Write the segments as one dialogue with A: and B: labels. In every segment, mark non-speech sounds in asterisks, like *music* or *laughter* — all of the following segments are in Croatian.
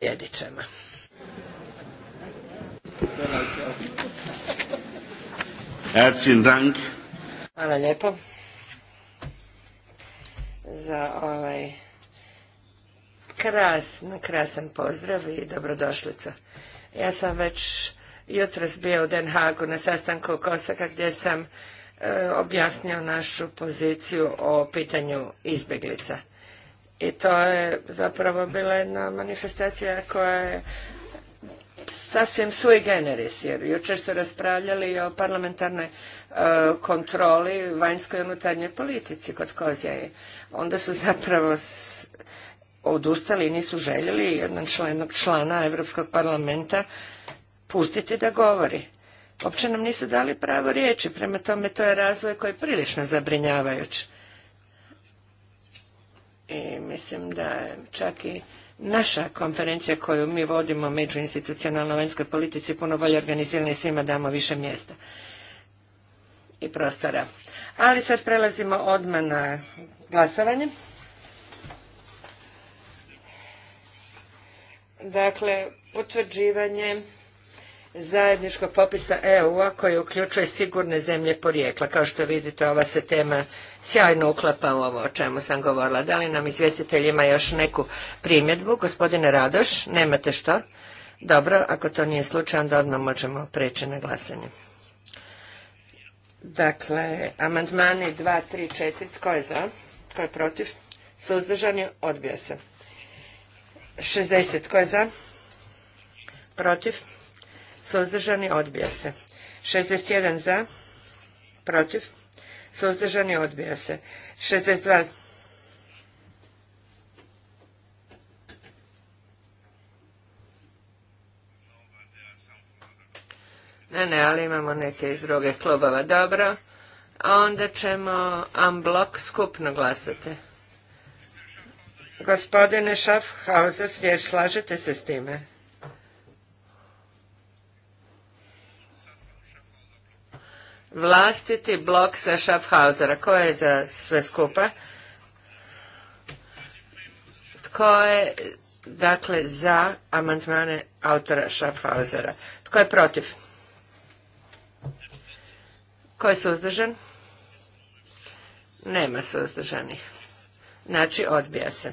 A: jedit ćemo. Hvala lijepo za ovaj krasan, krasan pozdrav i dobrodošlica. Ja sam već jutros bio u Den Hagu na sastanku Kosaka gdje sam e, objasnio našu poziciju o pitanju izbjeglica. I to je zapravo bila jedna manifestacija koja je sasvim sui generis, jer jučer su raspravljali o parlamentarnoj e, kontroli vanjskoj i unutarnjoj politici kod Kozjaje. Onda su zapravo odustali i nisu željeli jednog člana, člana Europskog parlamenta pustiti da govori. Uopće nam nisu dali pravo riječi, prema tome to je razvoj koji je prilično zabrinjavajući i mislim da čak i naša konferencija koju mi vodimo međuinstitucionalno vanjskoj politici puno bolje organizirana i svima damo više mjesta i prostora. Ali sad prelazimo odmah na glasovanje. Dakle, potvrđivanje zajedničkog popisa EU-a koji uključuje sigurne zemlje porijekla. Kao što vidite, ova se tema sjajno uklapa u ovo o čemu sam govorila. Da li nam izvjestitelj ima još neku primjedbu? Gospodine Radoš, nemate što? Dobro, ako to nije slučaj, onda odmah možemo preći na glasanje. Dakle, amandmani 2, 3, 4, tko je za? Tko je protiv? Suzdržani? Odbija se. 60, tko je za? Protiv? Suzdržani odbija se. 61 za. Protiv. Suzdržani odbija se. 62 Ne, ne, ali imamo neke iz druge klubova. Dobro. A onda ćemo unblock skupno glasati. Gospodine Schaffhauser, slažete se s time? vlastiti blok sa Schaffhausera. Ko je za sve skupa? Tko je, dakle, za amandmane autora Schaffhausera? Tko je protiv? Tko je suzdržan? Nema suzdržanih. Znači, odbija se.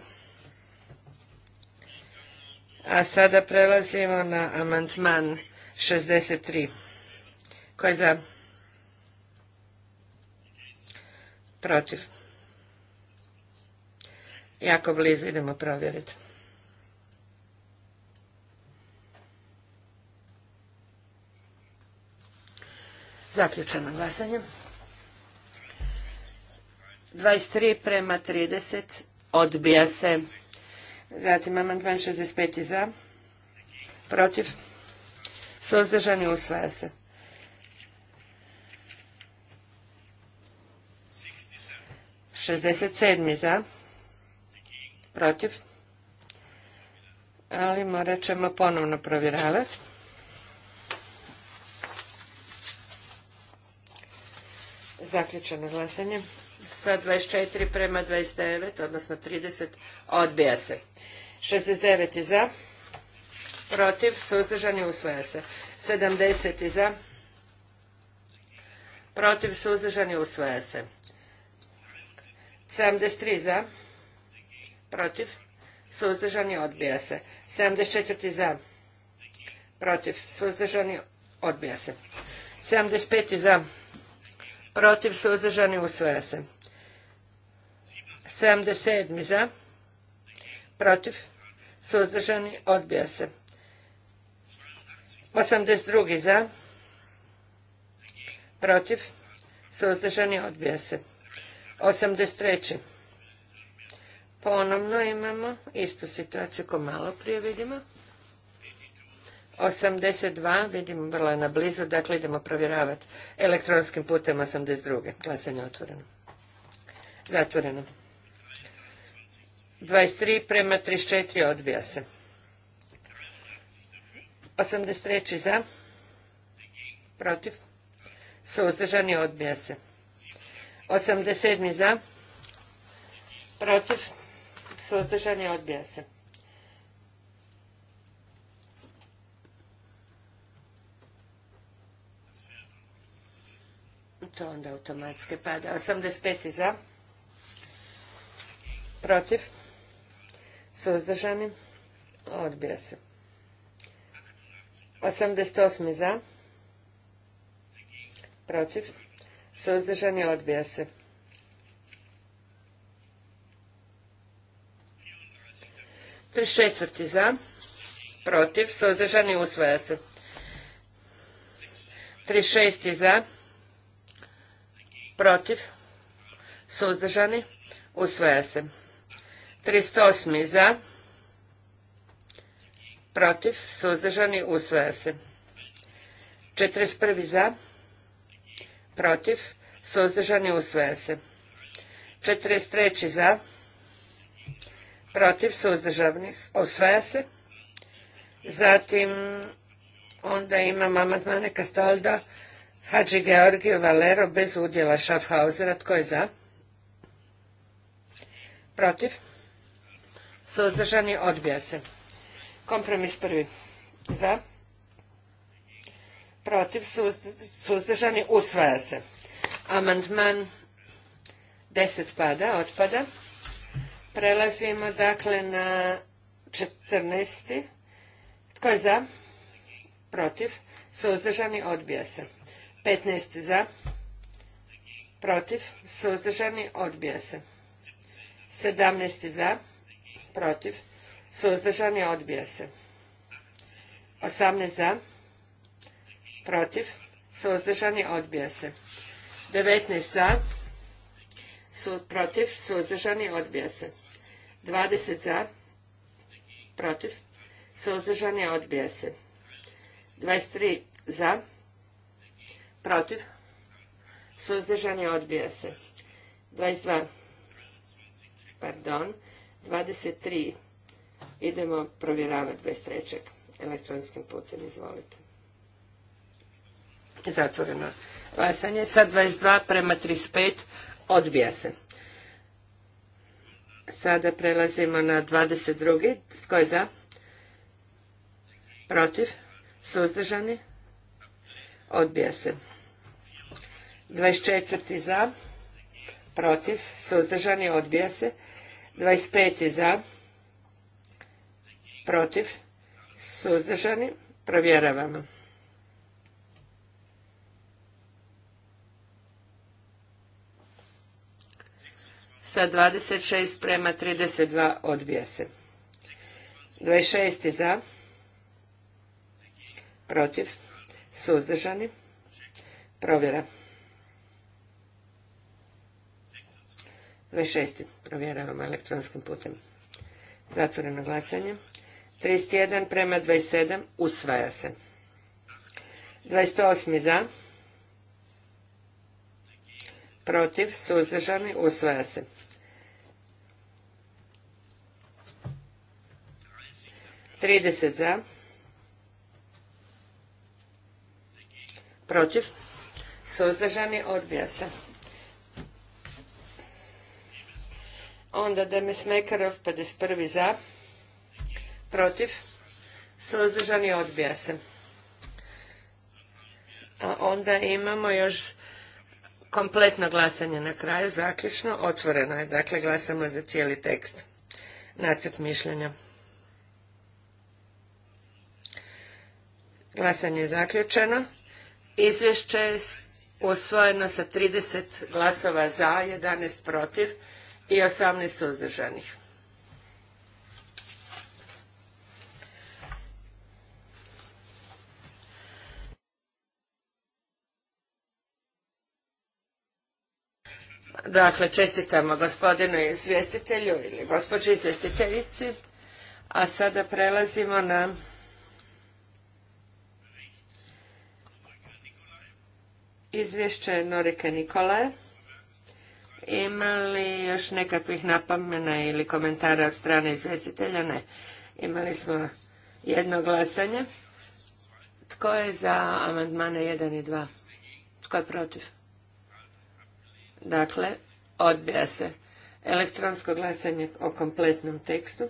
A: A sada prelazimo na amantman 63. Ko je za? Protiv. Jako blizu, idemo provjeriti. Zaključeno glasanje. 23 prema 30 odbija se. Zatim amandman 65 za. Protiv. Suzdržani usvaja se. 67. za, protiv, ali morat ćemo ponovno provjeravati. Zaključeno glasanje. Sa 24 prema 29, odnosno 30, odbija se. 69 za, protiv, suzdržani, usvaja se. 70 za, protiv, suzdržani, usvaja se. 73 za, protiv, suzdržani, odbija se. 74 za, protiv, suzdržani, odbija se. 75 za, protiv, suzdržani, usvoja se. 77 za, protiv, suzdržani, odbija se. 82 za, protiv, suzdržani, odbija se. 83. Ponovno imamo istu situaciju ko malo prije vidimo. 82, vidimo vrlo je na blizu, dakle idemo provjeravati elektronskim putem 82. Glasanje otvoreno. Zatvoreno. 23 prema 34 odbija se. 83 za, protiv, suzdržani odbija se. 87. za, protiv, je odbija se. To onda automatski pada. 85. za, protiv, je odbija se. 88. za, protiv, Suzdržani odbija se. 34. za. Protiv. Suzdržani usvaja se. Triš šesti za. Protiv. Suzdržani usvaja se. 308. za. Protiv. Suzdržani usvaja se. 41. za protiv, suzdržani, usvaja se. 43. za, protiv, suzdržani, usvaja se. Zatim, onda imam amatmane Kastalda, Hadži Georgiju Valero bez udjela Schaffhausera. Tko je za? Protiv? Suzdržani odbija se. Kompromis prvi. Za? protiv, suzdržani, usvaja se. Amandman 10 pada, otpada. Prelazimo dakle na 14. Tko je za? Protiv. Suzdržani odbija se. 15. za. Protiv. Suzdržani odbija se. 17. za. Protiv. Suzdržani odbija se. 18 za protiv, suzdržani, odbija se. 19 za, su, protiv, suzdržani, odbija se. 20 za, protiv, suzdržani, odbija se. 23 za, protiv, suzdržani, odbija se. 22, pardon, 23, idemo provjeravati 23. elektronskim putem, izvolite. Zatvoreno glasanje. Sa 22 prema 35 odbija se. Sada prelazimo na 22. Tko je za? Protiv? Suzdržani? Odbija se. 24. za? Protiv? Suzdržani? Odbija se. 25. za? Protiv? Suzdržani? Provjeravamo. sa 26 prema 32 odbija se. 26 za, protiv, suzdržani, provjera. 26. Provjeravamo elektronskim putem. Zatvoreno glasanje. 31 prema 27. Usvaja se. 28. za. Protiv. Suzdržani. Usvaja se. 30 za. Protiv. Suzdržani odbija se. Onda Demis Mekarov 51 za. Protiv. Suzdržani odbija se. A onda imamo još kompletno glasanje na kraju, zaključno, otvoreno je. Dakle, glasamo za cijeli tekst. Nacrt mišljenja. Glasanje je zaključeno. Izvješće je usvojeno sa 30 glasova za, 11 protiv i 18 suzdržanih. Dakle, čestitamo gospodinu izvjestitelju ili gospođi izvjestiteljici, a sada prelazimo na izvješće Norike Nikole. Ima li još nekakvih napomena ili komentara od strane izvjestitelja? Ne. Imali smo jedno glasanje. Tko je za amandmane 1 i 2? Tko je protiv? Dakle, odbija se elektronsko glasanje o kompletnom tekstu.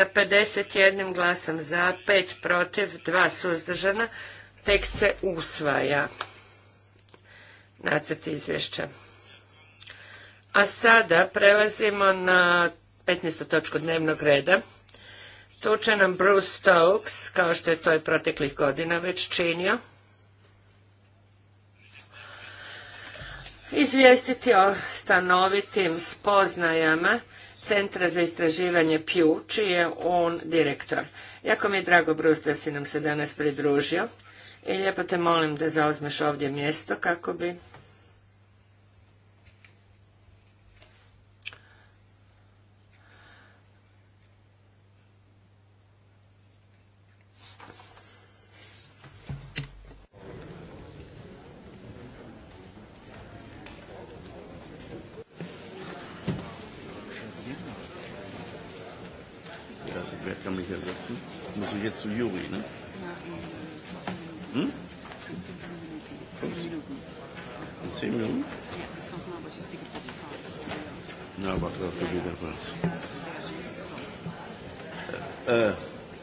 A: sa 51 glasom za, 5 protiv, 2 suzdržana, tek se usvaja. Nacrt izvješća. A sada prelazimo na 15. točku dnevnog reda. Tu će nam Bruce Stokes, kao što je to i proteklih godina već činio, izvijestiti o stanovitim spoznajama Centra za istraživanje Pew, čiji je on direktor. Jako mi je drago, Bruce, da si nam se danas pridružio i lijepo te molim da zauzmeš ovdje mjesto kako bi
B: zu Juri, ne? Hm? In zehn Minuten? to e,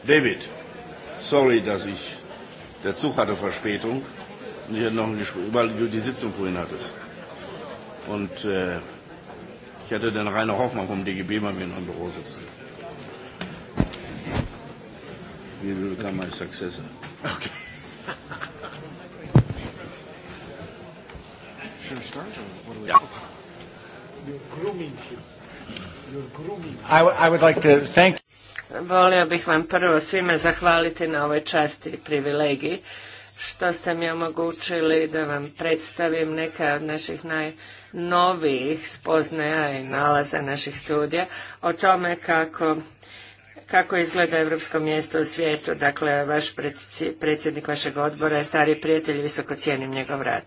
B: David, sorry, dass ich, der Zug hatte Verspätung und ich hatte noch ein Gespräch, weil du die Sitzung vorhin hattest. Und äh, ich hatte den Rainer Hoffmann vom DGB bei mir in einem Büro sitzen. You will become my successor. Okay. *laughs*
C: Should I start or what do we yeah. You're grooming him. You're grooming I, I would like to thank
A: Volio bih vam prvo svima zahvaliti na ovoj časti i privilegiji što ste mi omogućili da vam predstavim neka od naših najnovijih spoznaja i nalaza naših studija o tome kako kako izgleda europsko mjesto u svijetu. Dakle, vaš predsjednik vašeg odbora je stari prijatelj i visoko cijenim njegov rad.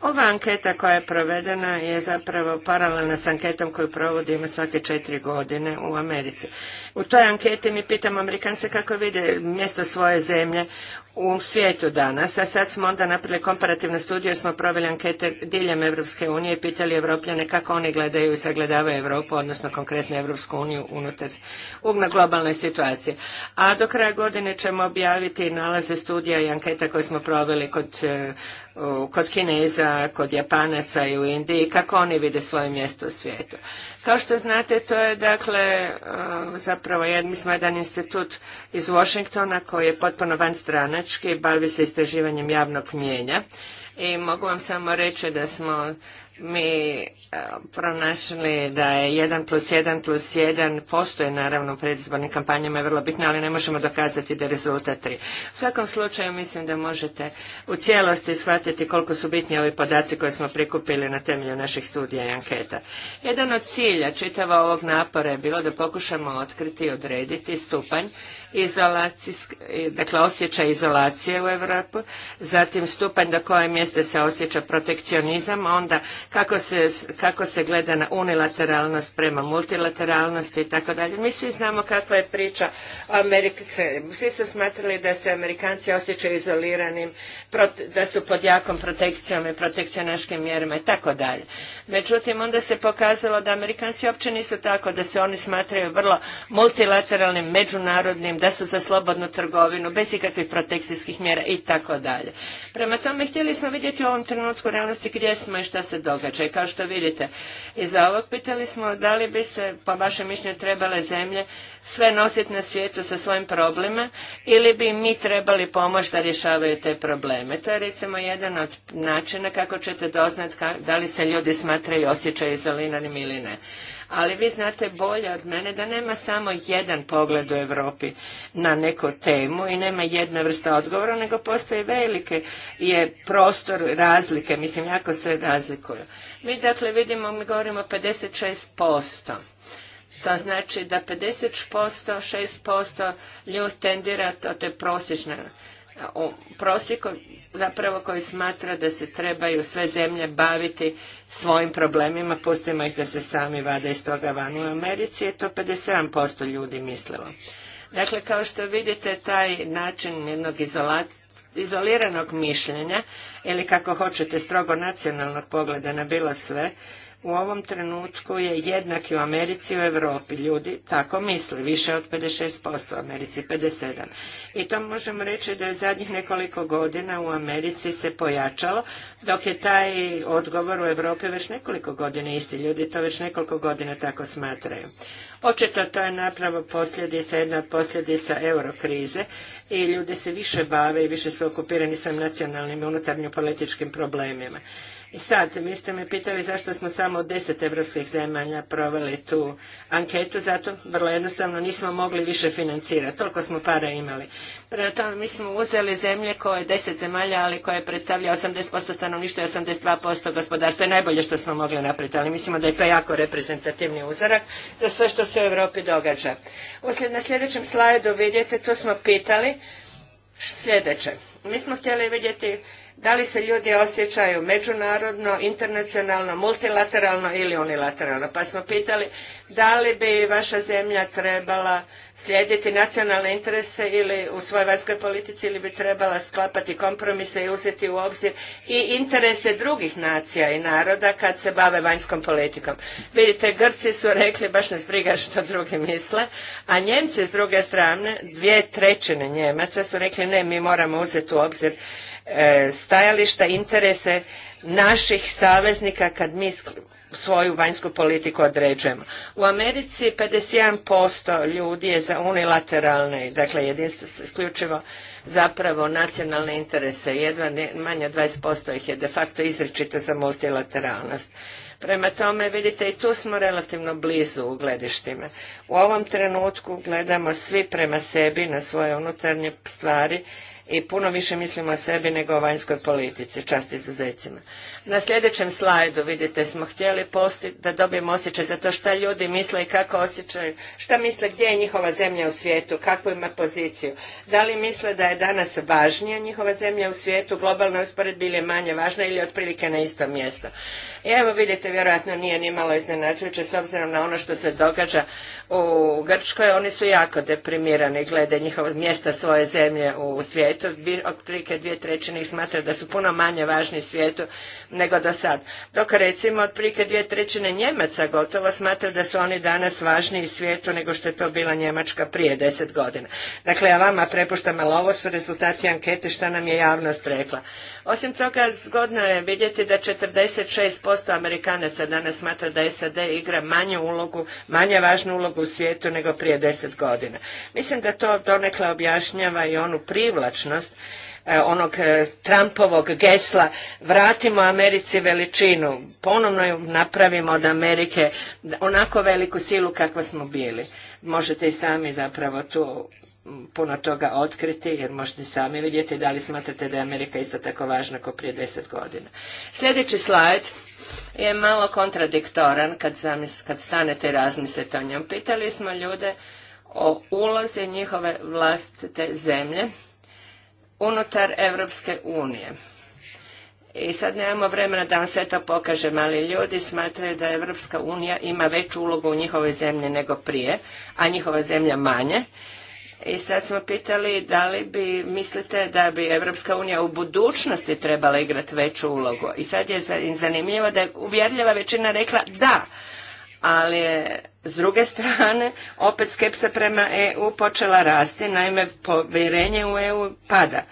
A: Ova anketa koja je provedena je zapravo paralelna s anketom koju provodimo svake četiri godine u Americi. U toj anketi mi pitamo Amerikance kako vide mjesto svoje zemlje u svijetu danas, a sad smo onda napravili komparativnu studiju smo proveli ankete diljem Evropske unije i pitali Evropljane kako oni gledaju i sagledavaju Europu, odnosno konkretno Evropsku uniju unutar ugna globalne situacije. A do kraja godine ćemo objaviti nalaze studija i anketa koje smo proveli kod, eh, kod Kineza, kod Japanaca i u Indiji, kako oni vide svoje mjesto u svijetu. Kao što znate, to je dakle eh, zapravo, jedni smo jedan institut iz Washingtona koji je potpuno van strane Njemačke i bavi se istraživanjem javnog mnijenja I mogu vam samo reći da smo mi e, pronašli da je 1 plus 1 plus 1 postoje naravno u predizbornim kampanjama je vrlo bitno, ali ne možemo dokazati da je rezultat 3. U svakom slučaju mislim da možete u cijelosti shvatiti koliko su bitni ovi podaci koje smo prikupili na temelju naših studija i anketa. Jedan od cilja čitava ovog napora je bilo da pokušamo otkriti i odrediti stupanj dakle osjećaj izolacije u Europi, zatim stupanj do koje mjeste se osjeća protekcionizam, onda kako se, kako se gleda na unilateralnost prema multilateralnosti i tako dalje. Mi svi znamo kakva je priča Amerike. Svi su smatrali da se Amerikanci osjećaju izoliranim, da su pod jakom protekcijom i protekcionaškim mjerama i tako dalje. Međutim, onda se pokazalo da Amerikanci uopće nisu tako, da se oni smatraju vrlo multilateralnim, međunarodnim, da su za slobodnu trgovinu, bez ikakvih protekcijskih mjera i tako dalje. Prema tome, htjeli smo vidjeti u ovom trenutku realnosti gdje smo i šta se događa događaj, kao što vidite. I za ovog pitali smo da li bi se, po vašem mišljenju, trebale zemlje sve nositi na svijetu sa svojim problemima ili bi mi trebali pomoći da rješavaju te probleme. To je recimo jedan od načina kako ćete doznati da li se ljudi smatraju i osjećaju ili ne ali vi znate bolje od mene da nema samo jedan pogled u Europi na neku temu i nema jedna vrsta odgovora, nego postoji velike je prostor razlike, mislim jako se razlikuju. Mi dakle vidimo, mi govorimo 56%. To znači da 50%, 6% ljudi tendira, to je prosječna u prosjeku zapravo koji smatra da se trebaju sve zemlje baviti svojim problemima, pustimo ih da se sami vade iz toga van. U Americi je to 57% ljudi mislilo. Dakle, kao što vidite, taj način jednog izoliranog mišljenja ili kako hoćete strogo nacionalnog pogleda na bilo sve u ovom trenutku je jednak i u Americi i u Europi. Ljudi tako misli, više od 56%, u Americi 57%. I to možemo reći da je zadnjih nekoliko godina u Americi se pojačalo, dok je taj odgovor u Europi već nekoliko godina isti. Ljudi to već nekoliko godina tako smatraju. Očito to je napravo posljedica, jedna od posljedica eurokrize i ljudi se više bave i više su okupirani svojim nacionalnim i unutarnjopolitičkim problemima. I sad, vi ste me pitali zašto smo samo od deset evropskih zemalja proveli tu anketu, zato vrlo jednostavno nismo mogli više financirati, toliko smo para imali. Prema tome, mi smo uzeli zemlje koje deset zemalja, ali koje predstavlja 80% stanovništva i 82% gospodarstva. Najbolje što smo mogli napraviti, ali mislimo da je to jako reprezentativni uzorak za sve što se u Europi događa. Uslijed na sljedećem slajdu vidite, tu smo pitali sljedeće. Mi smo htjeli vidjeti da li se ljudi osjećaju međunarodno, internacionalno, multilateralno ili unilateralno. Pa smo pitali da li bi vaša zemlja trebala slijediti nacionalne interese ili u svojoj vanjskoj politici ili bi trebala sklapati kompromise i uzeti u obzir i interese drugih nacija i naroda kad se bave vanjskom politikom. Vidite, Grci su rekli baš nas briga što drugi misle, a Njemci s druge strane, dvije trećine Njemaca su rekli ne, mi moramo uzeti u obzir E, stajališta, interese naših saveznika kad mi svoju vanjsku politiku određujemo. U Americi 51% ljudi je za unilateralne, dakle jedinstvo isključivo zapravo nacionalne interese, jedva manje od 20% ih je de facto izričito za multilateralnost. Prema tome, vidite, i tu smo relativno blizu u gledištima. U ovom trenutku gledamo svi prema sebi na svoje unutarnje stvari i puno više mislimo o sebi nego o vanjskoj politici, čast izuzecima. Na sljedećem slajdu, vidite, smo htjeli postiti da dobijemo osjećaj za to šta ljudi misle i kako osjećaju, šta misle gdje je njihova zemlja u svijetu, kakvu ima poziciju. Da li misle da je danas važnija njihova zemlja u svijetu, globalno usporedbi ili je manje važna ili otprilike na isto mjesto. I evo vidite, vjerojatno nije ni malo iznenađujuće s obzirom na ono što se događa u Grčkoj. Oni su jako deprimirani glede njihova mjesta svoje zemlje u svijetu. Otprilike dvije trećine ih smatraju da su puno manje važni svijetu nego do sad. Dok recimo otprilike dvije trećine Njemaca gotovo smatra da su oni danas važniji svijetu nego što je to bila Njemačka prije deset godina. Dakle, ja vama prepuštam, ali ovo su rezultati ankete što nam je javnost rekla. Osim toga, zgodno je vidjeti da 46% Amerikanaca danas smatra da SAD igra manju ulogu, manje važnu ulogu u svijetu nego prije deset godina. Mislim da to donekle objašnjava i onu privlačnost E, onog e, Trumpovog gesla vratimo Americi veličinu, ponovno ju napravimo od Amerike onako veliku silu kakva smo bili. Možete i sami zapravo tu puno toga otkriti jer možete sami vidjeti da li smatrate da je Amerika isto tako važna kao prije deset godina. Sljedeći slajd je malo kontradiktoran kad, zamis, kad stanete i razmislite o njom. Pitali smo ljude o ulozi njihove vlastite zemlje unutar Europske unije. I sad nemamo vremena da vam sve to pokažem, ali ljudi smatraju da Europska unija ima veću ulogu u njihovoj zemlji nego prije, a njihova zemlja manje. I sad smo pitali da li bi mislite da bi Europska unija u budućnosti trebala igrati veću ulogu. I sad je zanimljivo da je uvjerljiva većina rekla da ali je s druge strane opet skepsa prema EU počela rasti, naime povjerenje u EU pada.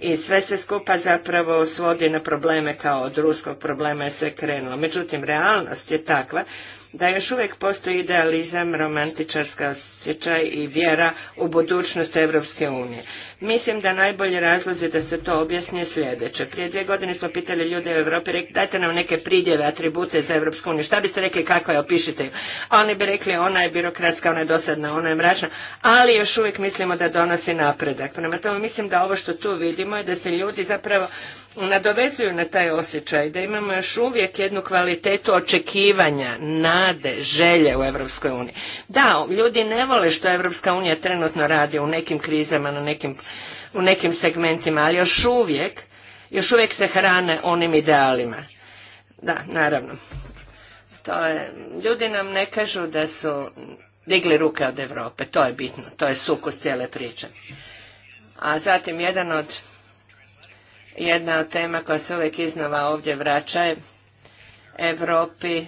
A: I sve se skupa zapravo svodi na probleme kao od ruskog problema je sve krenulo. Međutim, realnost je takva da još uvijek postoji idealizam, romantičarska osjećaj i vjera u budućnost Evropske unije. Mislim da najbolji razlozi da se to objasni sljedeće. Prije dvije godine smo pitali ljude u Europi, rekli dajte nam neke pridjeve, atribute za Evropsku uniju. Šta biste rekli, kakva je, opišite ju. oni bi rekli, ona je birokratska, ona je dosadna, ona je mračna, ali još uvijek mislimo da donosi napredak. Prema tome mislim da ovo što tu vidimo je da se ljudi zapravo nadovezuju na taj osjećaj da imamo još uvijek jednu kvalitetu očekivanja, nade, želje u Europskoj uniji. Da, ljudi ne vole što Evropska unija trenutno radi u nekim krizama, na nekim, u nekim segmentima, ali još uvijek, još uvijek se hrane onim idealima. Da, naravno. To je, ljudi nam ne kažu da su digli ruke od Europe, to je bitno, to je sukus cijele priče. A zatim jedan od jedna od tema koja se uvijek iznova ovdje vraća je Europi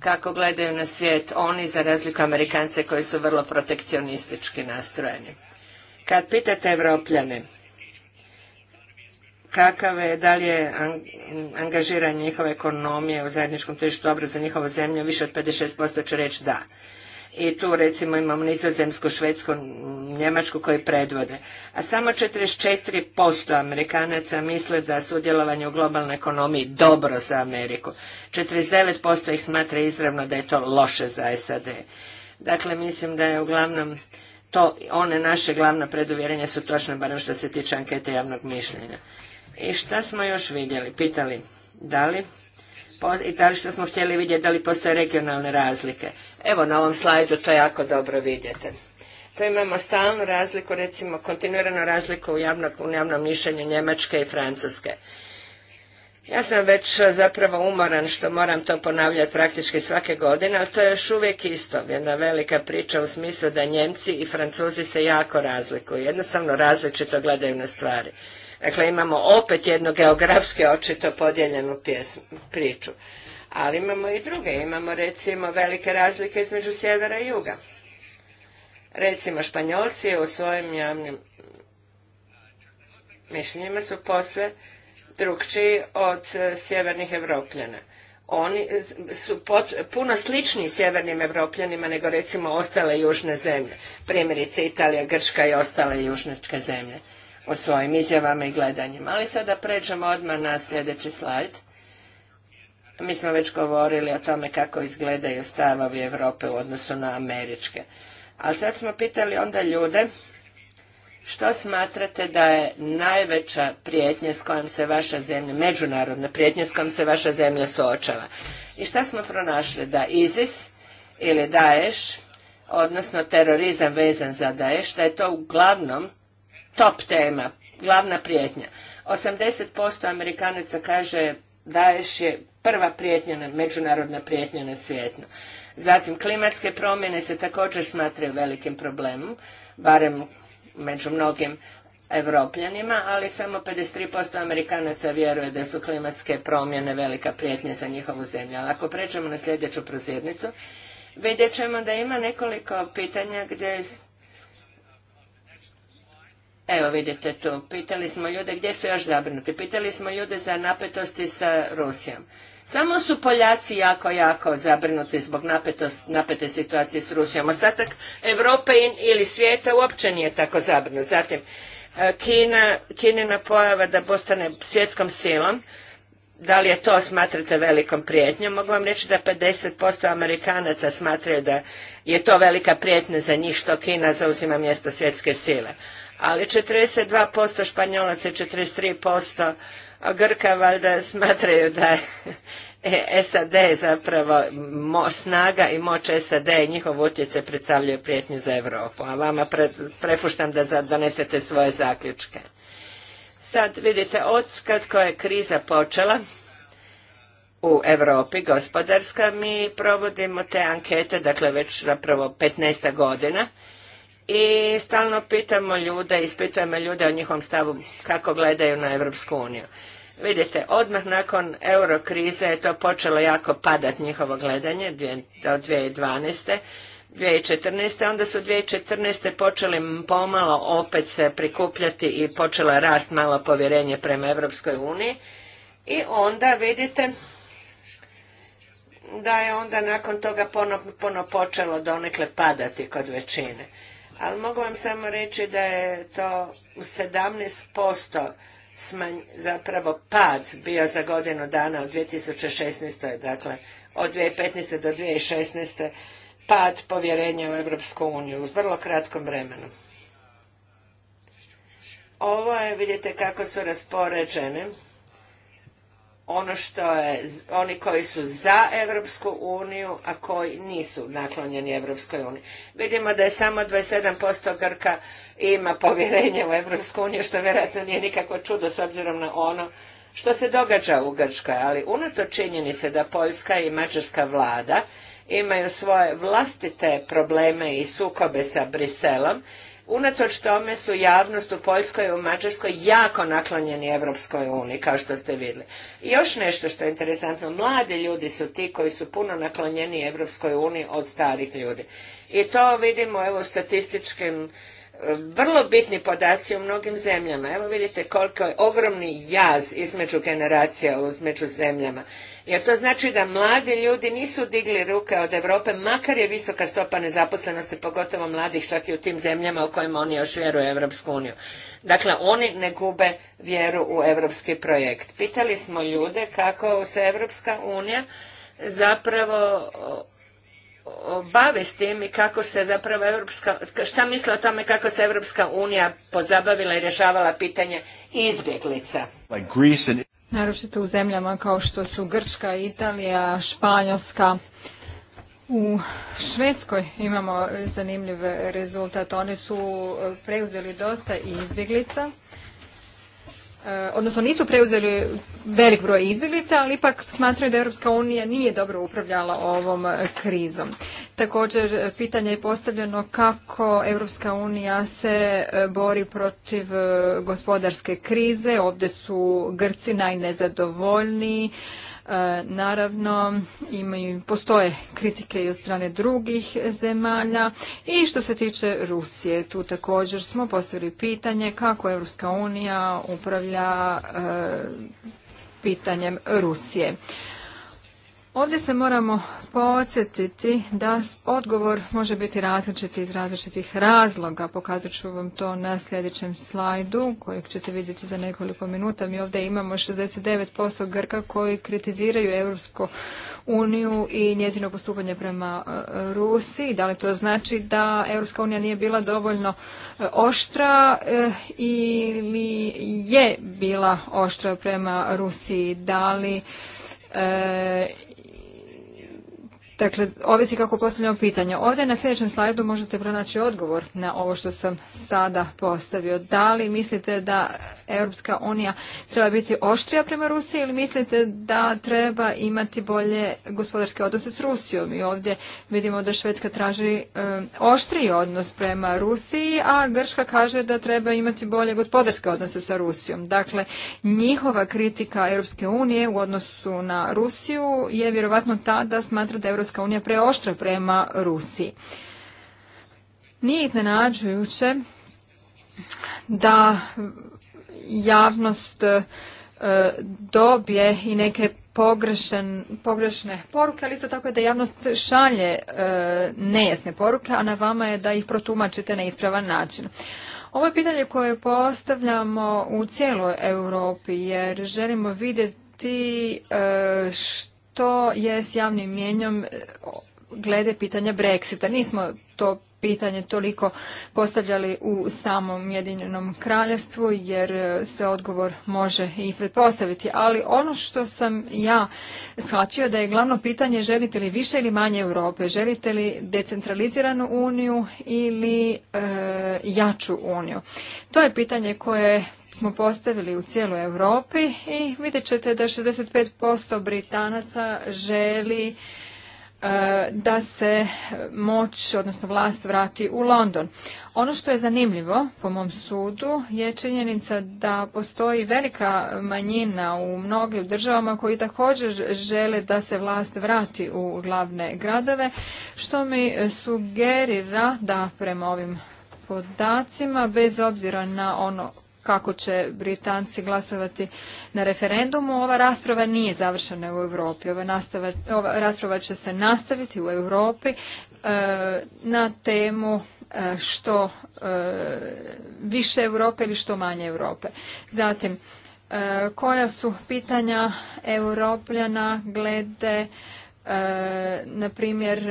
A: kako gledaju na svijet oni za razliku Amerikance koji su vrlo protekcionistički nastrojeni. Kad pitate Evropljane kakav je, da li je angažiranje njihove ekonomije u zajedničkom tržištu dobro za njihovu zemlju, više od 56% će reći da i tu recimo imamo nizozemsku, švedsku, njemačku koji predvode. A samo 44% Amerikanaca misle da sudjelovanje u globalnoj ekonomiji dobro za Ameriku. 49% ih smatra izravno da je to loše za SAD. Dakle, mislim da je uglavnom to, one naše glavna preduvjerenja su točne, barem što se tiče ankete javnog mišljenja. I šta smo još vidjeli? Pitali da li i da li što smo htjeli vidjeti da li postoje regionalne razlike. Evo na ovom slajdu to jako dobro vidite. To imamo stalnu razliku, recimo kontinuiranu razliku u, u javnom mišljenju Njemačke i Francuske. Ja sam već zapravo umoran što moram to ponavljati praktički svake godine, ali to je još uvijek isto. Jedna velika priča u smislu da Njemci i Francuzi se jako razlikuju. Jednostavno različito gledaju na stvari. Dakle, imamo opet jednu geografski očito podijeljenu priču. Ali imamo i druge. Imamo recimo velike razlike između sjevera i juga. Recimo, Španjolci u svojim javnim mišljenjima su posve drugčiji od e, sjevernih Evropljana. Oni su puno slični sjevernim Evropljanima nego recimo ostale južne zemlje. Primjerice Italija, Grčka i ostale južničke zemlje o svojim izjavama i gledanjima. Ali sada pređemo odmah na sljedeći slajd. Mi smo već govorili o tome kako izgledaju stavovi Europe u odnosu na američke. Ali sad smo pitali onda ljude što smatrate da je najveća prijetnja s kojom se vaša zemlja, međunarodna prijetnja s kojom se vaša zemlja suočava? I šta smo pronašli? Da ISIS ili Daesh, odnosno terorizam vezan za Daesh, da je to uglavnom top tema, glavna prijetnja. 80% Amerikanaca kaže da je prva prijetnja, međunarodna prijetnja na svijetu. Zatim, klimatske promjene se također smatraju velikim problemom, barem među mnogim evropljanima, ali samo 53% Amerikanaca vjeruje da su klimatske promjene velika prijetnja za njihovu zemlju. Ali ako pređemo na sljedeću prozirnicu, vidjet ćemo da ima nekoliko pitanja gdje Evo vidite tu, pitali smo ljude gdje su još zabrinuti, pitali smo ljude za napetosti sa Rusijom. Samo su Poljaci jako, jako zabrinuti zbog napete situacije s Rusijom. Ostatak Europe ili svijeta uopće nije tako zabrinut. Zatim, e, Kina, Kinina pojava da postane svjetskom silom, da li je to smatrate velikom prijetnjom? Mogu vam reći da 50% Amerikanaca smatraju da je to velika prijetnja za njih što Kina zauzima mjesto svjetske sile ali 42% Španjolaca i 43% Grka valjda smatraju da je SAD *laughs* zapravo snaga i moć SAD i njihov utjecaj predstavljaju prijetnju za Europu, a vama prepuštam da donesete svoje zaključke. Sad vidite, od kad koja je kriza počela u Europi gospodarska, mi provodimo te ankete, dakle već zapravo 15 godina i stalno pitamo ljude, ispitujemo ljude o njihovom stavu kako gledaju na Europsku uniju. Vidite, odmah nakon eurokrize je to počelo jako padati njihovo gledanje do 2012. 2014. Onda su 2014. počeli pomalo opet se prikupljati i počelo rast malo povjerenje prema Europskoj uniji. I onda vidite da je onda nakon toga ponovno počelo donekle padati kod većine ali mogu vam samo reći da je to u 17% smanj, zapravo pad bio za godinu dana od 2016. dakle od 2015. do 2016. pad povjerenja u Europsku uniju u vrlo kratkom vremenu. Ovo je, vidite kako su raspoređene ono što je, oni koji su za Europsku uniju, a koji nisu naklonjeni Europskoj uniji. Vidimo da je samo 27% Grka ima povjerenje u Europsku uniju, što vjerojatno nije nikakvo čudo s obzirom na ono što se događa u Grčkoj, ali unato činjenice da Poljska i Mađarska vlada imaju svoje vlastite probleme i sukobe sa Briselom Unatoč tome su javnost u Poljskoj i u Mađarskoj jako naklonjeni Evropskoj uniji, kao što ste vidjeli. I još nešto što je interesantno, mladi ljudi su ti koji su puno naklonjeni Evropskoj uniji od starih ljudi. I to vidimo evo statističkim vrlo bitni podaci u mnogim zemljama. Evo vidite koliko je ogromni jaz između generacija, između zemljama. Jer to znači da mladi ljudi nisu digli ruke od Europe, makar je visoka stopa nezaposlenosti, pogotovo mladih čak i u tim zemljama u kojima oni još vjeruju u Evropsku uniju. Dakle, oni ne gube vjeru u europski projekt. Pitali smo ljude kako se Evropska unija zapravo bave s tim i kako se zapravo Evropska, šta misle o tome kako se Evropska unija pozabavila i rješavala pitanje izbjeglica.
D: Naročito u zemljama kao što su Grčka, Italija, Španjolska. U Švedskoj imamo zanimljiv rezultat. Oni su preuzeli dosta izbjeglica E, odnosno nisu preuzeli velik broj izbjeglica, ali ipak smatraju da Europska unija nije dobro upravljala ovom krizom. Također, pitanje je postavljeno kako Europska unija se e, bori protiv e, gospodarske krize. Ovdje su Grci najnezadovoljniji E, naravno, imaju, postoje kritike i od strane drugih zemalja i što se tiče Rusije, tu također smo postavili pitanje kako Europska unija upravlja e, pitanjem Rusije. Ovdje se moramo podsjetiti da odgovor može biti različit iz različitih razloga. Pokazat ću vam to na sljedećem slajdu kojeg ćete vidjeti za nekoliko minuta. Mi ovdje imamo 69% Grka koji kritiziraju Europsku uniju i njezino postupanje prema e, Rusiji. Da li to znači da Europska unija nije bila dovoljno e, oštra e, ili je bila oštra prema Rusiji? Da li Dakle, ovisi kako postavljamo pitanje. Ovdje na sljedećem slajdu možete pronaći odgovor na ovo što sam sada postavio. Da li mislite da Europska unija treba biti oštrija prema Rusiji ili mislite da treba imati bolje gospodarske odnose s Rusijom? I ovdje vidimo da Švedska traži eh, oštriji odnos prema Rusiji, a Grška kaže da treba imati bolje gospodarske odnose sa Rusijom. Dakle, njihova kritika Europske unije u odnosu na Rusiju je vjerovatno ta da smatra da Europska Europska unija preoštra prema Rusiji. Nije iznenađujuće da javnost e, dobije i neke pogrešen, pogrešne poruke, ali isto tako je da javnost šalje e, nejasne poruke, a na vama je da ih protumačite na ispravan način. Ovo je pitanje koje postavljamo u cijeloj Europi jer želimo vidjeti e, što to je s javnim mjenjom e, glede pitanja Brexita. Nismo to pitanje toliko postavljali u samom Jedinjenom kraljestvu jer e, se odgovor može i pretpostaviti. Ali ono što sam ja shvatio da je glavno pitanje želite li više ili manje Europe, želite li decentraliziranu uniju ili e, jaču uniju. To je pitanje koje smo postavili u cijeloj Europi i vidjet ćete da 65% Britanaca želi e, da se moć, odnosno vlast vrati u London. Ono što je zanimljivo, po mom sudu, je činjenica da postoji velika manjina u mnogim državama koji također žele da se vlast vrati u glavne gradove, što mi sugerira da prema ovim podacima, bez obzira na ono kako će Britanci glasovati na referendumu. Ova rasprava nije završena u Europi. Ova, nastava, ova rasprava će se nastaviti u Europi e, na temu e, što e, više Europe ili što manje Europe. Zatim, koja su pitanja europljana glede na primjer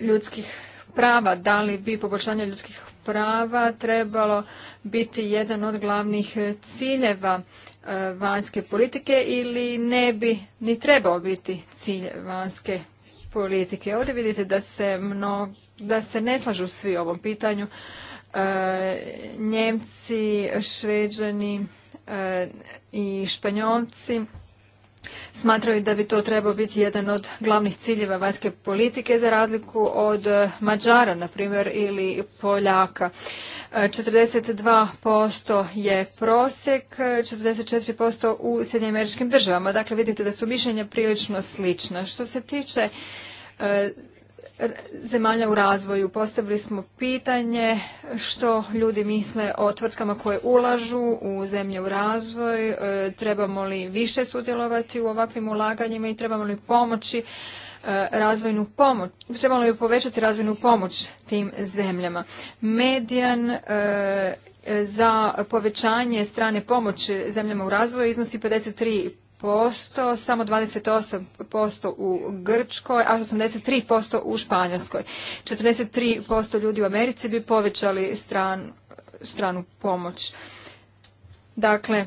D: ljudskih prava, da li bi poboljšanje ljudskih prava trebalo biti jedan od glavnih ciljeva e, vanjske politike ili ne bi ni trebao biti cilj vanjske politike. Ovdje vidite da se, mno, da se ne slažu svi ovom pitanju. E, Njemci, Šveđani e, i Španjolci Smatraju da bi to trebao biti jedan od glavnih ciljeva vanjske politike za razliku od e, Mađara, na primjer, ili Poljaka. 42% e, je prosjek, 44% e, u Sjedinjim američkim državama. Dakle, vidite da su mišljenja prilično slična. Što se tiče zemalja u razvoju. Postavili smo pitanje što ljudi misle o tvrtkama koje ulažu u zemlje u razvoj, e, trebamo li više sudjelovati u ovakvim ulaganjima i trebamo li pomoći e, razvojnu pomoć, trebalo li povećati razvojnu pomoć tim zemljama. Medijan e, za povećanje strane pomoći zemljama u razvoju iznosi 53 posto, samo 28% u Grčkoj, a 83% u Španjolskoj. 43% ljudi u Americi bi povećali stran, stranu pomoć. Dakle,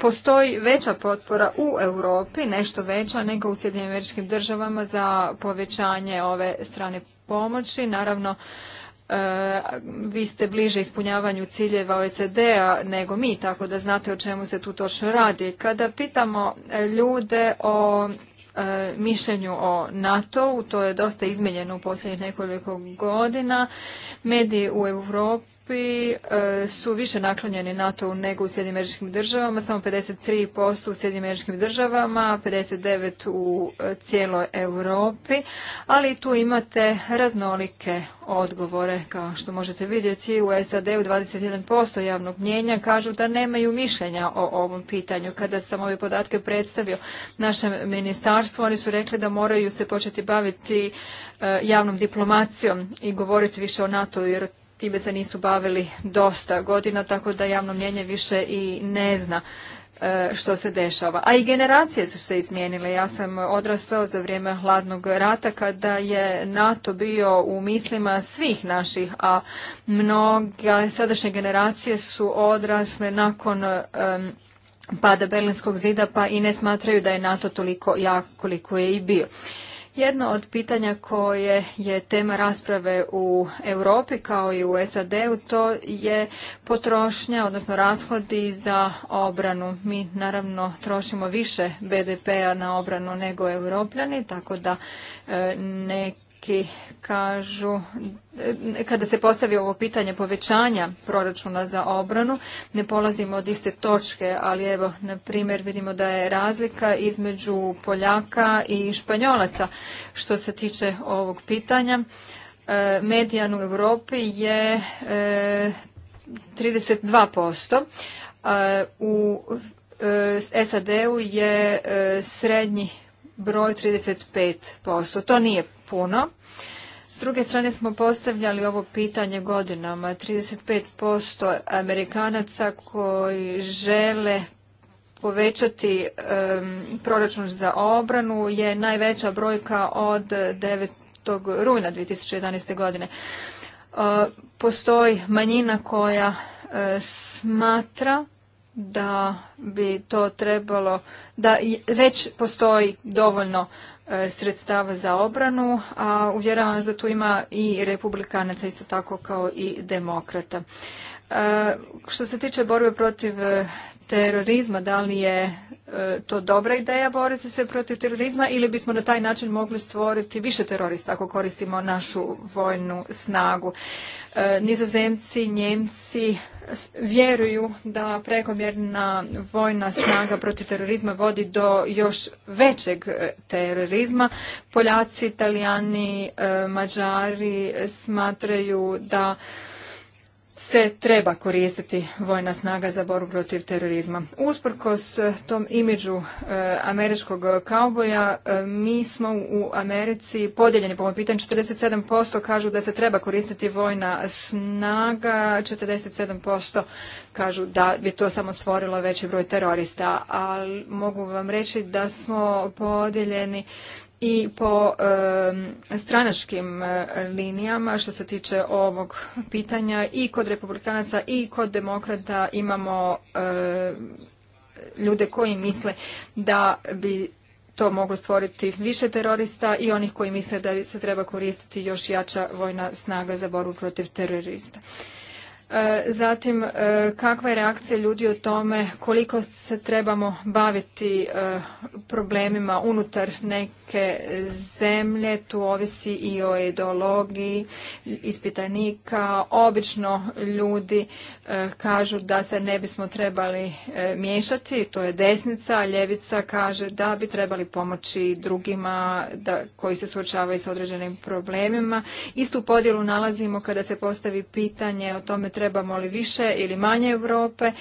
D: postoji veća potpora u Europi, nešto veća nego u Sjedinjenim američkim državama za povećanje ove strane pomoći. Naravno, E, vi ste bliže ispunjavanju ciljeva OECD-a nego mi, tako da znate o čemu se tu točno radi. Kada pitamo ljude o e, mišljenju o NATO-u, to je dosta izmijenjeno u posljednjih nekoliko godina. Mediji u Europi Europi e, su više naklonjeni NATO-u nego u Sjedinim američkim državama, samo 53% u Sjedinim američkim državama, 59% u e, cijeloj Europi, ali tu imate raznolike odgovore, kao što možete vidjeti u SAD-u 21% javnog mnjenja kažu da nemaju mišljenja o ovom pitanju. Kada sam ove podatke predstavio našem ministarstvu, oni su rekli da moraju se početi baviti e, javnom diplomacijom i govoriti više o NATO-u, jer time se nisu bavili dosta godina, tako da javno mnjenje više i ne zna e, što se dešava. A i generacije su se izmijenile. Ja sam odrastao za vrijeme hladnog rata kada je NATO bio u mislima svih naših, a mnoga sadašnje generacije su odrasle nakon pada Berlinskog zida pa i ne smatraju da je NATO toliko jak koliko je i bio. Jedno od pitanja koje je tema rasprave u Europi kao i u SAD-u to je potrošnja, odnosno rashodi za obranu. Mi naravno trošimo više BDP-a na obranu nego europljani, tako da neki neki kažu, kada se postavi ovo pitanje povećanja proračuna za obranu, ne polazimo od iste točke, ali evo, na primjer, vidimo da je razlika između Poljaka i Španjolaca što se tiče ovog pitanja. E, median u Europi je 32%. E, u e, SAD-u je srednji broj 35%. To nije puno. S druge strane smo postavljali ovo pitanje godinama. 35% Amerikanaca koji žele povećati proračun za obranu je najveća brojka od 9. rujna 2011. godine. E, postoji manjina koja e, smatra da bi to trebalo, da već postoji dovoljno E, sredstava za obranu, a uvjeravam vas da tu ima i republikanaca isto tako kao i demokrata. E, što se tiče borbe protiv terorizma, da li je e, to dobra ideja boriti se protiv terorizma ili bismo na taj način mogli stvoriti više terorista ako koristimo našu vojnu snagu. E, Nizozemci, Njemci vjeruju da prekomjerna vojna snaga protiv terorizma vodi do još većeg e, terorizma. Poljaci, Italijani, Mađari smatraju da se treba koristiti vojna snaga za borbu protiv terorizma. Usprkos eh, tom imidžu eh, američkog kauboja, eh, mi smo u Americi podijeljeni po ovom pitanju. 47% kažu da se treba koristiti vojna snaga, 47% kažu da bi to samo stvorilo veći broj terorista. Ali mogu vam reći da smo podijeljeni i po stranačkim e, linijama što se tiče ovog pitanja i kod republikanaca i kod demokrata imamo e, ljude koji misle da bi to moglo stvoriti više terorista i onih koji misle da se treba koristiti još jača vojna snaga za borbu protiv terorista. E, zatim, e, kakva je reakcija ljudi o tome koliko se trebamo baviti e, problemima unutar neke zemlje, tu ovisi i o ideologiji ispitanika. Obično ljudi kažu da se ne bismo trebali miješati, to je desnica, a ljevica kaže da bi trebali pomoći drugima koji se suočavaju s određenim problemima. Istu podjelu nalazimo kada se postavi pitanje o tome trebamo li više ili manje Europe.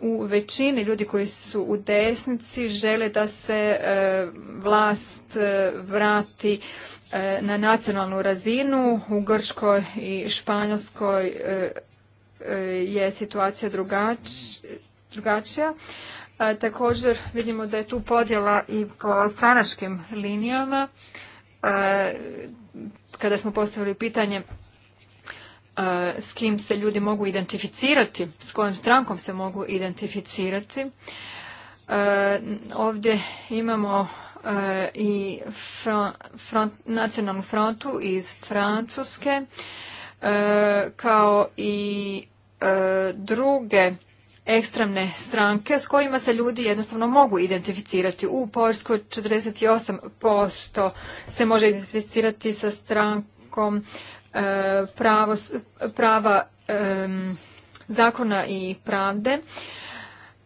D: U većini ljudi koji su u desnici žele da se e, vlast e, vrati e, na nacionalnu razinu. U Grčkoj i Španjolskoj je situacija drugačija. Također vidimo da je tu podjela i po stranačkim linijama. Kada smo postavili pitanje s kim se ljudi mogu identificirati, s kojom strankom se mogu identificirati. Ovdje imamo i nacionalnu frontu iz Francuske kao i druge ekstremne stranke s kojima se ljudi jednostavno mogu identificirati. U Poljskoj 48% se može identificirati sa strankom E, pravo, prava zakona i pravde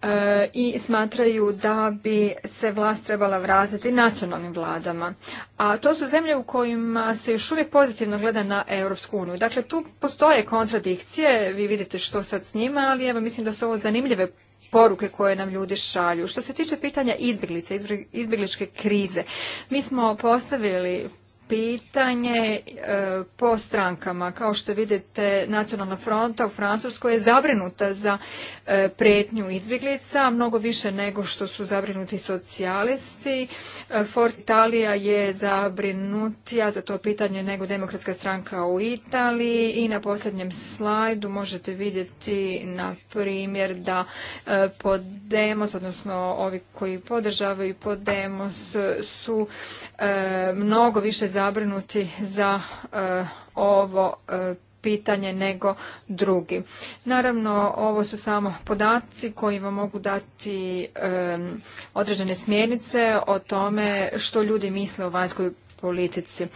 D: e, i smatraju da bi se vlast trebala vratiti nacionalnim vladama. A to su zemlje u kojima se još uvijek pozitivno gleda na Europsku uniju. Dakle, tu postoje kontradikcije, vi vidite što sad s njima, ali evo mislim da su ovo zanimljive poruke koje nam ljudi šalju. Što se tiče pitanja izbjeglice, izbjegličke krize, mi smo postavili pitanje e, po strankama. Kao što vidite, Nacionalna fronta u Francuskoj je zabrinuta za e, pretnju izbjeglica, mnogo više nego što su zabrinuti socijalisti. E, Fort Italija je zabrinutija za to pitanje nego demokratska stranka u Italiji i na posljednjem slajdu možete vidjeti na primjer da Podemos, odnosno ovi koji podržavaju Podemos su mnogo više zabrinuti za e, ovo e, pitanje nego drugi. Naravno, ovo su samo podaci koji vam mogu dati e, određene smjernice o tome što ljudi misle o vanjskoj politici.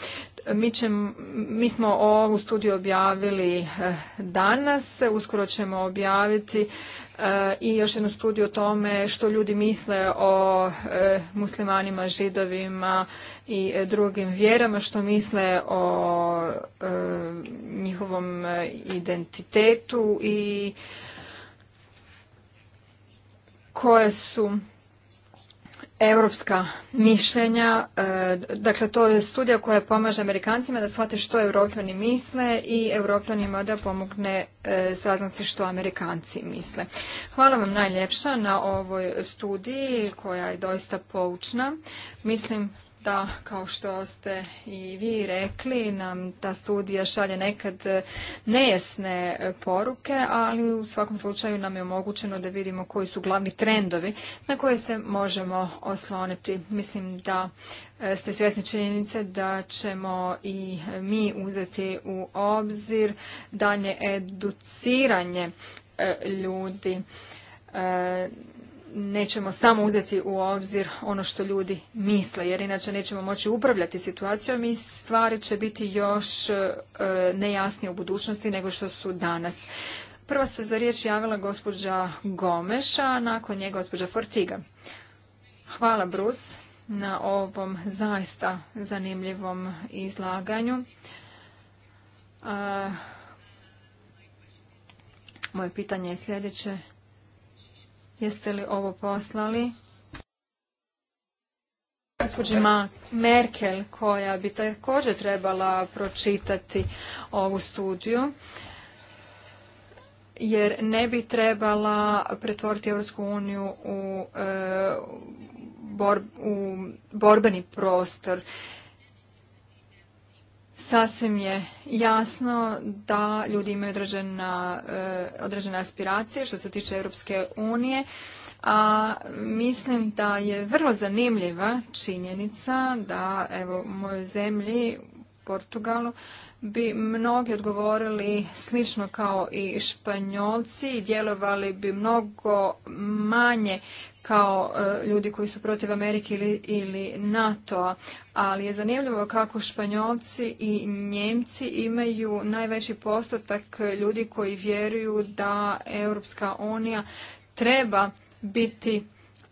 D: Mi, će, mi smo ovu studiju objavili danas, uskoro ćemo objaviti i još jednu studiju o tome što ljudi misle o muslimanima, židovima i e, drugim vjerama što misle o e, njihovom e, identitetu i koje su europska mišljenja. dakle, to je studija koja pomaže Amerikancima da shvate što europljani misle i europljanima da pomogne e, saznati što Amerikanci misle. Hvala vam najljepša na ovoj studiji koja je doista poučna. Mislim da, kao što ste i vi rekli, nam ta studija šalje nekad nejasne poruke, ali u svakom slučaju nam je omogućeno da vidimo koji su glavni trendovi na koje se možemo osloniti. Mislim da e, ste svjesni činjenice da ćemo i mi uzeti u obzir danje educiranje e, ljudi e, nećemo samo uzeti u obzir ono što ljudi misle, jer inače nećemo moći upravljati situacijom i stvari će biti još e, nejasnije u budućnosti nego što su danas. Prva se za riječ javila gospođa Gomeša, nakon nje gospođa Fortiga. Hvala Brus na ovom zaista zanimljivom izlaganju. Moje pitanje je sljedeće. Jeste li ovo poslali? Gospođi Merkel, koja bi također trebala pročitati ovu studiju, jer ne bi trebala pretvoriti Europsku uniju u, e, u borbeni prostor. Sasvim je jasno da ljudi imaju eh, određene aspiracije što se tiče Europske unije, a mislim da je vrlo zanimljiva činjenica da evo u mojoj zemlji Portugalu bi mnogi odgovorili slično kao i Španjolci i djelovali bi mnogo manje kao e, ljudi koji su protiv Amerike ili, ili NATO-a, ali je zanimljivo kako Španjolci i Njemci imaju najveći postotak ljudi koji vjeruju da Europska unija treba biti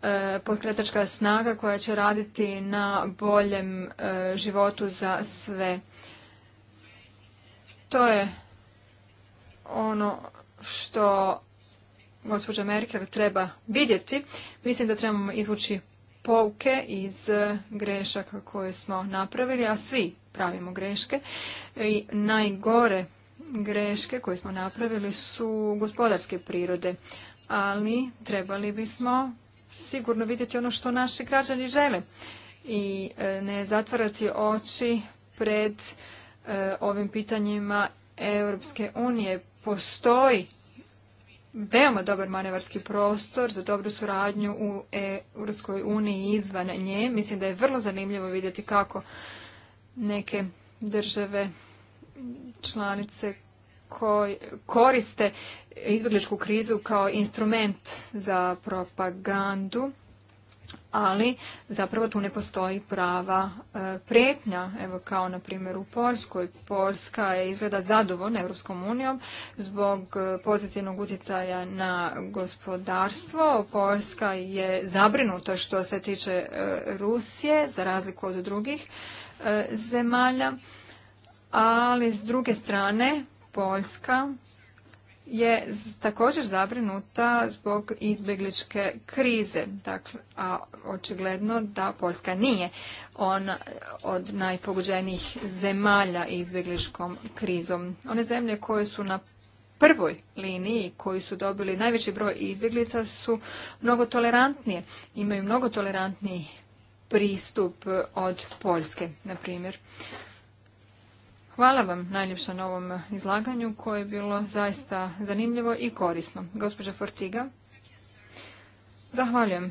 D: e, podkretačka snaga koja će raditi na boljem e, životu za sve to je ono što gospođa Merkel treba vidjeti. Mislim da trebamo izvući pouke iz grešaka koje smo napravili, a svi pravimo greške. I najgore greške koje smo napravili su gospodarske prirode, ali trebali bismo sigurno vidjeti ono što naši građani žele i e, ne zatvarati oči pred E, ovim pitanjima Europske unije. Postoji veoma dobar manevarski prostor za dobru suradnju u Europskoj uniji izvan nje. Mislim da je vrlo zanimljivo vidjeti kako neke države članice koriste izbjegličku krizu kao instrument za propagandu ali zapravo tu ne postoji prava e, prijetnja, evo kao na primjer u Poljskoj, Poljska je izgleda zadovoljna Europskom unijom zbog e, pozitivnog utjecaja na gospodarstvo. Poljska je zabrinuta što se tiče e, Rusije, za razliku od drugih zemalja, ali s druge strane Poljska je također zabrinuta zbog izbjegličke krize, dakle, a očigledno da Poljska nije on od najpoguđenijih zemalja izbjegličkom krizom. One zemlje koje su na prvoj liniji koji su dobili najveći broj izbjeglica su mnogo tolerantnije, imaju mnogo tolerantniji pristup od Poljske, na primjer. Hvala vam najljepša na ovom izlaganju koje je bilo zaista zanimljivo i korisno. Gospođa Fortiga. Zahvaljujem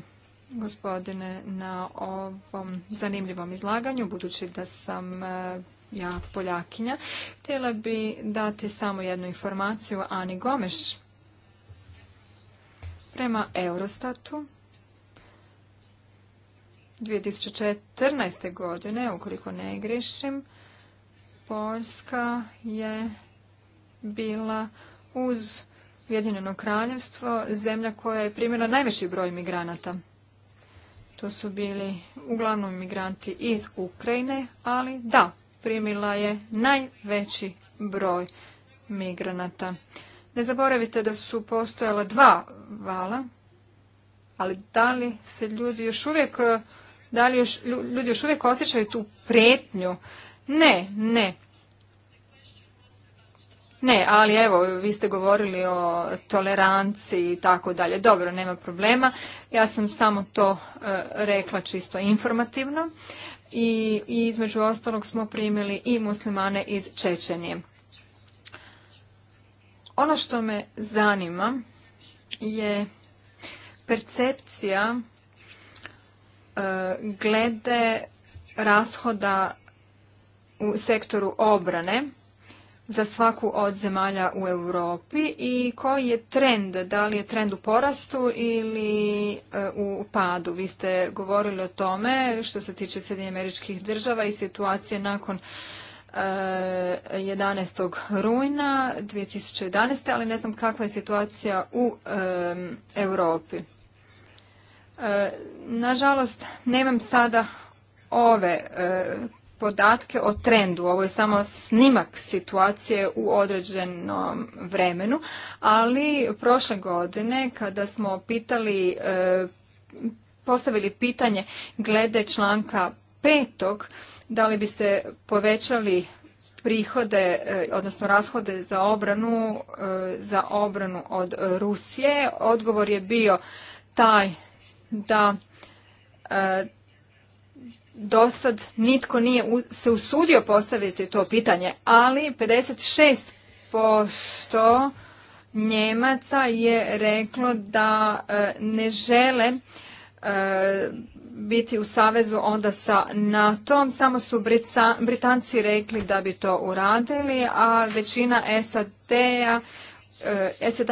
D: gospodine na ovom zanimljivom izlaganju, budući da sam eh, ja Poljakinja. Htjela bi dati samo jednu informaciju Ani Gomeš. Prema Eurostatu 2014. godine, ukoliko ne grešim, Poljska je bila uz Ujedinjeno kraljevstvo zemlja koja je primjela najveći broj migranata. To su bili uglavnom migranti iz Ukrajine, ali da, primila je najveći broj migranata. Ne zaboravite da su postojala dva vala, ali da li se ljudi još uvijek, da li još, ljudi još uvijek osjećaju tu pretnju ne, ne. Ne, ali evo, vi ste govorili o toleranciji i tako dalje. Dobro, nema problema. Ja sam samo to e, rekla čisto informativno. I, između ostalog smo primili i muslimane iz Čečenije. Ono što me zanima je percepcija e, glede rashoda u sektoru obrane za svaku od zemalja u Europi i koji je trend, da li je trend u porastu ili e, u padu. Vi ste govorili o tome što se tiče Sjedinje američkih država i situacije nakon 11. E, rujna 2011. ali ne znam kakva je situacija u e, Europi. nažalost, nemam sada ove podatke o trendu. Ovo je samo snimak situacije u određenom vremenu, ali prošle godine kada smo pitali, e, postavili pitanje glede članka petog, da li biste povećali prihode, e, odnosno rashode za obranu, e, za obranu od Rusije. Odgovor je bio taj da do sad nitko nije se usudio postaviti to pitanje, ali 56% Njemaca je reklo da e, ne žele e, biti u savezu onda sa nato Samo su Britanci rekli da bi to uradili, a većina SAD-a e, SAD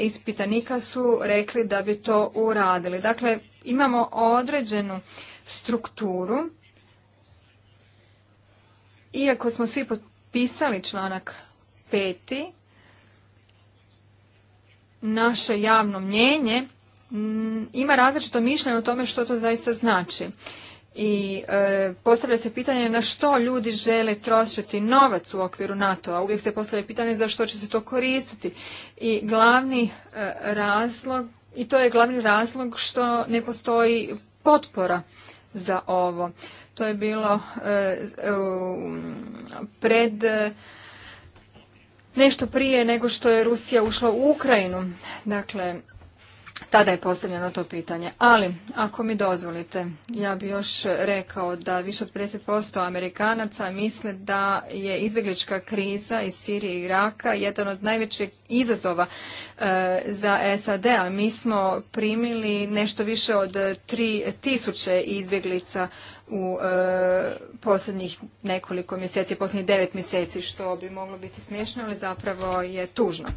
D: ispitanika su rekli da bi to uradili. Dakle, imamo određenu strukturu. Iako smo svi potpisali članak peti, naše javno mnjenje ima različito mišljenje o tome što to zaista znači. I e, postavlja se pitanje na što ljudi žele trošiti novac u okviru NATO-a. Uvijek se postavlja pitanje za što će se to koristiti. I glavni e, razlog, i to je glavni razlog što ne postoji potpora za ovo. To je bilo e, e, pred e, nešto prije nego što je Rusija ušla u Ukrajinu. Dakle, tada je postavljeno to pitanje. Ali, ako mi dozvolite, ja bi još rekao da više od 50% Amerikanaca misle da je izbjeglička kriza iz Sirije i Iraka jedan od najvećih izazova e, za SAD, a mi smo primili nešto više od 3000 izbjeglica u e, posljednjih nekoliko mjeseci, posljednjih devet mjeseci, što bi moglo biti smiješno, ali zapravo je tužno.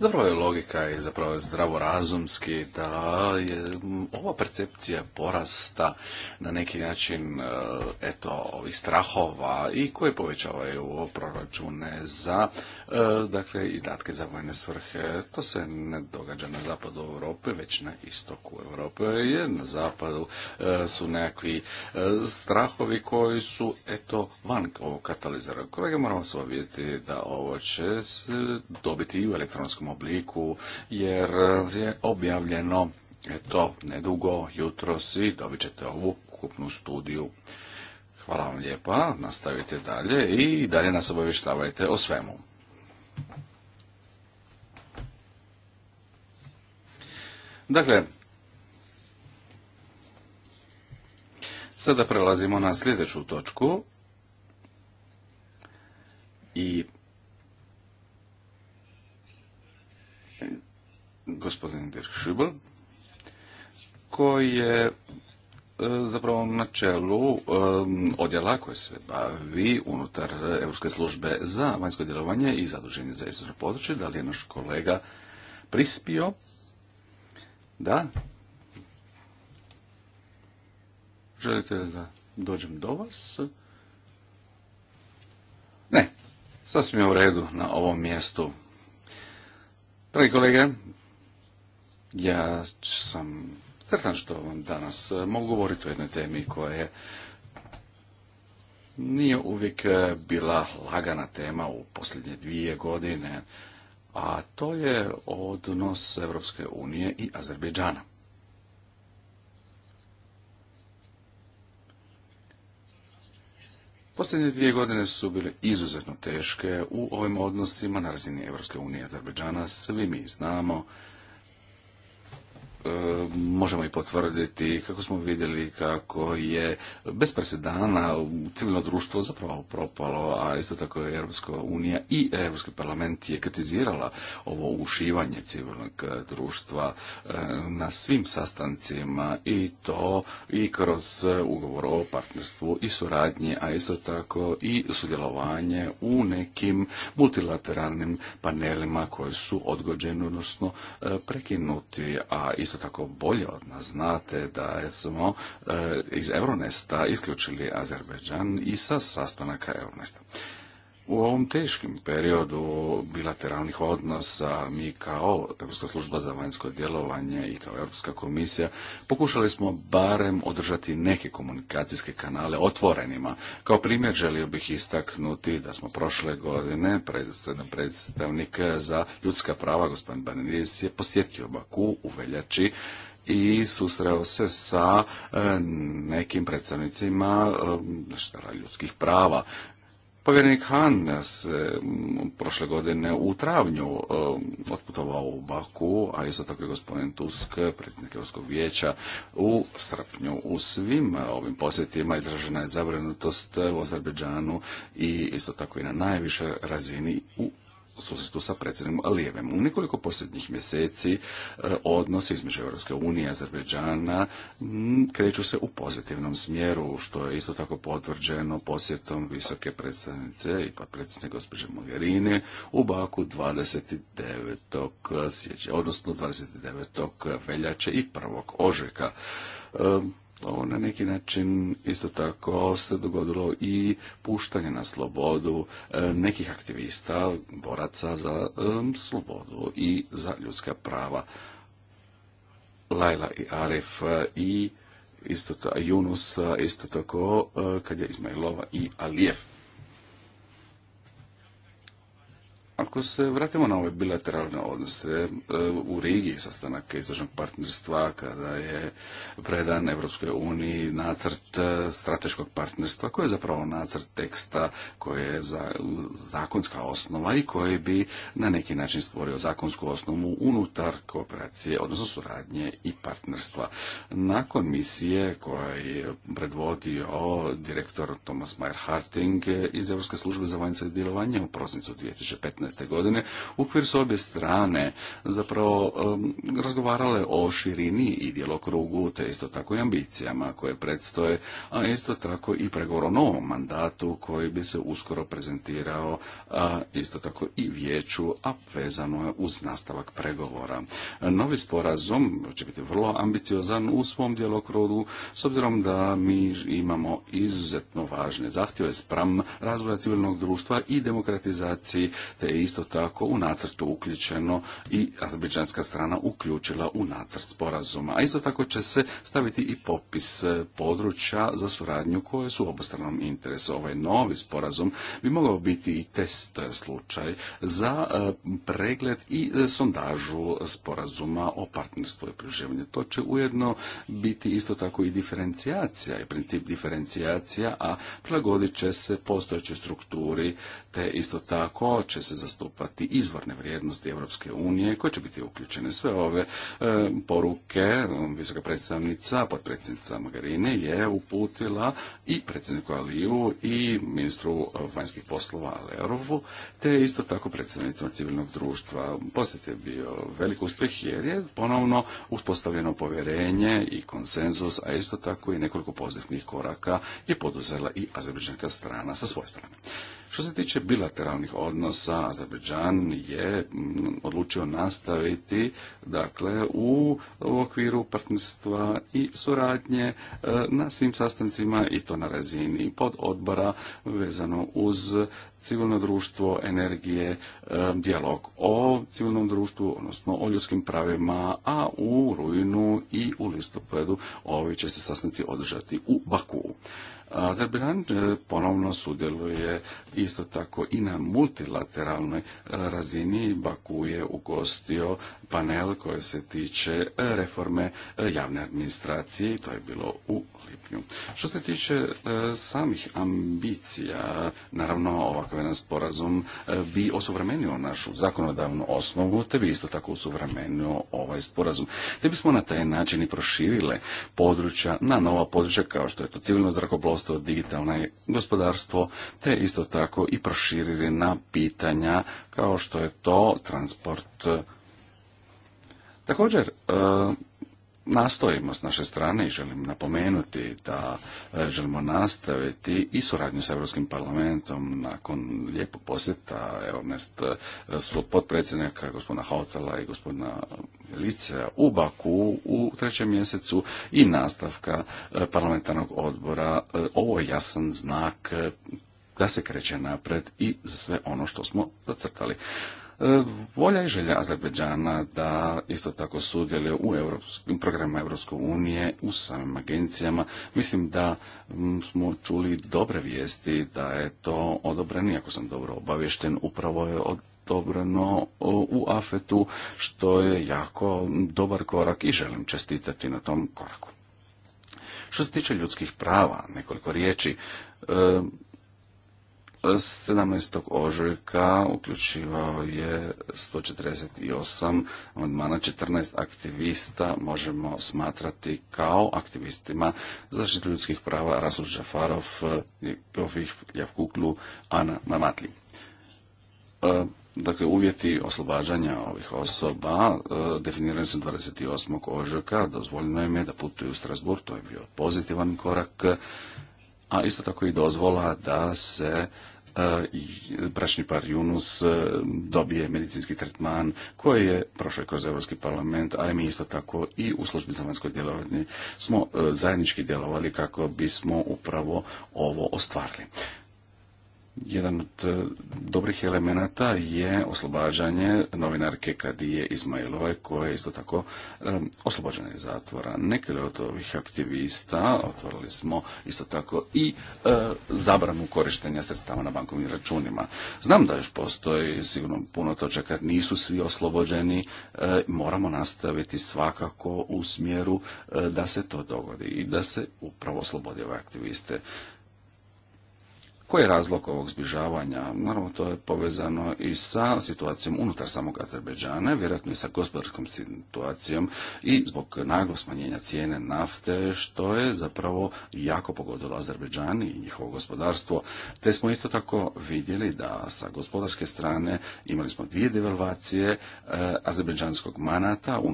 B: Zapravo je logika i zapravo je zdravorazumski da je ova percepcija porasta na neki način eh, eto ovih strahova i koje povećavaju proračune za E, dakle, izdatke za vojne svrhe. To se ne događa na zapadu Europe, već na istoku Europe, jer na zapadu e, su nekakvi e, strahovi koji su, eto, van ovog katalizera. Kolege, moramo se obvijeti da ovo će se dobiti i u elektronskom obliku, jer je objavljeno Eto, nedugo, jutros i dobit ćete ovu ukupnu studiju. Hvala vam lijepa, nastavite dalje i dalje nas obavještavajte o svemu. Dakle, sada prelazimo na sljedeću točku i gospodin Dirk Šibel, koji je e, zapravo na čelu e, odjela koje se bavi unutar Europske službe za vanjsko djelovanje i zaduženje za istotno područje. Da li je naš kolega prispio? Da? Želite da dođem do vas? Ne, sasvim je u redu na ovom mjestu. Dragi kolege, ja sam sretan što vam danas mogu govoriti o jednoj temi koja nije uvijek bila lagana tema u posljednje dvije godine a to je odnos Europske unije i Azerbejdžana. Posljednje dvije godine su bile izuzetno teške u ovim odnosima na razini Europske unije i Azerbejdžana. Svi mi znamo E, možemo i potvrditi kako smo vidjeli kako je bez presedana civilno društvo zapravo propalo, a isto tako je Europska unija i Europski parlament je kritizirala ovo ušivanje civilnog društva e, na svim sastancima i to i kroz ugovor o partnerstvu i suradnji, a isto tako i sudjelovanje u nekim multilateralnim panelima koji su odgođeni, odnosno e, prekinuti, a isto isto tako bolje od nas znate da smo e, iz Euronesta isključili azerbeđan i sa sastanaka Euronesta. U ovom teškim periodu bilateralnih odnosa mi kao Europska služba za vanjsko djelovanje i kao Europska komisija pokušali smo barem održati neke komunikacijske kanale otvorenima. Kao primjer želio bih istaknuti da smo prošle godine predstavnik za ljudska prava gospodin Banidis je posjetio Baku u veljači i susreo se sa e, nekim predstavnicima e, ljudskih prava. Povjerenik Han se prošle godine u travnju e, otputovao u Baku, a isto tako i gospodin Tusk, predsjednik Europskog vijeća, u srpnju. U svim e, ovim posjetima izražena je zabrinutost u Azerbeđanu i isto tako i na najvišoj razini u susretu sa predsjednikom Alijevem. U nekoliko posljednjih mjeseci e, odnosi između Europske unije i Azerbejdžana kreću se u pozitivnom smjeru, što je isto tako potvrđeno posjetom visoke predsjednice i pa gospođe Mogherini u Baku 29. sjeća, odnosno 29. veljače i 1. ožujka. E, Dakle, ovo na neki način isto tako se dogodilo i puštanje na slobodu e, nekih aktivista, boraca za e, slobodu i za ljudska prava. Laila i Arif e, i isto Junus, isto tako kad je Izmailova i Alijev. Ako se vratimo na ove bilateralne odnose e, u Rigi sastanak izražnog partnerstva kada je predan Evropskoj uniji nacrt e, strateškog partnerstva koji je zapravo nacrt teksta koji je za, zakonska osnova i koji bi na neki način stvorio zakonsku osnovu unutar kooperacije, odnosno suradnje i partnerstva. Nakon misije koja je predvodio direktor Thomas Meyer Harting iz Evropske službe za vanjsko djelovanje u prosincu 2015 2015. godine u okviru s obje strane zapravo razgovarale o širini i djelokrugu te isto tako i ambicijama koje predstoje, a isto tako i pregovor o novom mandatu koji bi se uskoro prezentirao isto tako i vijeću, a vezano je uz nastavak pregovora. Novi sporazum će biti vrlo ambiciozan u svom djelokrugu s obzirom da mi imamo izuzetno važne zahtjeve spram razvoja civilnog društva i demokratizaciji te isto tako u nacrtu uključeno i azerbejdžanska strana uključila u nacrt sporazuma. A isto tako će se staviti i popis e, područja za suradnju koje su u obostranom interesu. Ovaj novi sporazum bi mogao biti i test slučaj za e, pregled i e, sondažu sporazuma o partnerstvu i priživanju. To će ujedno biti isto tako i diferencijacija i princip diferencijacija, a prilagodit će se postojećoj strukturi, te isto tako će se zastupati izvorne vrijednosti Europske unije koje će biti uključene sve ove e, poruke. Um, visoka predstavnica, potpredsjednica magarine je uputila i predsjedniku Aliju i ministru vanjskih poslova Alerovu, te isto tako predstavnicama civilnog društva. Posjet je bio velik uspjeh jer je ponovno uspostavljeno povjerenje i konsenzus, a isto tako i nekoliko pozitivnih koraka je poduzela i azerbajdžanska strana sa svoje strane. Što se tiče bilateralnih odnosa, Azerbeđan je mm, odlučio nastaviti dakle, u okviru partnerstva i suradnje e, na svim sastancima i to na razini pododbora vezano uz civilno društvo, energije, e, dijalog o civilnom društvu, odnosno o ljudskim pravima, a u rujnu i u listopadu ovi će se sastanci održati u Baku. Azerbejdžan e, ponovno sudjeluje isto tako i na multilateralnoj e, razini. Baku je ugostio panel koji se tiče e, reforme javne administracije i to je bilo u stupnju. Što se tiče e, samih ambicija, naravno ovakav jedan sporazum e, bi osuvremenio našu zakonodavnu osnovu, te bi isto tako osuvremenio ovaj sporazum. Te bismo na taj način i proširile područja na nova područja kao što je to civilno zrakoplovstvo, digitalno gospodarstvo, te isto tako i proširili na pitanja kao što je to transport Također, e, nastojimo s naše strane i želim napomenuti da e, želimo nastaviti i suradnju sa Europskim parlamentom nakon lijepog posjeta Ernest e, su potpredsjednika gospodina Hautala i gospodina Licea u Baku u trećem mjesecu i nastavka e, parlamentarnog odbora. Ovo je jasan znak da se kreće napred i za sve ono što smo zacrtali volja i želja Azerbeđana da isto tako sudjeluje u programima EU, unije u samim agencijama. Mislim da smo čuli dobre vijesti da je to odobreno, iako sam dobro obavješten, upravo je odobreno u afetu, što je jako dobar korak i želim čestitati na tom koraku. Što se tiče ljudskih prava, nekoliko riječi, e, 17. ožujka uključivao je 148 amandmana 14 aktivista možemo smatrati kao aktivistima zaštitu ljudskih prava Rasul Žafarov, Jovih Javkuklu, Ana Mamatli. E, dakle, uvjeti oslobađanja ovih osoba e, definirani su 28. ožujka, dozvoljeno im je da putuju u Strasbourg, to je bio pozitivan korak a isto tako i dozvola da se e, bračni par Junus e, dobije medicinski tretman koji je prošao kroz Europski parlament, a mi isto tako i u službi za vanjsko djelovanje smo e, zajednički djelovali kako bismo upravo ovo ostvarili. Jedan od e, dobrih elemenata je oslobađanje novinarke Kadije Izmailove, koja je isto tako e, oslobođena iz zatvora. Nekoliko od ovih aktivista otvorili smo isto tako i e, zabranu korištenja sredstava na bankovnim računima. Znam da još postoji sigurno puno točaka, nisu svi oslobođeni, moramo nastaviti svakako u smjeru da se to dogodi i da se upravo oslobodi ove aktiviste. Koji je razlog ovog zbližavanja? Naravno, to je povezano i sa situacijom unutar samog Azerbeđana, vjerojatno i sa gospodarskom situacijom i zbog naglo smanjenja cijene nafte, što je zapravo jako pogodilo Azerbeđan i njihovo gospodarstvo. Te smo isto tako vidjeli da sa gospodarske strane imali smo dvije devalvacije e, azerbeđanskog manata, u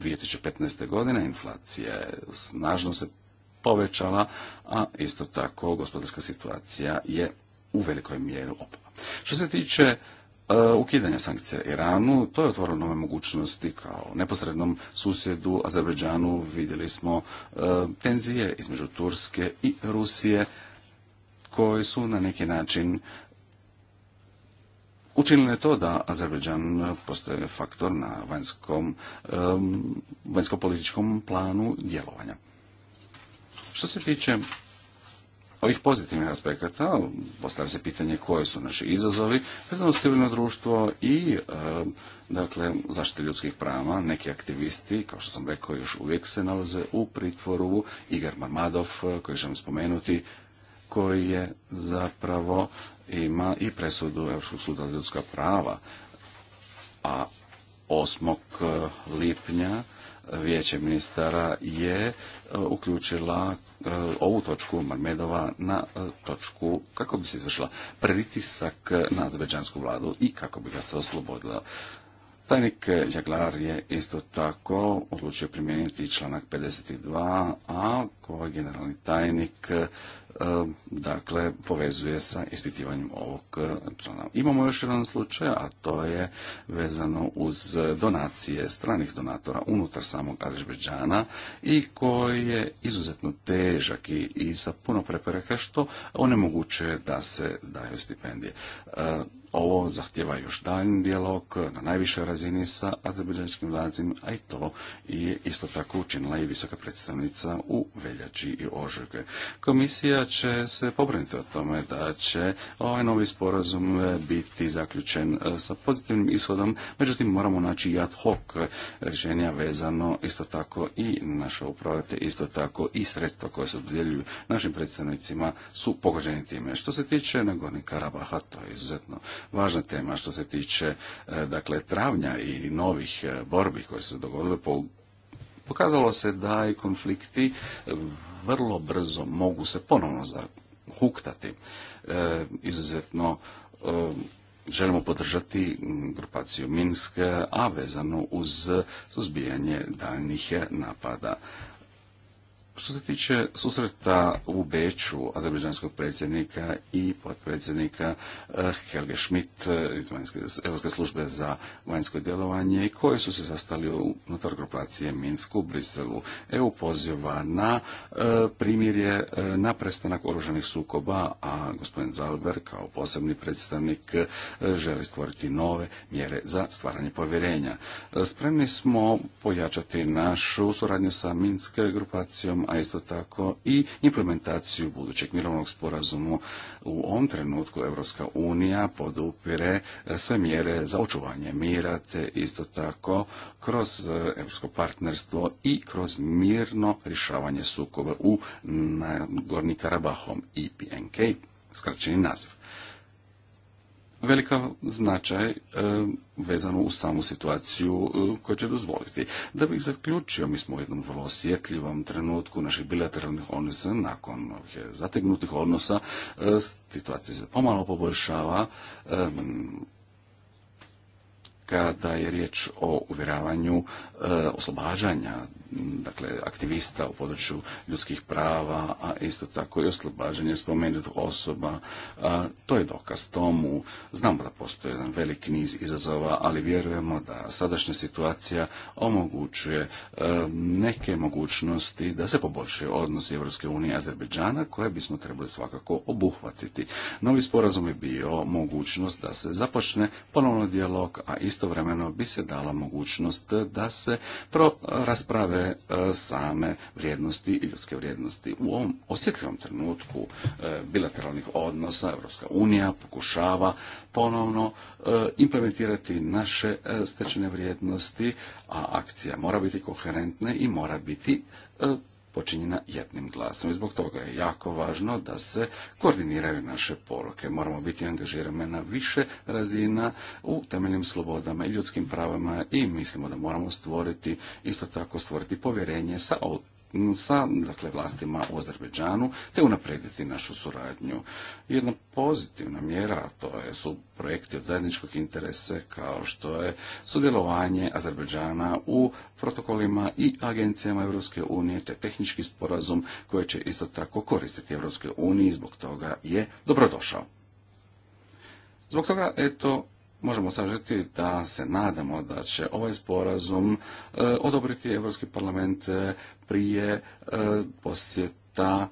B: 2015. godine inflacija je snažno se povećala, a isto tako gospodarska situacija je u velikoj mjeri opala. Što se tiče e, ukidanja sankcija Iranu, to je otvorilo nove mogućnosti kao neposrednom susjedu Azerbeđanu. Vidjeli smo e, tenzije između Turske i Rusije koji su na neki način učinile to da Azerbeđan postoje faktor na vanjskom, e, vanjsko-političkom planu djelovanja. Što se tiče ovih pozitivnih aspekata, postavlja se pitanje koji su naši izazovi, vezano civilno društvo i e, dakle, zaštite ljudskih prava, neki aktivisti, kao što sam rekao, još uvijek se nalaze u pritvoru, Igar Marmadov, e, koji želim spomenuti, koji je zapravo ima i presudu Europskog suda za ljudska prava, a 8. E, lipnja vijeće ministara je uključila E, ovu točku Marmedova na e, točku kako bi se izvršila pritisak na azerbeđansku vladu i kako bi ga se oslobodila. Tajnik Jaglar je isto tako odlučio primijeniti članak 52a koji generalni tajnik E, dakle povezuje sa ispitivanjem ovog e, člana. Imamo još jedan slučaj, a to je vezano uz donacije stranih donatora unutar samog Azerbejdžana i koji je izuzetno težak i, sa puno prepreka što onemogućuje da se daju stipendije. E, ovo zahtjeva još daljni dijalog na najvišoj razini sa azerbeđanskim vladacima, a i to je isto tako učinila i visoka predstavnica u veljači i ožujke. Komisija će se pobrinuti o tome da će ovaj novi sporazum biti zaključen e, sa pozitivnim ishodom, međutim moramo naći i ad hoc rješenja vezano isto tako i naše upravljate, isto tako i sredstva koje se dodjeljuju našim predstavnicima su pogođeni time. Što se tiče Nagorni Karabaha, to je izuzetno važna tema što se tiče e, dakle travnja i novih e, borbi koje su se dogodile po pokazalo se da i konflikti e, vrlo brzo mogu se ponovno zahuktati. izuzetno želimo podržati grupaciju Minsk, a vezano uz suzbijanje daljnih napada. Što se tiče susreta u Beču azerbeđanskog predsjednika i potpredsjednika eh, Helge Schmidt eh, iz Europske službe za vanjsko djelovanje i koji su se sastali unutar grupacije Minsku u Briselu, EU poziva na eh, primirje na prestanak oružanih sukoba, a gospodin Zalber kao posebni predstavnik želi stvoriti nove mjere za stvaranje povjerenja. Spremni smo pojačati našu suradnju sa Minske grupacijom a isto tako i implementaciju budućeg mirovnog sporazuma. U ovom trenutku Evropska unija podupire e, sve mjere za očuvanje mira, te isto tako kroz europsko partnerstvo i kroz mirno rješavanje sukoba u Gornji Karabahom i PNK, skraćeni naziv velika značaj e, vezano u samu situaciju e, koju će dozvoliti. Da bih zaključio, mi smo u jednom vrlo osjetljivom trenutku naših bilateralnih odnosa, nakon zategnutih odnosa, e, situacija se pomalo poboljšava, kada je riječ o uvjeravanju e, oslobađanja dakle aktivista u području ljudskih prava, a isto tako i oslobađanje spomenutih osoba. to je dokaz tomu. Znamo da postoji jedan velik niz izazova, ali vjerujemo da sadašnja situacija omogućuje e, neke mogućnosti da se poboljšaju odnosi Evropske unije i Azerbeđana koje bismo trebali svakako obuhvatiti. Novi sporazum je bio mogućnost da se započne ponovno dijalog, a isto istovremeno bi se dala mogućnost da se pro rasprave e, same vrijednosti i ljudske vrijednosti. U ovom osjetljivom trenutku e, bilateralnih odnosa Europska unija pokušava ponovno e, implementirati naše stečene vrijednosti, a akcija mora biti koherentna i mora biti počinjena jednim glasom. I zbog toga je jako važno da se koordiniraju naše poruke. Moramo biti angažirani na više razina u temeljnim slobodama i ljudskim pravama i mislimo da moramo stvoriti, isto tako stvoriti povjerenje sa sa dakle, vlastima u Azerbeđanu te unaprijediti našu suradnju. Jedna pozitivna mjera, to je, su projekti od zajedničkog interesa kao što je sudjelovanje Azerbeđana u protokolima i agencijama Europske unije te tehnički sporazum koji će isto tako koristiti Europske uniji i zbog toga je dobrodošao. Zbog toga, eto, možemo sažeti da se nadamo da će ovaj sporazum e, odobriti Europski parlament e, prije e, posjeta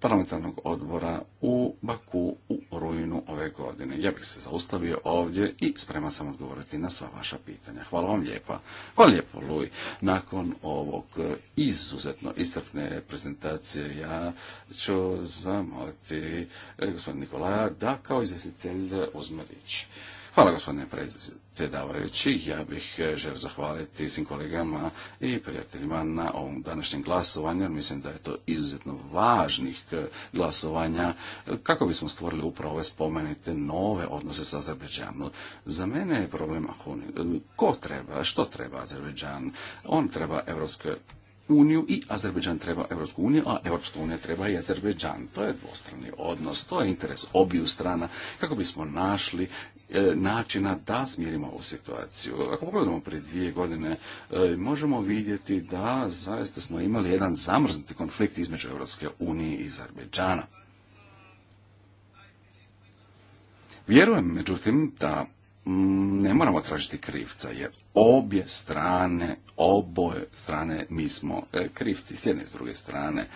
B: parlamentarnog odbora u Baku u rujnu ove godine. Ja bih se zaustavio ovdje i spreman sam odgovoriti na sva vaša pitanja. Hvala vam lijepa. Hvala lijepo, Luj. Nakon ovog izuzetno istrpne prezentacije ja ću zamoliti gospodin Nikolaja da kao izvjestitelj uzme riječ. Hvala gospodine predsjedavajući. Ja bih e, želio zahvaliti svim kolegama i prijateljima na ovom današnjem glasovanju. Mislim da je to izuzetno važnih e, glasovanja e, kako bismo stvorili upravo ove spomenite nove odnose sa Azerbeđanom. Za mene je problem ko treba, što treba Azerbeđan. On treba Evropske uniju i Azerbejdžan treba Evropsku uniju, a Evropska unija treba i Azerbejdžan. To je dvostrani odnos, to je interes obiju strana kako bismo našli E, načina da smirimo ovu situaciju. Ako pogledamo prije dvije godine, e, možemo vidjeti da zaista smo imali jedan zamrznuti konflikt između Europske unije i Azerbejdžana. Vjerujem, međutim, da mm, ne moramo tražiti krivca, jer obje strane, oboje strane mi smo e, krivci, s jedne i s druge strane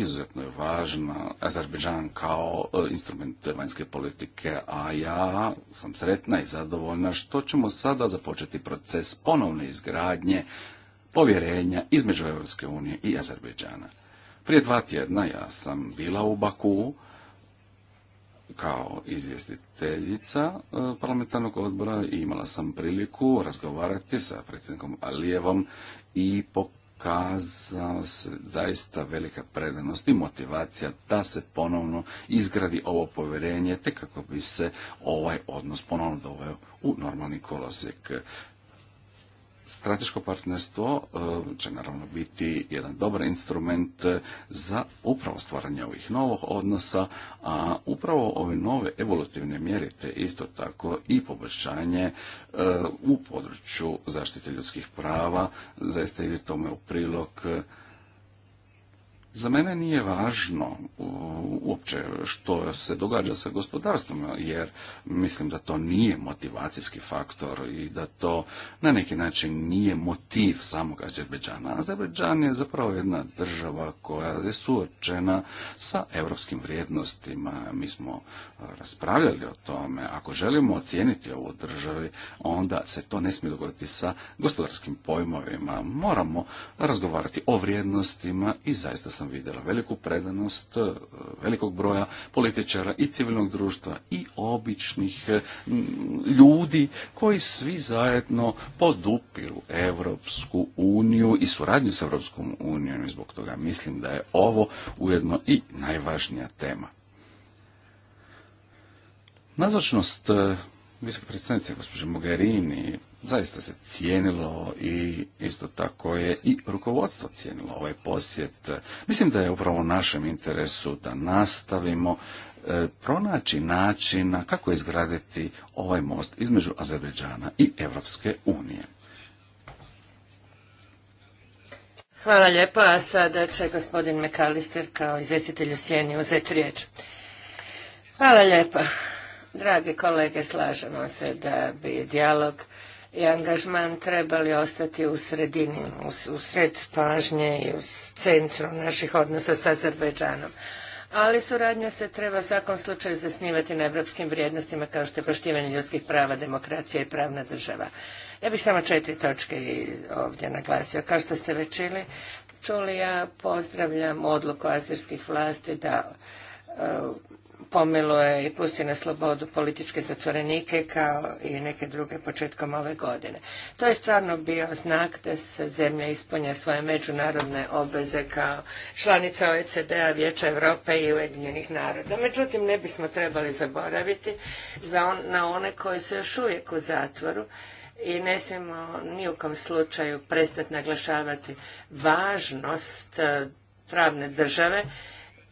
B: izuzetno je važna Azerbeđan kao e, instrument vanjske politike, a ja sam sretna i zadovoljna što ćemo sada započeti proces ponovne izgradnje povjerenja između Europske unije i Azerbeđana. Prije dva tjedna ja sam bila u Baku kao izvjestiteljica e, parlamentarnog odbora i imala sam priliku razgovarati sa predsjednikom Alijevom i po pokazao se zaista velika predanost i motivacija da se ponovno izgradi ovo povjerenje, te kako bi se ovaj odnos ponovno doveo u normalni kolosijek. Strateško partnerstvo eh, će naravno biti jedan dobar instrument eh, za upravo stvaranje ovih novih odnosa, a upravo ove nove evolutivne mjere te isto tako i poboljšanje eh, u području zaštite ljudskih prava zaista je tome u prilog za mene nije važno uopće što se događa sa gospodarstvom, jer mislim da to nije motivacijski faktor i da to na neki način nije motiv samog Azerbeđana. Azerbeđan je zapravo jedna država koja je suočena sa europskim vrijednostima. Mi smo raspravljali o tome. Ako želimo ocijeniti ovu državi, onda se to ne smije dogoditi sa gospodarskim pojmovima. Moramo razgovarati o vrijednostima i zaista sam sam vidjela veliku predanost e, velikog broja političara i civilnog društva i običnih e, ljudi koji svi zajedno podupiru Evropsku uniju i suradnju s Evropskom unijom i zbog toga mislim da je ovo ujedno i najvažnija tema. Nazočnost e, visoke predstavnice gospođe Mogherini zaista se cijenilo i isto tako je i rukovodstvo cijenilo ovaj posjet. Mislim da je upravo u našem interesu da nastavimo e, pronaći načina kako izgraditi ovaj most između Azerbeđana i Europske unije.
A: Hvala lijepo, a sada će gospodin Mekalister kao izvjestitelj u Sjeni uzeti riječ. Hvala lijepo. Dragi kolege, slažemo se da bi dijalog i angažman trebali ostati u sredini, u sred pažnje i u centru naših odnosa sa Azerbejdžanom. Ali suradnja se treba u svakom slučaju zasnivati na evropskim vrijednostima kao što je poštivanje ljudskih prava, demokracija i pravna država. Ja bih samo četiri točke ovdje naglasio. Kao što ste već čuli, čuli ja pozdravljam odluku azerskih vlasti da e, pomiluje i pusti na slobodu političke zatvorenike kao i neke druge početkom ove godine. To je stvarno bio znak da se zemlja ispunja svoje međunarodne obveze kao članica OECD-a, Vijeća Europe i Ujedinjenih naroda. Međutim, ne bismo trebali zaboraviti za na one koji su još uvijek u zatvoru i ne smijemo ni u kom slučaju prestati naglašavati važnost eh, pravne države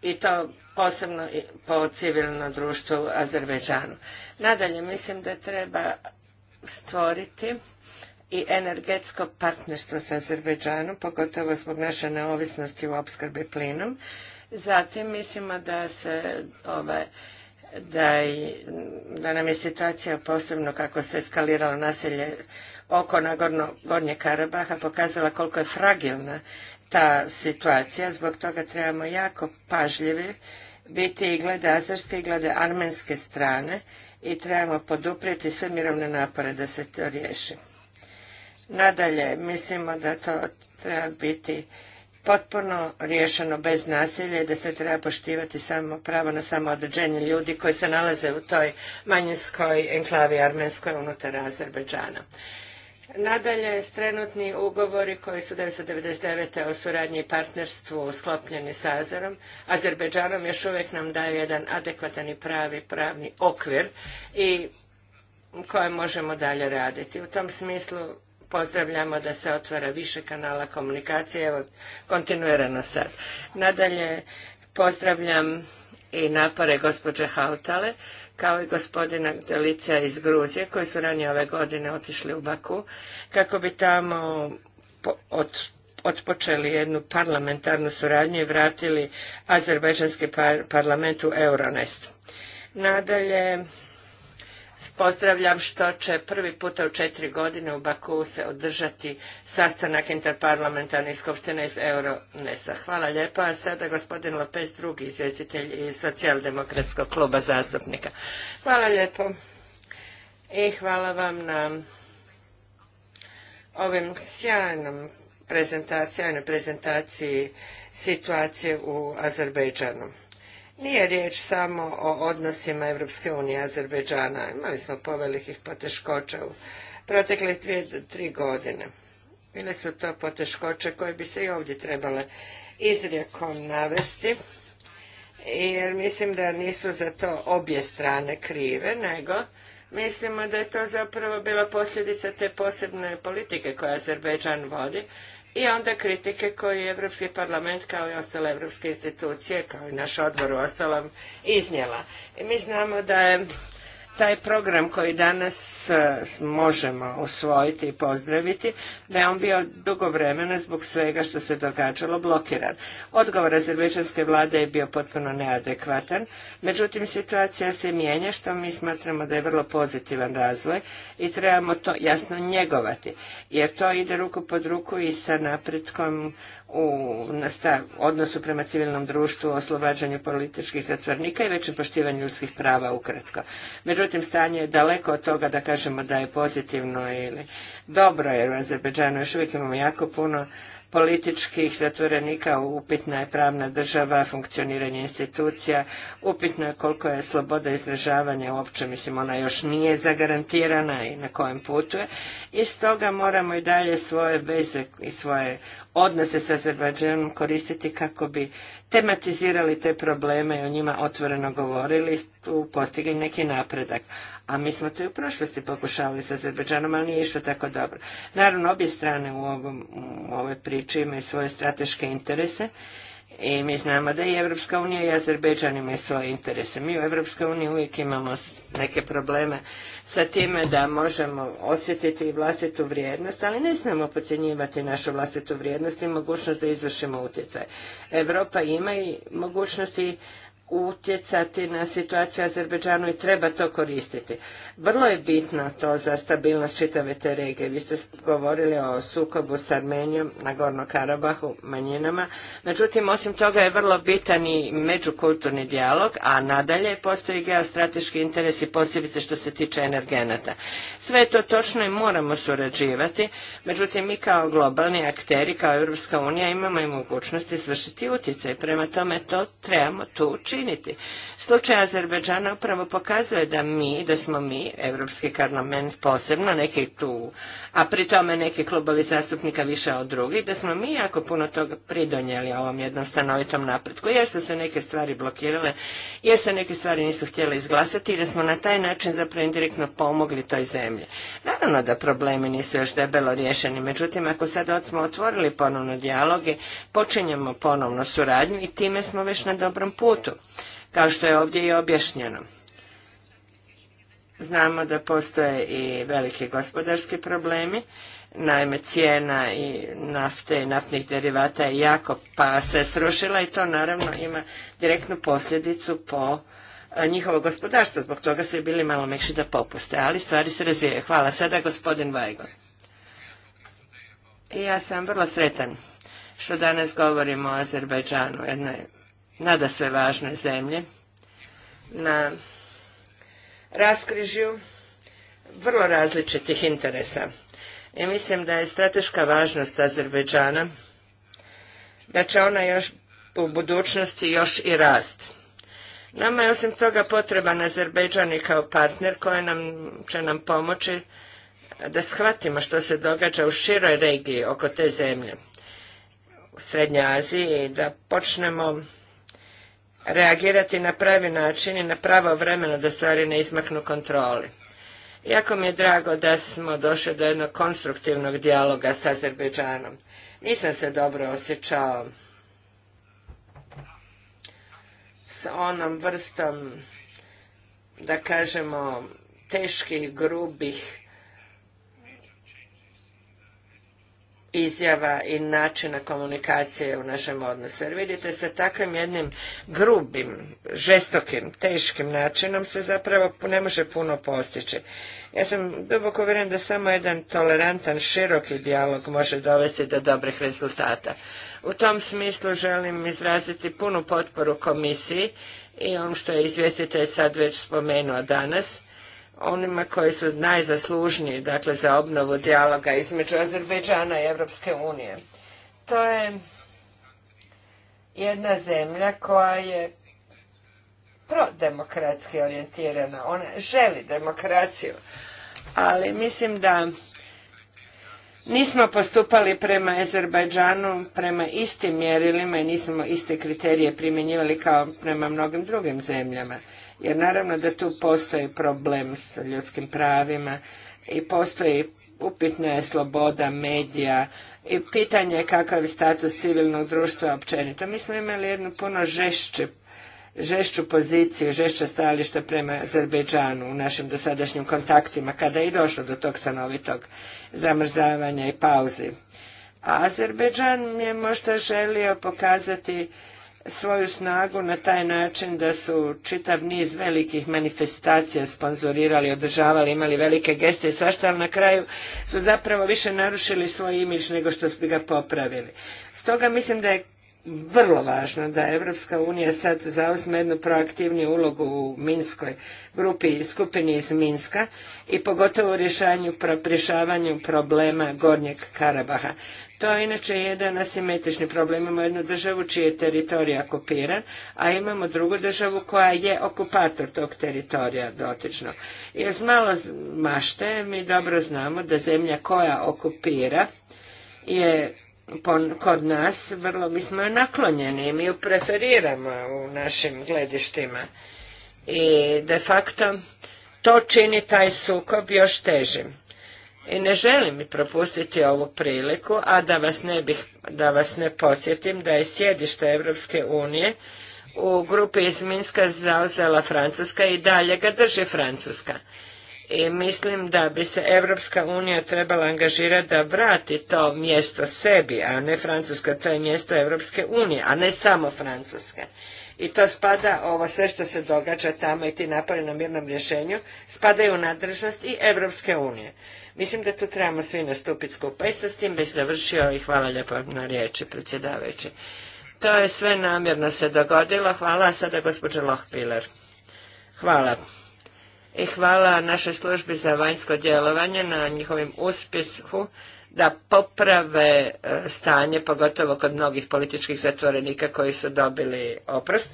A: i to posebno po civilno društvo u Azerbejdžanu. Nadalje, mislim da treba stvoriti i energetsko partnerstvo sa Azerbejdžanom, pogotovo zbog naše neovisnosti u opskrbi plinom. Zatim mislimo da se ovaj, da, i, da nam je situacija posebno kako se eskaliralo naselje oko na Gornje Karabaha pokazala koliko je fragilna ta situacija. Zbog toga trebamo jako pažljivi biti i glede azarske i glede armenske strane i trebamo poduprijeti sve mirovne napore da se to riješi. Nadalje, mislimo da to treba biti potpuno riješeno bez nasilja i da se treba poštivati samo pravo na samoodređenje ljudi koji se nalaze u toj manjinskoj enklavi armenskoj unutar Azerbajdžana. Nadalje, trenutni ugovori koji su 1999. o suradnji i partnerstvu sklopljeni sa Azerom, Azerbeđanom još uvijek nam daje jedan adekvatan i pravi pravni okvir i koje možemo dalje raditi. U tom smislu pozdravljamo da se otvara više kanala komunikacije, evo kontinuirano sad. Nadalje, pozdravljam i napore gospođe Hautale kao i gospodina Delica iz Gruzije, koji su ranije ove godine otišli u Baku, kako bi tamo otpočeli jednu parlamentarnu suradnju i vratili azerbajdžanski parlament u Euronest. Nadalje, Pozdravljam što će prvi puta u četiri godine u Baku se održati sastanak interparlamentarne skupštine iz Euronesa. Hvala lijepa. A sada gospodin Lopez, drugi izvjestitelj iz socijaldemokratskog kluba zastupnika. Hvala lijepo. I hvala vam na ovom sjajnom prezentaciji, sjajnoj prezentaciji situacije u Azerbejdžanu. Nije riječ samo o odnosima Europske unije i Azerbeđana. Imali smo povelikih poteškoća u protekle tri godine. Bile su to poteškoće koje bi se i ovdje trebale izrijekom navesti, jer mislim da nisu za to obje strane krive, nego mislimo da je to zapravo bila posljedica te posebne politike koje Azerbejdžan vodi, i onda kritike koje je Europski parlament kao i ostale europske institucije, kao i naš odbor u ostalom iznijela. mi znamo da je taj program koji danas e, možemo usvojiti i pozdraviti, da je on bio dugo vremena zbog svega što se događalo blokiran. Odgovor azerbejdžanske vlade je bio potpuno neadekvatan, međutim situacija se mijenja što mi smatramo da je vrlo pozitivan razvoj i trebamo to jasno njegovati, jer to ide ruku pod ruku i sa napretkom u odnosu prema civilnom društvu, oslobađanju političkih zatvornika i većem poštivanju ljudskih prava ukratko. Međutim, stanje je daleko od toga da kažemo da je pozitivno ili dobro, jer u Azerbeđanu još uvijek imamo jako puno političkih zatvorenika, upitna je pravna država, funkcioniranje institucija, upitno je koliko je sloboda izražavanja uopće, mislim ona još nije zagarantirana i na kojem putu je. I stoga moramo i dalje svoje veze i svoje odnose sa Azerbajdžanom koristiti kako bi tematizirali te probleme i o njima otvoreno govorili, tu postigli neki napredak. A mi smo to i u prošlosti pokušavali sa Azerbajdžanom, ali nije išlo tako dobro. Naravno, obje strane u, u ovoj priči imaju svoje strateške interese i mi znamo da i Evropska unija i Azerbejdžan imaju svoje interese. Mi u EU uniji uvijek imamo neke probleme sa time da možemo osjetiti i vlastitu vrijednost, ali ne smemo podcjenjivati našu vlastitu vrijednost i mogućnost da izvršimo utjecaj. Europa ima i mogućnosti utjecati na situaciju Azerbejdžanu i treba to koristiti. Vrlo je bitno to za stabilnost čitave te regije. Vi ste govorili o sukobu s Armenijom na Gorno Karabahu, manjinama. Međutim, osim toga je vrlo bitan i međukulturni dijalog, a nadalje postoji geostrateški interes i posebice što se tiče energenata. Sve je to točno i moramo surađivati. Međutim, mi kao globalni akteri, kao Europska unija, imamo i mogućnosti svršiti utjecaj. Prema tome, to trebamo tu učiniti. Slučaj Azerbeđana upravo pokazuje da mi, da smo mi Europski parlament posebno, neki tu, a pri tome neki klubovi zastupnika više od drugih, da smo mi jako puno toga pridonijeli ovom jednom stanovitom napretku, jer su se neke stvari blokirale, jer se neke stvari nisu htjele izglasati i da smo na taj način zapravo indirektno pomogli toj zemlji. Naravno da problemi nisu još debelo riješeni, međutim ako sad smo otvorili ponovno dijaloge, počinjemo ponovno suradnju i time smo već na dobrom putu, kao što je ovdje i objašnjeno. Znamo da postoje i veliki gospodarski problemi, naime cijena i nafte i naftnih derivata je jako pa se srušila i to naravno ima direktnu posljedicu po e, njihovo gospodarstvo, zbog toga su i bili malo mekši da popuste, ali stvari se razvijaju. Hvala. Sada gospodin Vajgo. I ja sam vrlo sretan što danas govorimo o Azerbajdžanu, jednoj nada sve važnoj zemlji, na raskrižju vrlo različitih interesa. I mislim da je strateška važnost Azerbejdžana da će ona još u budućnosti još i rast. Nama je osim toga potreban Azerbejdžan i kao partner koji nam, će nam pomoći da shvatimo što se događa u široj regiji oko te zemlje u Srednjoj Aziji i da počnemo reagirati na pravi način i na pravo vremeno da stvari ne izmaknu kontroli. Jako mi je drago da smo došli do jednog konstruktivnog dijaloga s Azerbejdžanom. Nisam se dobro osjećao s onom vrstom, da kažemo, teških, grubih izjava i načina komunikacije u našem odnosu. Jer vidite, sa takvim jednim grubim, žestokim, teškim načinom se zapravo ne može puno postići. Ja sam duboko vjerujem da samo jedan tolerantan, široki dijalog može dovesti do dobrih rezultata. U tom smislu želim izraziti punu potporu komisiji i ono što je izvjestitelj sad već spomenuo danas, onima koji su najzaslužniji dakle, za obnovu dijaloga između Azerbejdžana i Europske unije. To je jedna zemlja koja je prodemokratski orijentirana. Ona želi demokraciju. Ali mislim da nismo postupali prema Azerbajdžanu prema istim mjerilima i nismo iste kriterije primjenjivali kao prema mnogim drugim zemljama. Jer naravno da tu postoji problem s ljudskim pravima i postoji upitna je sloboda medija i pitanje kakav je status civilnog društva općenito. Mi smo imali jednu puno žešću, žešću poziciju, žešća stajališta prema Azerbejdžanu u našim dosadašnjim kontaktima kada je i došlo do tog stanovitog zamrzavanja i pauzi. A Azerbejdžan je možda želio pokazati svoju snagu na taj način da su čitav niz velikih manifestacija sponzorirali, održavali, imali velike geste i svašta, ali na kraju su zapravo više narušili svoj imidž nego što bi ga popravili. Stoga mislim da je vrlo važno da Evropska unija sad zauzme jednu proaktivniju ulogu u Minskoj grupi i skupini iz Minska i pogotovo u rješavanju problema Gornjeg Karabaha. To je inače jedan asimetrični problem. Imamo jednu državu čiji je teritorij okupiran, a imamo drugu državu koja je okupator tog teritorija dotično. I uz malo mašte mi dobro znamo da zemlja koja okupira je kod nas vrlo, mi smo naklonjeni i mi ju preferiramo u našim gledištima. I de facto to čini taj sukob još težim i ne želim propustiti ovu priliku, a da vas ne, bih, da vas ne podsjetim da je sjedište Europske unije u grupi iz Minska zauzela Francuska i dalje ga drži Francuska. I mislim da bi se Europska unija trebala angažirati da vrati to mjesto sebi, a ne Francuska, to je mjesto Europske unije, a ne samo Francuska. I to spada, ovo sve što se događa tamo i ti napori na mirnom rješenju, spadaju u nadležnost i Europske unije. Mislim da tu trebamo svi nastupiti skupaj, i e, sa s tim bih završio i hvala lijepo na riječi predsjedavajući. To je sve namjerno se dogodilo. Hvala sada gospođa Lohpiler. Hvala. I hvala našoj službi za vanjsko djelovanje na njihovim uspjehu da poprave e, stanje, pogotovo kod mnogih političkih zatvorenika koji su dobili oprost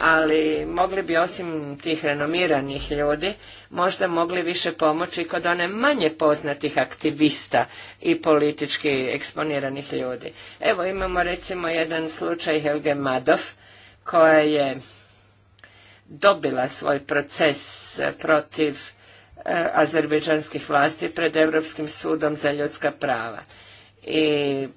A: ali mogli bi osim tih renomiranih ljudi možda mogli više pomoći kod one manje poznatih aktivista i politički eksponiranih ljudi. Evo imamo recimo jedan slučaj Helge Madov koja je dobila svoj proces protiv e, vlasti pred Europskim sudom za ljudska prava i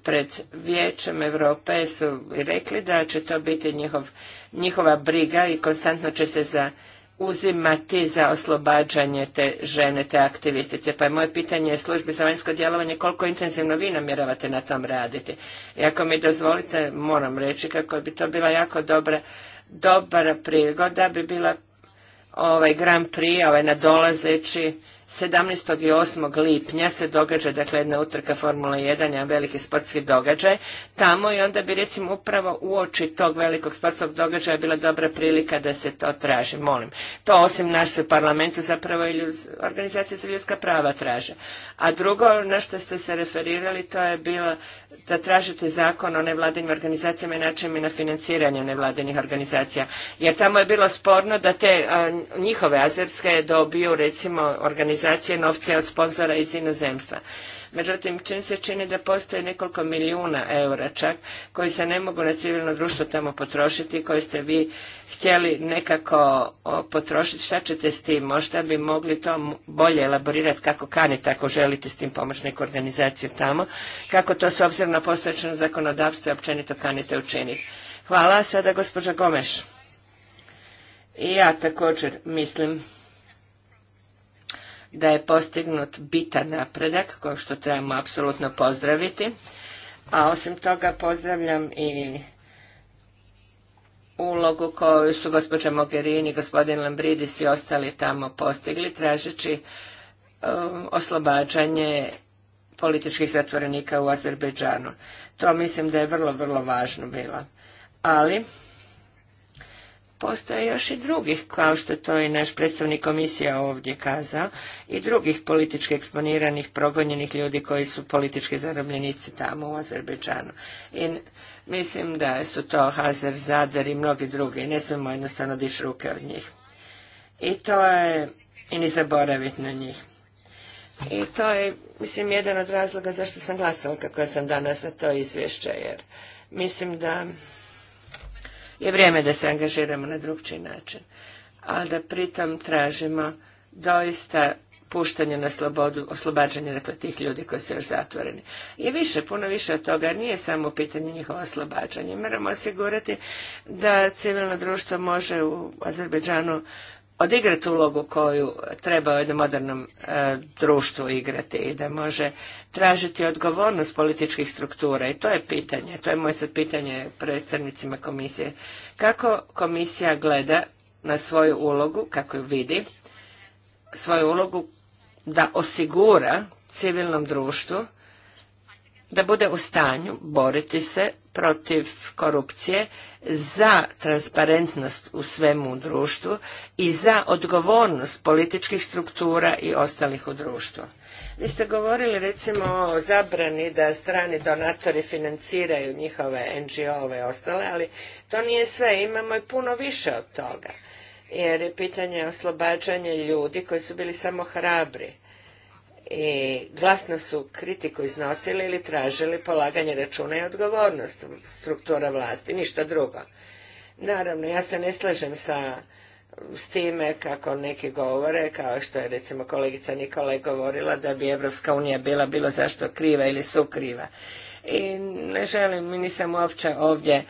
A: pred Vijećem Europe su rekli da će to biti njihov njihova briga i konstantno će se za uzimati za oslobađanje te žene, te aktivistice. Pa je moje pitanje službi za vanjsko djelovanje koliko intenzivno vi namjeravate na tom raditi. I ako mi dozvolite, moram reći kako bi to bila jako dobra, dobra prigoda, bi bila ovaj Grand Prix, ovaj nadolazeći 17. i 8. lipnja se događa dakle jedna utrka Formula 1, jedan veliki sportski događaj tamo i onda bi recimo upravo uoči tog velikog sportskog događaja bila dobra prilika da se to traži, molim. To osim naš se u parlamentu zapravo i organizacije za ljudska prava traže. A drugo na što ste se referirali to je bilo da tražite zakon o nevladinim organizacijama i načinima na financiranje nevladinih organizacija. Jer tamo je bilo sporno da te njihove azerske dobiju recimo organizacije organizacije novce od sponzora iz inozemstva. Međutim, čim se čini da postoji nekoliko milijuna eura čak koji se ne mogu na civilno društvo tamo potrošiti, koje ste vi htjeli nekako potrošiti, šta ćete s tim? Možda bi mogli to bolje elaborirati kako kanite ako želite s tim pomoć neku organizaciju tamo, kako to s obzirom na postojećeno zakonodavstvo i općenito kanite učiniti. Hvala, sada gospođa Gomeš. I ja također mislim da je postignut bitan napredak, koji što trebamo apsolutno pozdraviti. A osim toga pozdravljam i ulogu koju su gospođa Mogherini, gospodin Lambridis i ostali tamo postigli, tražeći um, oslobađanje političkih zatvorenika u Azerbejdžanu. To mislim da je vrlo, vrlo važno bilo. Ali, postoje još i drugih, kao što to i naš predstavnik komisija ovdje kazao, i drugih politički eksponiranih, progonjenih ljudi koji su politički zarobljenici tamo u Azerbejdžanu. I mislim da su to Hazer, Zadar i mnogi drugi. Ne smijemo jednostavno dići ruke od njih. I to je, i ni zaboraviti na njih. I to je, mislim, jedan od razloga zašto sam glasala kako sam danas na to izvješće, jer mislim da je vrijeme da se angažiramo na drugčiji način. A da pritom tražimo doista puštanje na slobodu, oslobađanje dakle, tih ljudi koji su još zatvoreni. I više, puno više od toga nije samo pitanje njihova oslobađanja. Moramo osigurati da civilno društvo može u Azerbeđanu odigrati ulogu koju treba u jednom modernom e, društvu igrati i da može tražiti odgovornost političkih struktura i to je pitanje, to je moje sad pitanje predsjednicima komisije. Kako komisija gleda na svoju ulogu, kako ju vidi, svoju ulogu da osigura civilnom društvu da bude u stanju boriti se protiv korupcije, za transparentnost u svemu društvu i za odgovornost političkih struktura i ostalih u društvu. Vi ste govorili recimo o zabrani da strani donatori financiraju njihove NGO-ove ostale, ali to nije sve, imamo i puno više od toga. Jer je pitanje oslobađanja ljudi koji su bili samo hrabri i glasno su kritiku iznosili ili tražili polaganje računa i odgovornost struktura vlasti, ništa drugo. Naravno, ja se ne slažem sa s time kako neki govore, kao što je recimo kolegica Nikola govorila da bi Evropska unija bila bilo zašto kriva ili sukriva.
C: I ne
A: želim, nisam uopće ovdje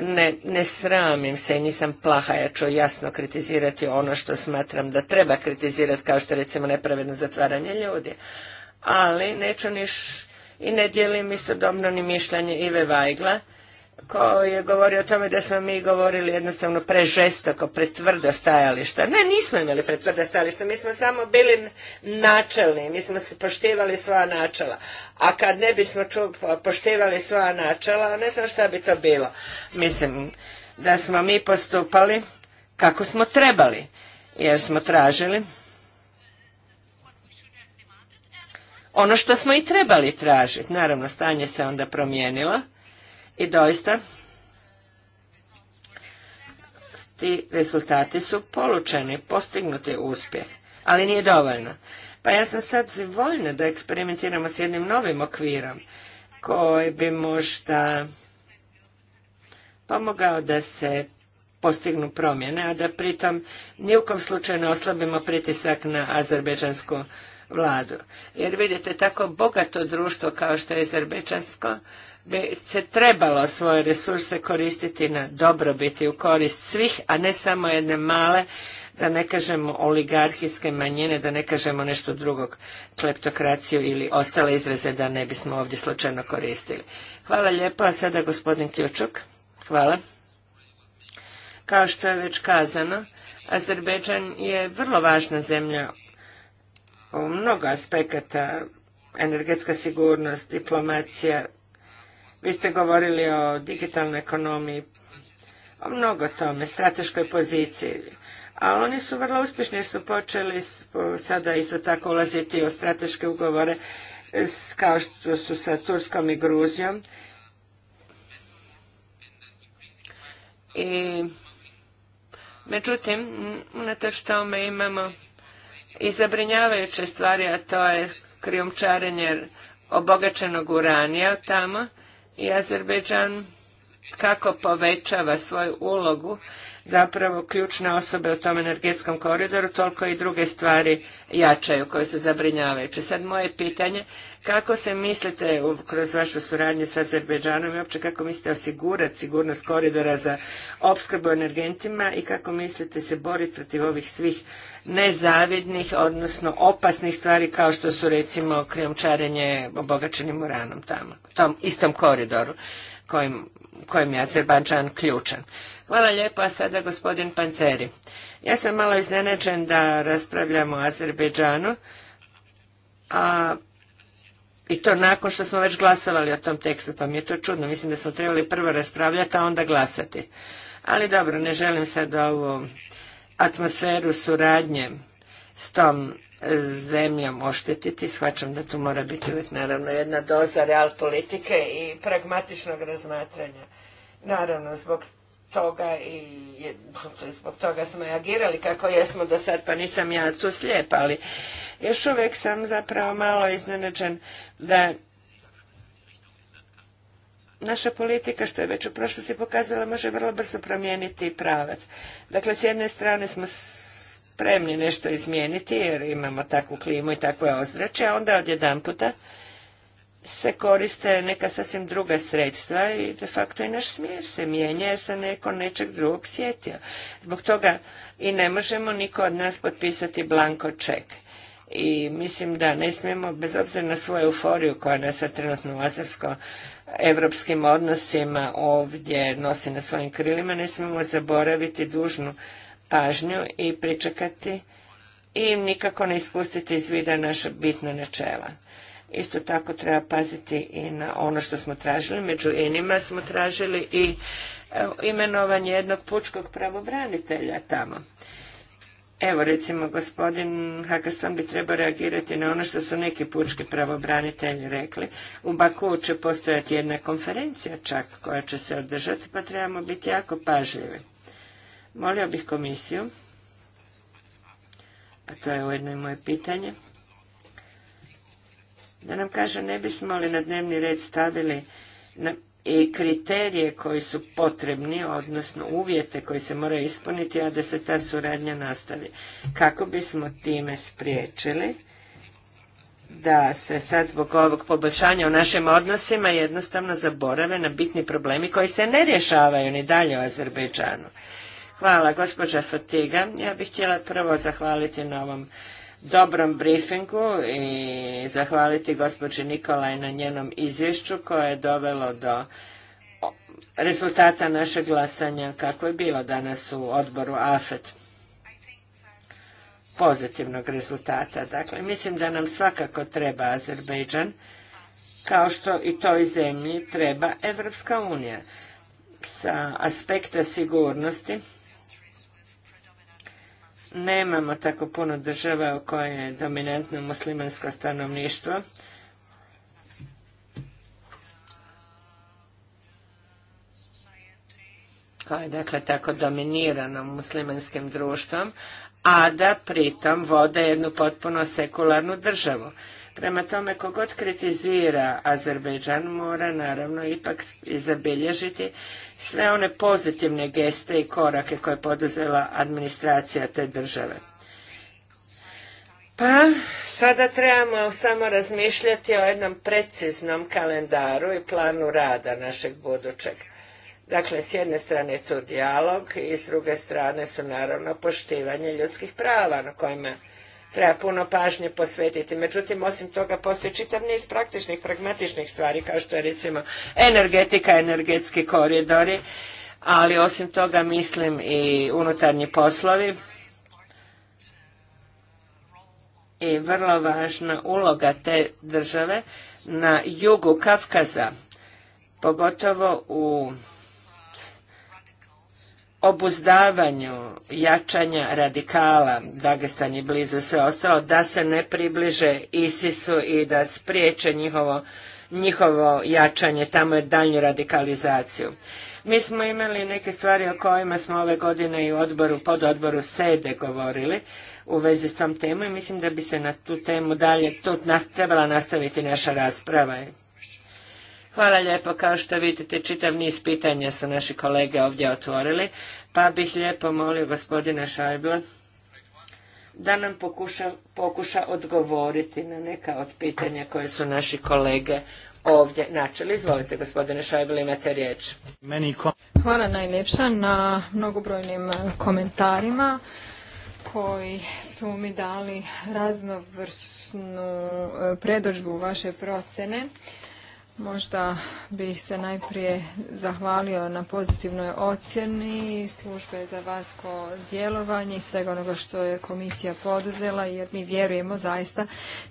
A: ne, sramim se i nisam plaha, ja ću jasno kritizirati ono što smatram da treba kritizirati, kao što recimo nepravedno zatvaranje ljudi. Ali neću niš i ne dijelim istodobno ni mišljenje Ive Vajgla, koji je govorio o tome da smo mi govorili jednostavno prežestoko, pretvrda stajališta. Ne, nismo imali pretvrda stajališta, mi smo samo bili načelni, mi smo se poštivali sva načela. A kad ne bismo poštivali sva načela, ne znam šta bi to bilo. Mislim da smo mi postupali kako smo trebali, jer smo tražili ono što smo i trebali tražiti. Naravno, stanje se onda promijenilo i doista, ti rezultati su polučeni, postignuti uspjeh, ali nije dovoljno. Pa ja sam sad voljna da eksperimentiramo s jednim novim okvirom koji bi možda pomogao da se postignu promjene, a da pritom nijukom slučaju ne oslabimo pritisak na azerbeđansku vladu. Jer vidite, tako bogato društvo kao što je azerbeđansko bi se trebalo svoje resurse koristiti na dobrobiti u korist svih, a ne samo jedne male, da ne kažemo oligarhijske manjine, da ne kažemo nešto drugog, kleptokraciju ili ostale izraze da ne bismo ovdje slučajno koristili. Hvala lijepo, a sada gospodin Ključuk. Hvala. Kao što je već kazano, Azerbejdžan je vrlo važna zemlja u mnogo aspekata, energetska sigurnost, diplomacija, vi ste govorili o digitalnoj ekonomiji, o mnogo tome, strateškoj poziciji. A oni su vrlo uspješni, su počeli sada isto tako ulaziti u strateške ugovore kao što su sa Turskom i Gruzijom. I, međutim, unatoč tome imamo i zabrinjavajuće stvari, a to je krijumčarenje obogaćenog uranija tamo i Azerbejdžan kako povećava svoju ulogu zapravo ključne osobe u tom energetskom koridoru, toliko i druge stvari jačaju koje su zabrinjavajuće. Sad moje pitanje, kako se mislite kroz vašu suradnju sa Azerbejdžanom i uopće kako mislite osigurati sigurnost koridora za opskrbu energentima i kako mislite se boriti protiv ovih svih nezavidnih, odnosno opasnih stvari kao što su recimo krijomčarenje obogaćenim uranom tamo? tom istom koridoru kojim, je Azerbajdžan ključan. Hvala lijepo, a sada gospodin Panceri. Ja sam malo iznenađen da raspravljamo o Azerbajdžanu a i to nakon što smo već glasovali o tom tekstu, pa mi je to čudno. Mislim da smo trebali prvo raspravljati, a onda glasati. Ali dobro, ne želim sad ovu atmosferu suradnje s tom zemljom oštetiti. Shvaćam da tu mora biti uvijek naravno jedna doza real politike i pragmatičnog razmatranja. Naravno, zbog toga i zbog toga smo reagirali kako jesmo do sad, pa nisam ja tu slijep, ali još uvijek sam zapravo malo iznenađen da naša politika, što je već u prošlosti pokazala, može vrlo brzo promijeniti pravac. Dakle, s jedne strane smo spremni nešto izmijeniti jer imamo takvu klimu i takve ozračje, a onda odjedan puta se koriste neka sasvim druga sredstva i de facto i naš smjer se mijenja jer se neko nečeg drugog sjetio. Zbog toga i ne možemo niko od nas potpisati blanko ček. I mislim da ne smijemo, bez obzira na svoju euforiju koja nas sad trenutno u azarsko evropskim odnosima ovdje nosi na svojim krilima, ne smijemo zaboraviti dužnu pažnju i pričekati i nikako ne ispustiti iz vida naša bitna načela. Isto tako treba paziti i na ono što smo tražili, među inima smo tražili i imenovanje jednog pučkog pravobranitelja tamo. Evo recimo gospodin Hakaston bi trebao reagirati na ono što su neki pučki pravobranitelji rekli. U Baku će postojati jedna konferencija čak koja će se održati pa trebamo biti jako pažljivi. Molio bih komisiju, a to je ujedno i moje pitanje, da nam kaže ne bismo li na dnevni red stavili i kriterije koji su potrebni, odnosno uvjete koji se moraju ispuniti, a da se ta suradnja nastavi. Kako bismo time spriječili da se sad zbog ovog poboljšanja u našim odnosima jednostavno zaborave na bitni problemi koji se ne rješavaju ni dalje u Azerbejdžanu. Hvala, gospođa Fatiga. Ja bih htjela prvo zahvaliti na ovom dobrom briefingu i zahvaliti gospođi Nikolaj na njenom izvješću koje je dovelo do rezultata našeg glasanja kako je bilo danas u odboru AFET pozitivnog rezultata. Dakle, mislim da nam svakako treba Azerbejdžan, kao što i toj zemlji treba Evropska unija. Sa aspekta sigurnosti, nemamo tako puno država u kojoj je dominantno muslimansko stanovništvo. koje je dakle tako dominirano muslimanskim društvom, a da pritom vode jednu potpuno sekularnu državu. Prema tome, kogod kritizira Azerbejdžan mora naravno ipak zabilježiti sve one pozitivne geste i korake koje je poduzela administracija te države. Pa, sada trebamo samo razmišljati o jednom preciznom kalendaru i planu rada našeg budućeg. Dakle, s jedne strane je tu dijalog i s druge strane su naravno poštivanje ljudskih prava na kojima treba puno pažnje posvetiti. Međutim, osim toga postoji čitav niz praktičnih, pragmatičnih stvari kao što je recimo energetika, energetski koridori, ali osim toga mislim i unutarnji poslovi i vrlo važna uloga te države na jugu Kafkaza, pogotovo u obuzdavanju jačanja radikala, Dagestan je blizu sve ostalo, da se ne približe ISIS-u i da spriječe njihovo, njihovo jačanje tamo je daljnju radikalizaciju. Mi smo imali neke stvari o kojima smo ove godine i u odboru, pod odboru SEDE govorili u vezi s tom temom i mislim da bi se na tu temu dalje tu nas, trebala nastaviti naša rasprava. Hvala lijepo. Kao što vidite, čitav niz pitanja su naši kolege ovdje otvorili, pa bih lijepo molio gospodina Šajbla da nam pokuša, pokuša odgovoriti na neka od pitanja koje su naši kolege ovdje načeli. Izvolite, gospodine Šajbel, imate riječ.
D: Hvala najljepša na mnogobrojnim komentarima koji su mi dali raznovrsnu e, predođbu vaše procene. Možda bih se najprije zahvalio na pozitivnoj ocjeni službe za vasko djelovanje i svega onoga što je komisija poduzela, jer mi vjerujemo zaista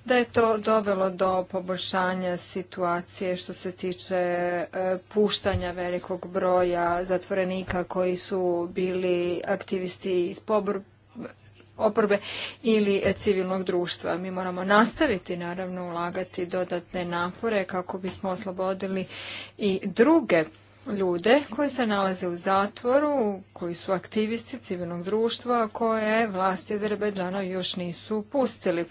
D: da je to dovelo do poboljšanja situacije što se tiče e, puštanja velikog broja zatvorenika koji su bili aktivisti iz oporbe ili e, civilnog društva. Mi moramo nastaviti naravno ulagati dodatne napore kako bismo oslobodili i druge ljude koji se nalaze u zatvoru, koji su aktivisti civilnog društva koje vlasti Azerbejdžana još nisu pustili.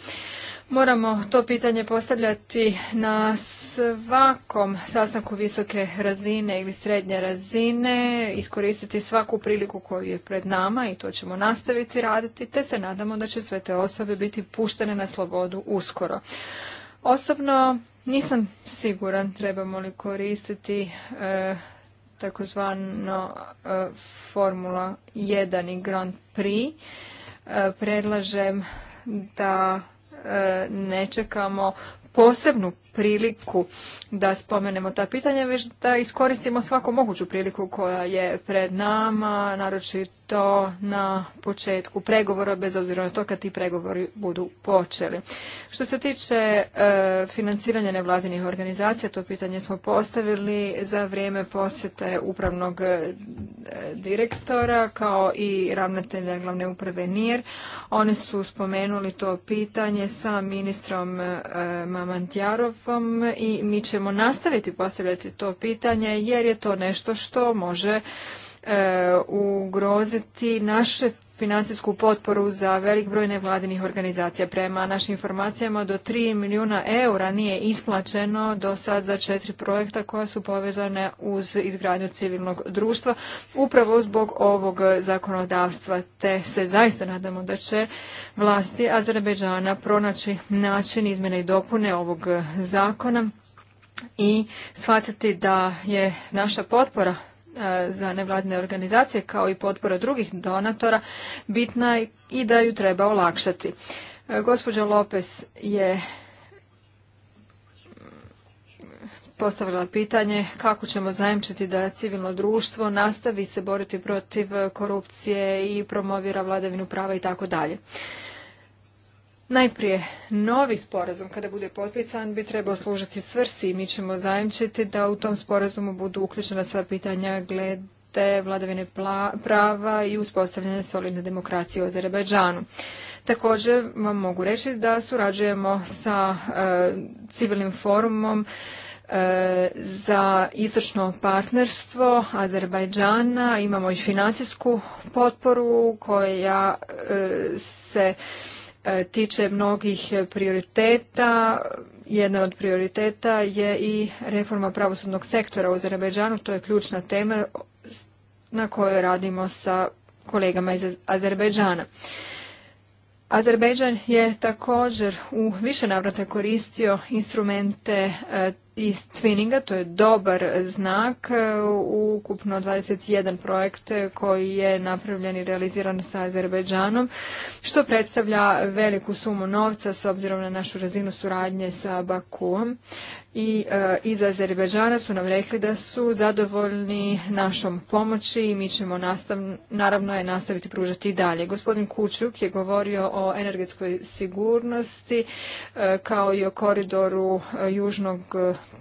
D: Moramo to pitanje postavljati na svakom sastanku visoke razine ili srednje razine, iskoristiti svaku priliku koju je pred nama i to ćemo nastaviti raditi, te se nadamo da će sve te osobe biti puštene na slobodu uskoro. Osobno nisam siguran trebamo li koristiti e, takozvano e, Formula 1 i Grand Prix. E, predlažem da E, ne čekamo posebnu priliku da spomenemo ta pitanja, već da iskoristimo svaku moguću priliku koja je pred nama, naročito na početku pregovora, bez obzira na to kad ti pregovori budu počeli. Što se tiče e, financiranja nevladinih organizacija, to pitanje smo postavili za vrijeme posjete upravnog e, direktora kao i ravnatelja glavne uprave NIR. Oni su spomenuli to pitanje sa ministrom e, Mamantjarov Hrvatskom i mi ćemo nastaviti postavljati to pitanje jer je to nešto što može E, ugroziti naše financijsku potporu za velik broj nevladinih organizacija. Prema našim informacijama do 3 milijuna eura nije isplaćeno do sad za četiri projekta koja su povezane uz izgradnju civilnog društva upravo zbog ovog zakonodavstva. Te se zaista nadamo da će vlasti Azerbeđana pronaći način izmjene i dopune ovog zakona i shvatiti da je naša potpora E, za nevladne organizacije kao i potpora drugih donatora bitna i da ju treba olakšati. E, gospođa Lopes je postavila pitanje kako ćemo zajemčiti da civilno društvo nastavi se boriti protiv korupcije i promovira vladavinu prava i tako dalje. Najprije, novi sporazum kada bude potpisan bi trebao služiti svrsi i mi ćemo zajemčiti da u tom sporazumu budu uključena sva pitanja glede vladavine prava i uspostavljanja solidne demokracije u Azerbajdžanu. Također vam mogu reći da surađujemo sa e, civilnim forumom e, za istočno partnerstvo Azerbajdžana, imamo i financijsku potporu koja e, se E, tiče mnogih prioriteta. Jedna od prioriteta je i reforma pravosudnog sektora u Azerbejdžanu. To je ključna tema na kojoj radimo sa kolegama iz Azerbejdžana. Azerbejdžan je također u više navrata koristio instrumente e, iz Twinninga, to je dobar znak, e, ukupno 21 projekt koji je napravljen i realiziran sa Azerbejdžanom, što predstavlja veliku sumu novca s obzirom na našu razinu suradnje sa Bakuom. I e, iz Azerbejdžana su nam rekli da su zadovoljni našom pomoći i mi ćemo naravno je nastaviti pružati i dalje. Gospodin Kučuk je govorio o energetskoj sigurnosti e, kao i o koridoru južnog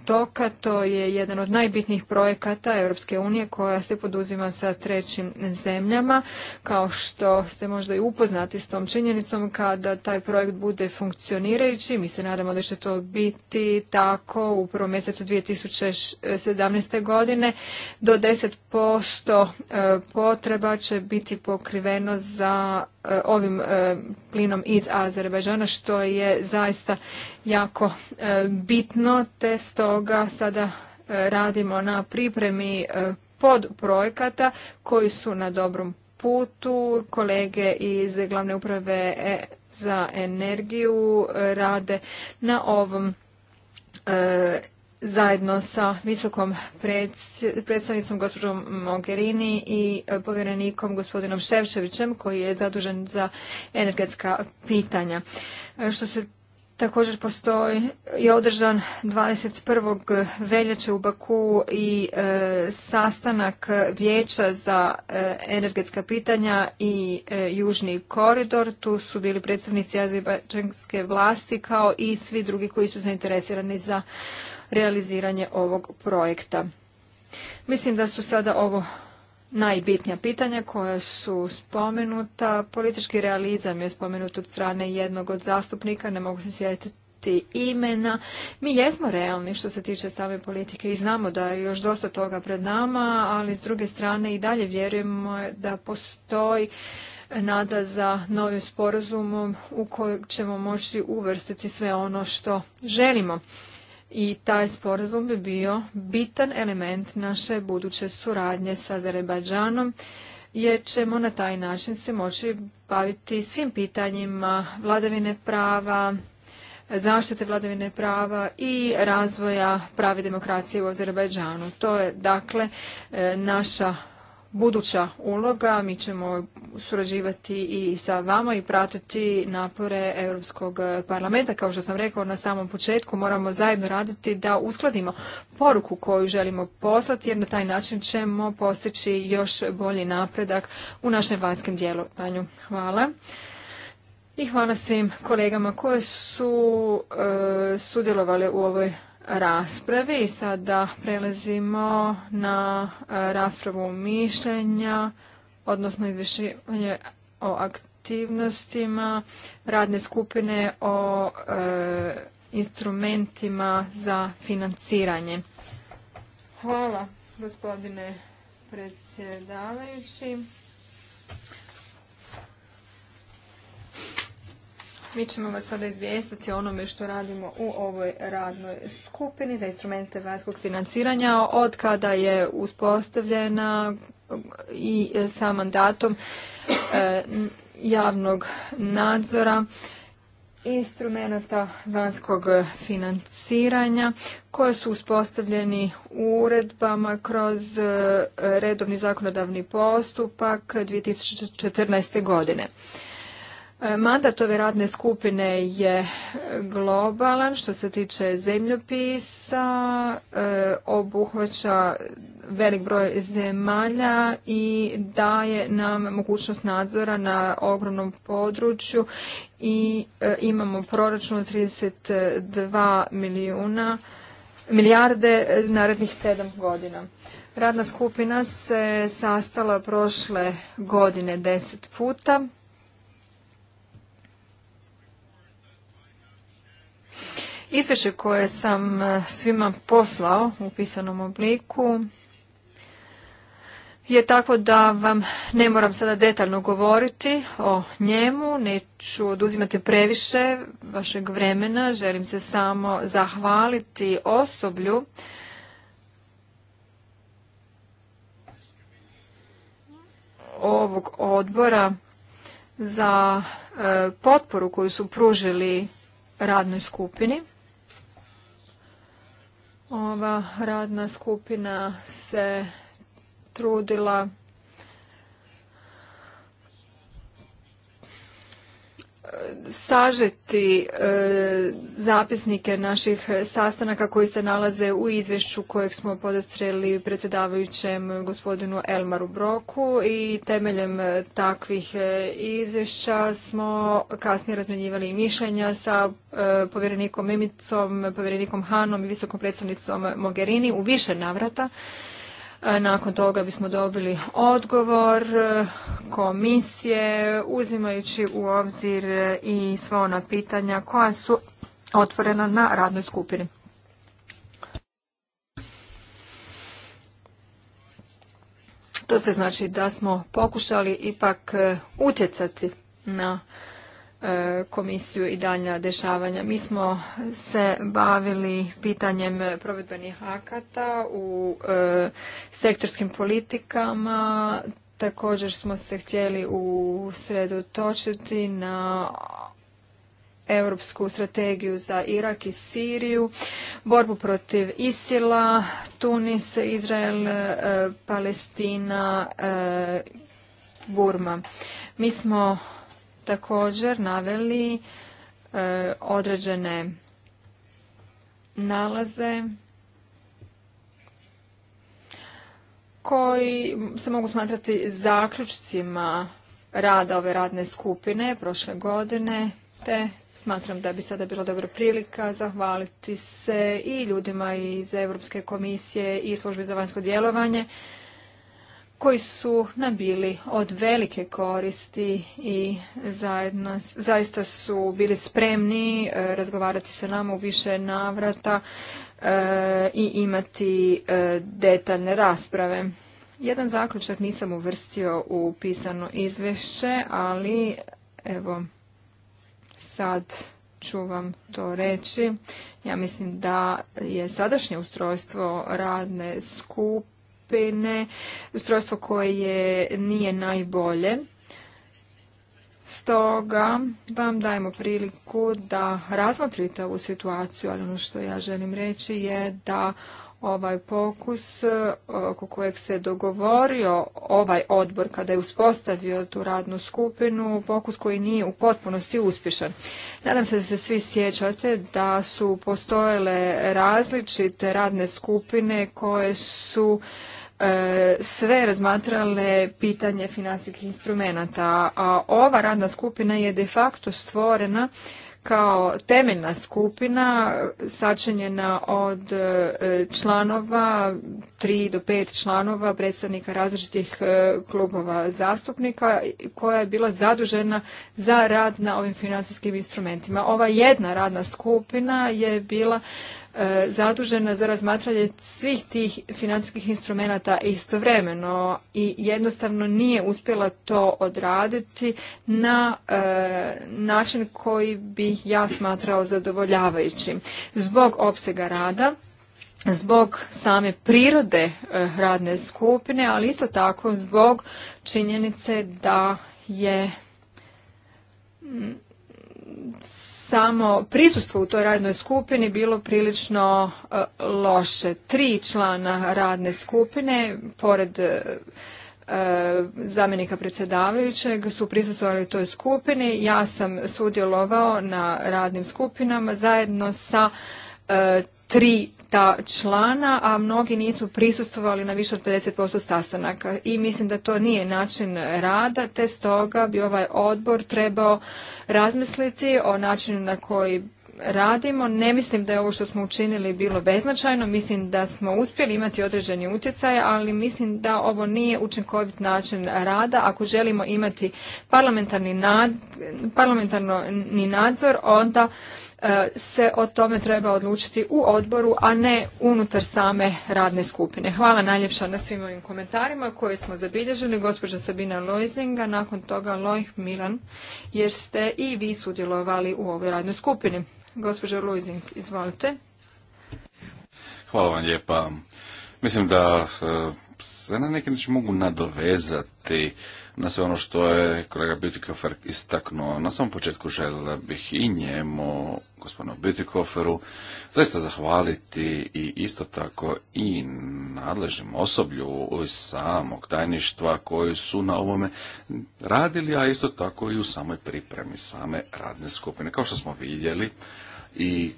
D: toka. To je jedan od najbitnijih projekata Europske unije koja se poduzima sa trećim zemljama. Kao što ste možda i upoznati s tom činjenicom, kada taj projekt bude funkcionirajući, mi se nadamo da će to biti tako u prvom mjesecu 2017. godine, do 10% e, potreba će biti pokriveno za E, ovim e, plinom iz Azerbajdžana što je zaista jako e, bitno te stoga sada radimo na pripremi podprojekata koji su na dobrom putu. Kolege iz glavne uprave za energiju rade na ovom zajedno sa visokom predstavnicom gospođom Mogherini i e, povjerenikom gospodinom Ševševićem koji je zadužen za energetska pitanja. E, što se također postoji je održan 21. veljače u Baku i e, sastanak vijeća za energetska pitanja i južni koridor tu su bili predstavnici azerbajdžanske vlasti kao i svi drugi koji su zainteresirani za realiziranje ovog projekta. Mislim da su sada ovo najbitnija pitanja koja su spomenuta. Politički realizam je spomenut od strane jednog od zastupnika, ne mogu se sjetiti imena. Mi jesmo realni što se tiče same politike i znamo da je još dosta toga pred nama, ali s druge strane i dalje vjerujemo da postoji nada za novim sporazumom u kojeg ćemo moći uvrstiti sve ono što želimo i taj sporazum bi bio bitan element naše buduće suradnje sa Azerbajdžanom jer ćemo na taj način se moći baviti svim pitanjima vladavine prava, zaštite vladavine prava i razvoja prave demokracije u Azerbajdžanu. To je dakle e, naša buduća uloga. Mi ćemo surađivati i sa vama i pratiti napore Europskog parlamenta. Kao što sam rekao na samom početku, moramo zajedno raditi da uskladimo poruku koju želimo poslati, jer na taj način ćemo postići još bolji napredak u našem vanjskom djelovanju. Hvala. I hvala svim kolegama koje su e, sudjelovali u ovoj rasprave i sada prelazimo na e, raspravu mišljenja, odnosno izvješćivanje o aktivnostima radne skupine o e, instrumentima za financiranje. Hvala gospodine predsjedavajući. Mi ćemo vas sada izvijestiti o onome što radimo u ovoj radnoj skupini za instrumente vanjskog financiranja od kada je uspostavljena i sa mandatom e, javnog nadzora instrumenta vanjskog financiranja koje su uspostavljeni uredbama kroz e, redovni zakonodavni postupak 2014. godine. E, mandat ove radne skupine je globalan što se tiče zemljopisa, e, obuhvaća velik broj zemalja i daje nam mogućnost nadzora na ogromnom području i e, imamo proračun 32 milijuna milijarde narednih sedam godina. Radna skupina se sastala prošle godine deset puta Izvješće koje sam e, svima poslao u pisanom obliku je tako da vam ne moram sada detaljno govoriti o njemu, neću oduzimati previše vašeg vremena, želim se samo zahvaliti osoblju ovog odbora za e, potporu koju su pružili radnoj skupini. Ova radna skupina se trudila sažeti e, zapisnike naših sastanaka koji se nalaze u izvješću kojeg smo podastreli predsjedavajućem gospodinu Elmaru Broku i temeljem e, takvih e, izvješća smo kasnije razmjenjivali mišljenja sa povjerenikom Mimicom, povjerenikom Hanom i visokom predstavnicom Mogherini u više navrata E, nakon toga bismo dobili odgovor e, komisije uzimajući u obzir e, i sva ona pitanja koja su otvorena na radnoj skupini. To sve znači da smo pokušali ipak utjecati na E, komisiju i daljnja dešavanja. Mi smo se bavili pitanjem provedbenih akata u e, sektorskim politikama. Također smo se htjeli u sredu točiti na europsku strategiju za Irak i Siriju, borbu protiv Isila, Tunis, Izrael, e, Palestina, Burma. Mi smo također naveli e, određene nalaze koji se mogu smatrati zaključcima rada ove radne skupine prošle godine, te smatram da bi sada bilo dobra prilika zahvaliti se i ljudima iz Europske komisije i službi za vanjsko djelovanje koji su nam bili od velike koristi i zajedno, zaista su bili spremni e, razgovarati sa nama u više navrata e, i imati e, detaljne rasprave. Jedan zaključak nisam uvrstio u pisano izvješće, ali evo sad ću vam to reći. Ja mislim da je sadašnje ustrojstvo radne skup pene, ustrojstvo koje nije najbolje. Stoga vam dajemo priliku da razmotrite ovu situaciju, ali ono što ja želim reći je da ovaj pokus oko kojeg se dogovorio ovaj odbor kada je uspostavio tu radnu skupinu, pokus koji nije u potpunosti uspješan. Nadam se da se svi sjećate da su postojele različite radne skupine koje su E, sve razmatrale pitanje financijskih instrumenata, a ova radna skupina je de facto stvorena kao temeljna skupina sačinjena od e, članova, tri do pet članova, predstavnika različitih e, klubova zastupnika koja je bila zadužena za rad na ovim financijskim instrumentima. Ova jedna radna skupina je bila E, zadužena za razmatranje svih tih financijskih instrumenata istovremeno i jednostavno nije uspjela to odraditi na e, način koji bih ja smatrao zadovoljavajućim. Zbog opsega rada zbog same prirode e, radne skupine, ali isto tako zbog činjenice da je samo prisustvo u toj radnoj skupini bilo prilično e, loše. Tri člana radne skupine, pored e, e, zamjenika predsjedavajućeg su prisustvovali toj skupini. Ja sam sudjelovao na radnim skupinama zajedno sa tri ta člana, a mnogi nisu prisustvovali na više od 50% sastanaka i mislim da to nije način rada, te stoga bi ovaj odbor trebao razmisliti o načinu na koji radimo. Ne mislim da je ovo što smo učinili bilo beznačajno, mislim da smo uspjeli imati određeni utjecaj, ali mislim da ovo nije učinkovit način rada. Ako želimo imati parlamentarni, parlamentarni nadzor, onda E, se o tome treba odlučiti u odboru, a ne unutar same radne skupine. Hvala najljepša na svim ovim komentarima koje smo zabilježili. Gospođa Sabina Lojzinga, nakon toga Lojh Milan, jer ste i vi sudjelovali u ovoj radnoj skupini. Gospođa Lojzing, izvolite.
B: Hvala vam lijepa. Mislim da e, se na neki način mogu nadovezati na sve ono što je kolega Bütikofer istaknuo. Na samom početku želila bih i njemu, gospodinu Bütikoferu, zaista zahvaliti i isto tako i nadležnim osoblju iz samog tajništva koji su na ovome radili, a isto tako i u samoj pripremi same radne skupine. Kao što smo vidjeli i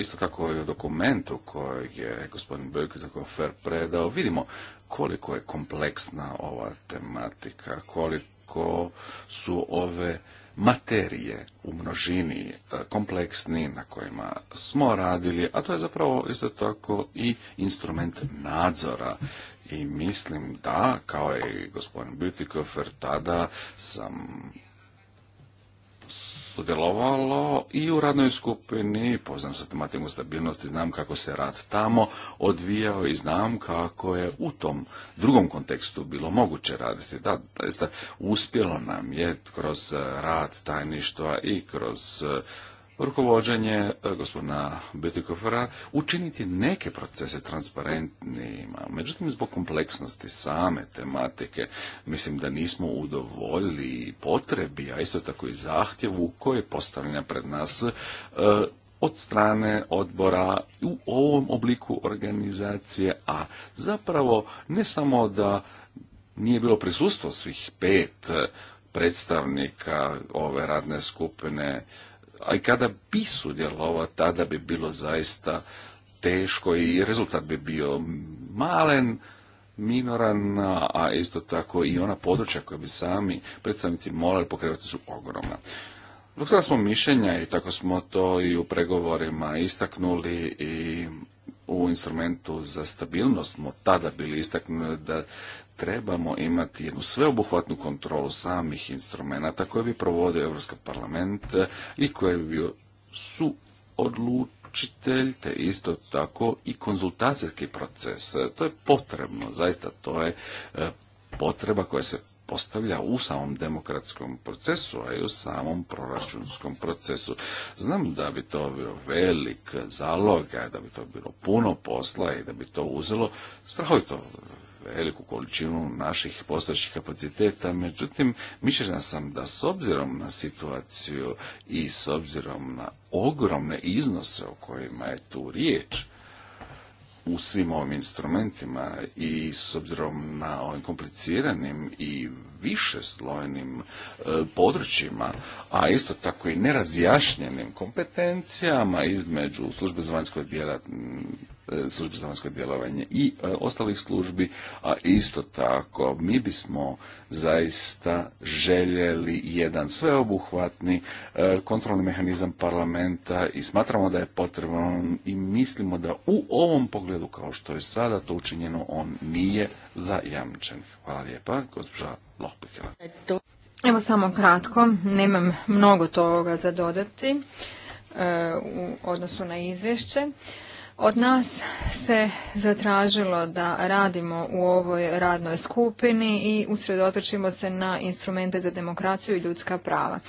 B: Isto tako i u dokumentu koji je gospodin Böke predao, vidimo koliko je kompleksna ova tematika, koliko su ove materije u množini e, kompleksni na kojima smo radili, a to je zapravo isto tako i instrument nadzora i mislim da, kao i gospodin Bütikofer, tada sam sudjelovalo i u radnoj skupini, poznam sa tematikom stabilnosti, znam kako se rad tamo odvijao i znam kako je u tom drugom kontekstu bilo moguće raditi. Da, zaista uspjelo nam je kroz rad tajništva i kroz rukovođenje e, gospodina Bitikofera učiniti neke procese transparentnijima. Međutim, zbog kompleksnosti same tematike, mislim da nismo udovoljili potrebi, a isto tako i zahtjevu koje je postavljena pred nas e, od strane odbora u ovom obliku organizacije, a zapravo ne samo da nije bilo prisustvo svih pet predstavnika ove radne skupine a i kada bi sudjelovao, tada bi bilo zaista teško i rezultat bi bio malen, minoran, a isto tako i ona područja koja bi sami predstavnici morali pokrivati su ogromna. Dok sada smo mišljenja i tako smo to i u pregovorima istaknuli i u instrumentu za stabilnost smo tada bili istaknuli da trebamo imati jednu sveobuhvatnu kontrolu samih instrumenata koje bi provodio Europski parlament eh, i koje bi bio su odlučitelj, te isto tako i konzultacijski proces. Eh, to je potrebno, zaista to je eh, potreba koja se postavlja u samom demokratskom procesu, a i u samom proračunskom procesu. Znam da bi to bio velik zalog, da bi to bilo puno posla i da bi to uzelo strahovito veliku količinu naših postojećih kapaciteta, međutim, mišljena sam da s obzirom na situaciju i s obzirom na ogromne iznose o kojima je tu riječ, u svim ovim instrumentima i s obzirom na ovim kompliciranim i više e, područjima, a isto tako i nerazjašnjenim kompetencijama između službe za vanjsko djelatnosti E, službe za vanjsko djelovanje i e, ostalih službi, a isto tako mi bismo zaista željeli jedan sveobuhvatni e, kontrolni mehanizam parlamenta i smatramo da je potrebno i mislimo da u ovom pogledu kao što je sada to učinjeno on nije zajamčen. Hvala lijepa, gospođa Lohpikela.
D: Evo samo kratko, nemam mnogo toga za dodati u odnosu na izvješće. Od nas se zatražilo da radimo u ovoj radnoj skupini i usredotočimo se na instrumente za demokraciju i ljudska prava.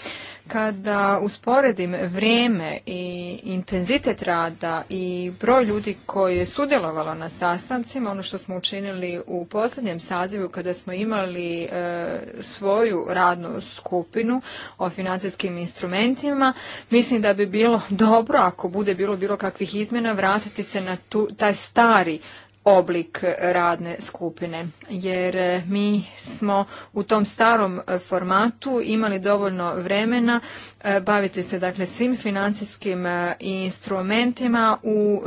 D: Kada usporedim vrijeme i intenzitet rada i broj ljudi koji je sudjelovalo na sastancima, ono što smo učinili u posljednjem sazivu kada smo imali e, svoju radnu skupinu o financijskim instrumentima, mislim da bi bilo *laughs* dobro, ako bude bilo bilo kakvih izmjena, vratiti se na tu, taj stari oblik radne skupine jer eh, mi smo u tom starom eh, formatu imali dovoljno vremena eh, baviti se dakle svim financijskim instrumentima u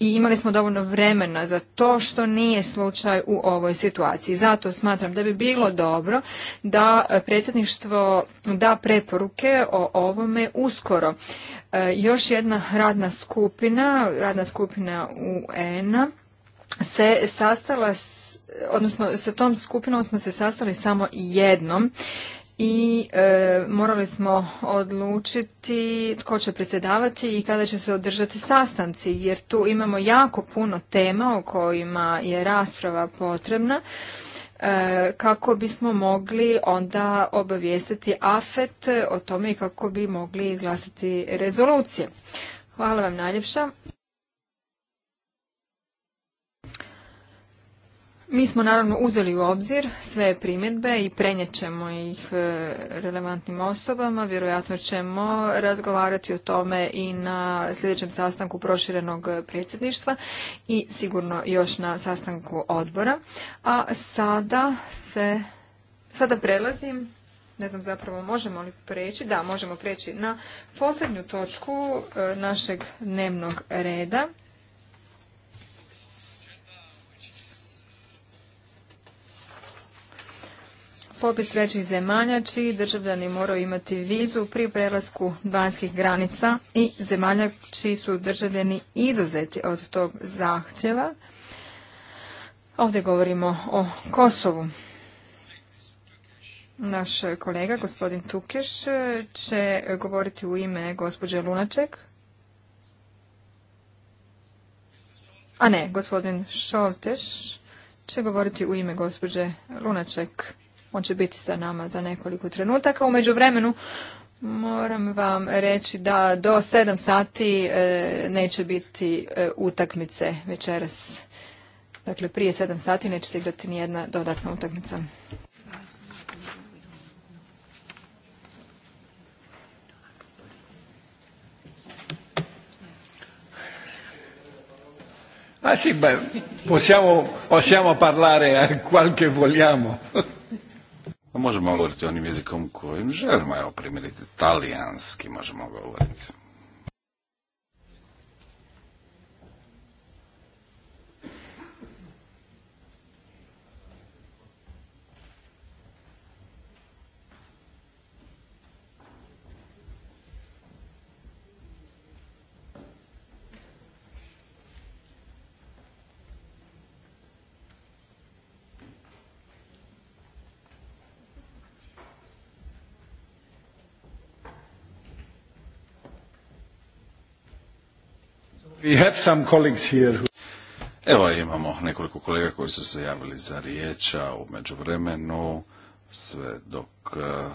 D: i imali smo dovoljno vremena za to što nije slučaj u ovoj situaciji. Zato smatram da bi bilo dobro da predsjedništvo da preporuke o ovome uskoro. Još jedna radna skupina, radna skupina UN-a se sastala odnosno sa tom skupinom smo se sastali samo jednom i e, morali smo odlučiti tko će predsjedavati i kada će se održati sastanci jer tu imamo jako puno tema o kojima je rasprava potrebna e, kako bismo mogli onda obavijestiti afet o tome i kako bi mogli izglasati rezolucije hvala vam najljepša Mi smo naravno uzeli u obzir sve primjedbe i prenijet ćemo ih e, relevantnim osobama. Vjerojatno ćemo razgovarati o tome i na sljedećem sastanku proširenog predsjedništva i sigurno još na sastanku odbora. A sada se, sada prelazim ne znam zapravo možemo li preći, da možemo preći na posljednju točku e, našeg dnevnog reda. Popis trećih zemalja čiji državljani moraju imati vizu pri prelasku vanjskih granica i zemalja čiji su državljani izuzeti od tog zahtjeva. Ovdje govorimo o Kosovu. Naš kolega, gospodin Tukeš, će govoriti u ime gospođe Lunaček. A ne, gospodin Šolteš će govoriti u ime gospođe Lunaček. On će biti sa nama za nekoliko trenutaka. U međuvremenu moram vam reći da do 7 sati e, neće biti e, utakmice večeras. Dakle, prije 7 sati neće se igrati ni jedna dodatna utakmica.
B: Ah sì, beh, possiamo, possiamo parlare a qualche vogliamo. Pa možemo govoriti onim jezikom kojim želimo, evo primjerice talijanski možemo govoriti.
C: We
B: Evo imamo nekoliko kolega koji su se javili za riječ, u međuvremenu sve dok eh,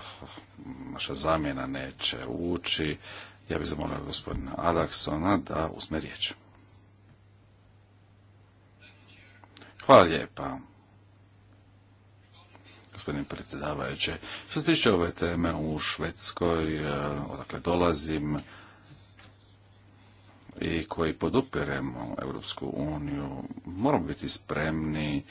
B: naša zamjena neće ući, ja bih zamolio gospodina Adaksona da uzme riječ. Hvala lijepa gospodin predsjedavajući. Što se tiče ove teme u Švedskoj, eh, odakle dolazim, i koji podupiremo Europsku uniju, moramo biti spremni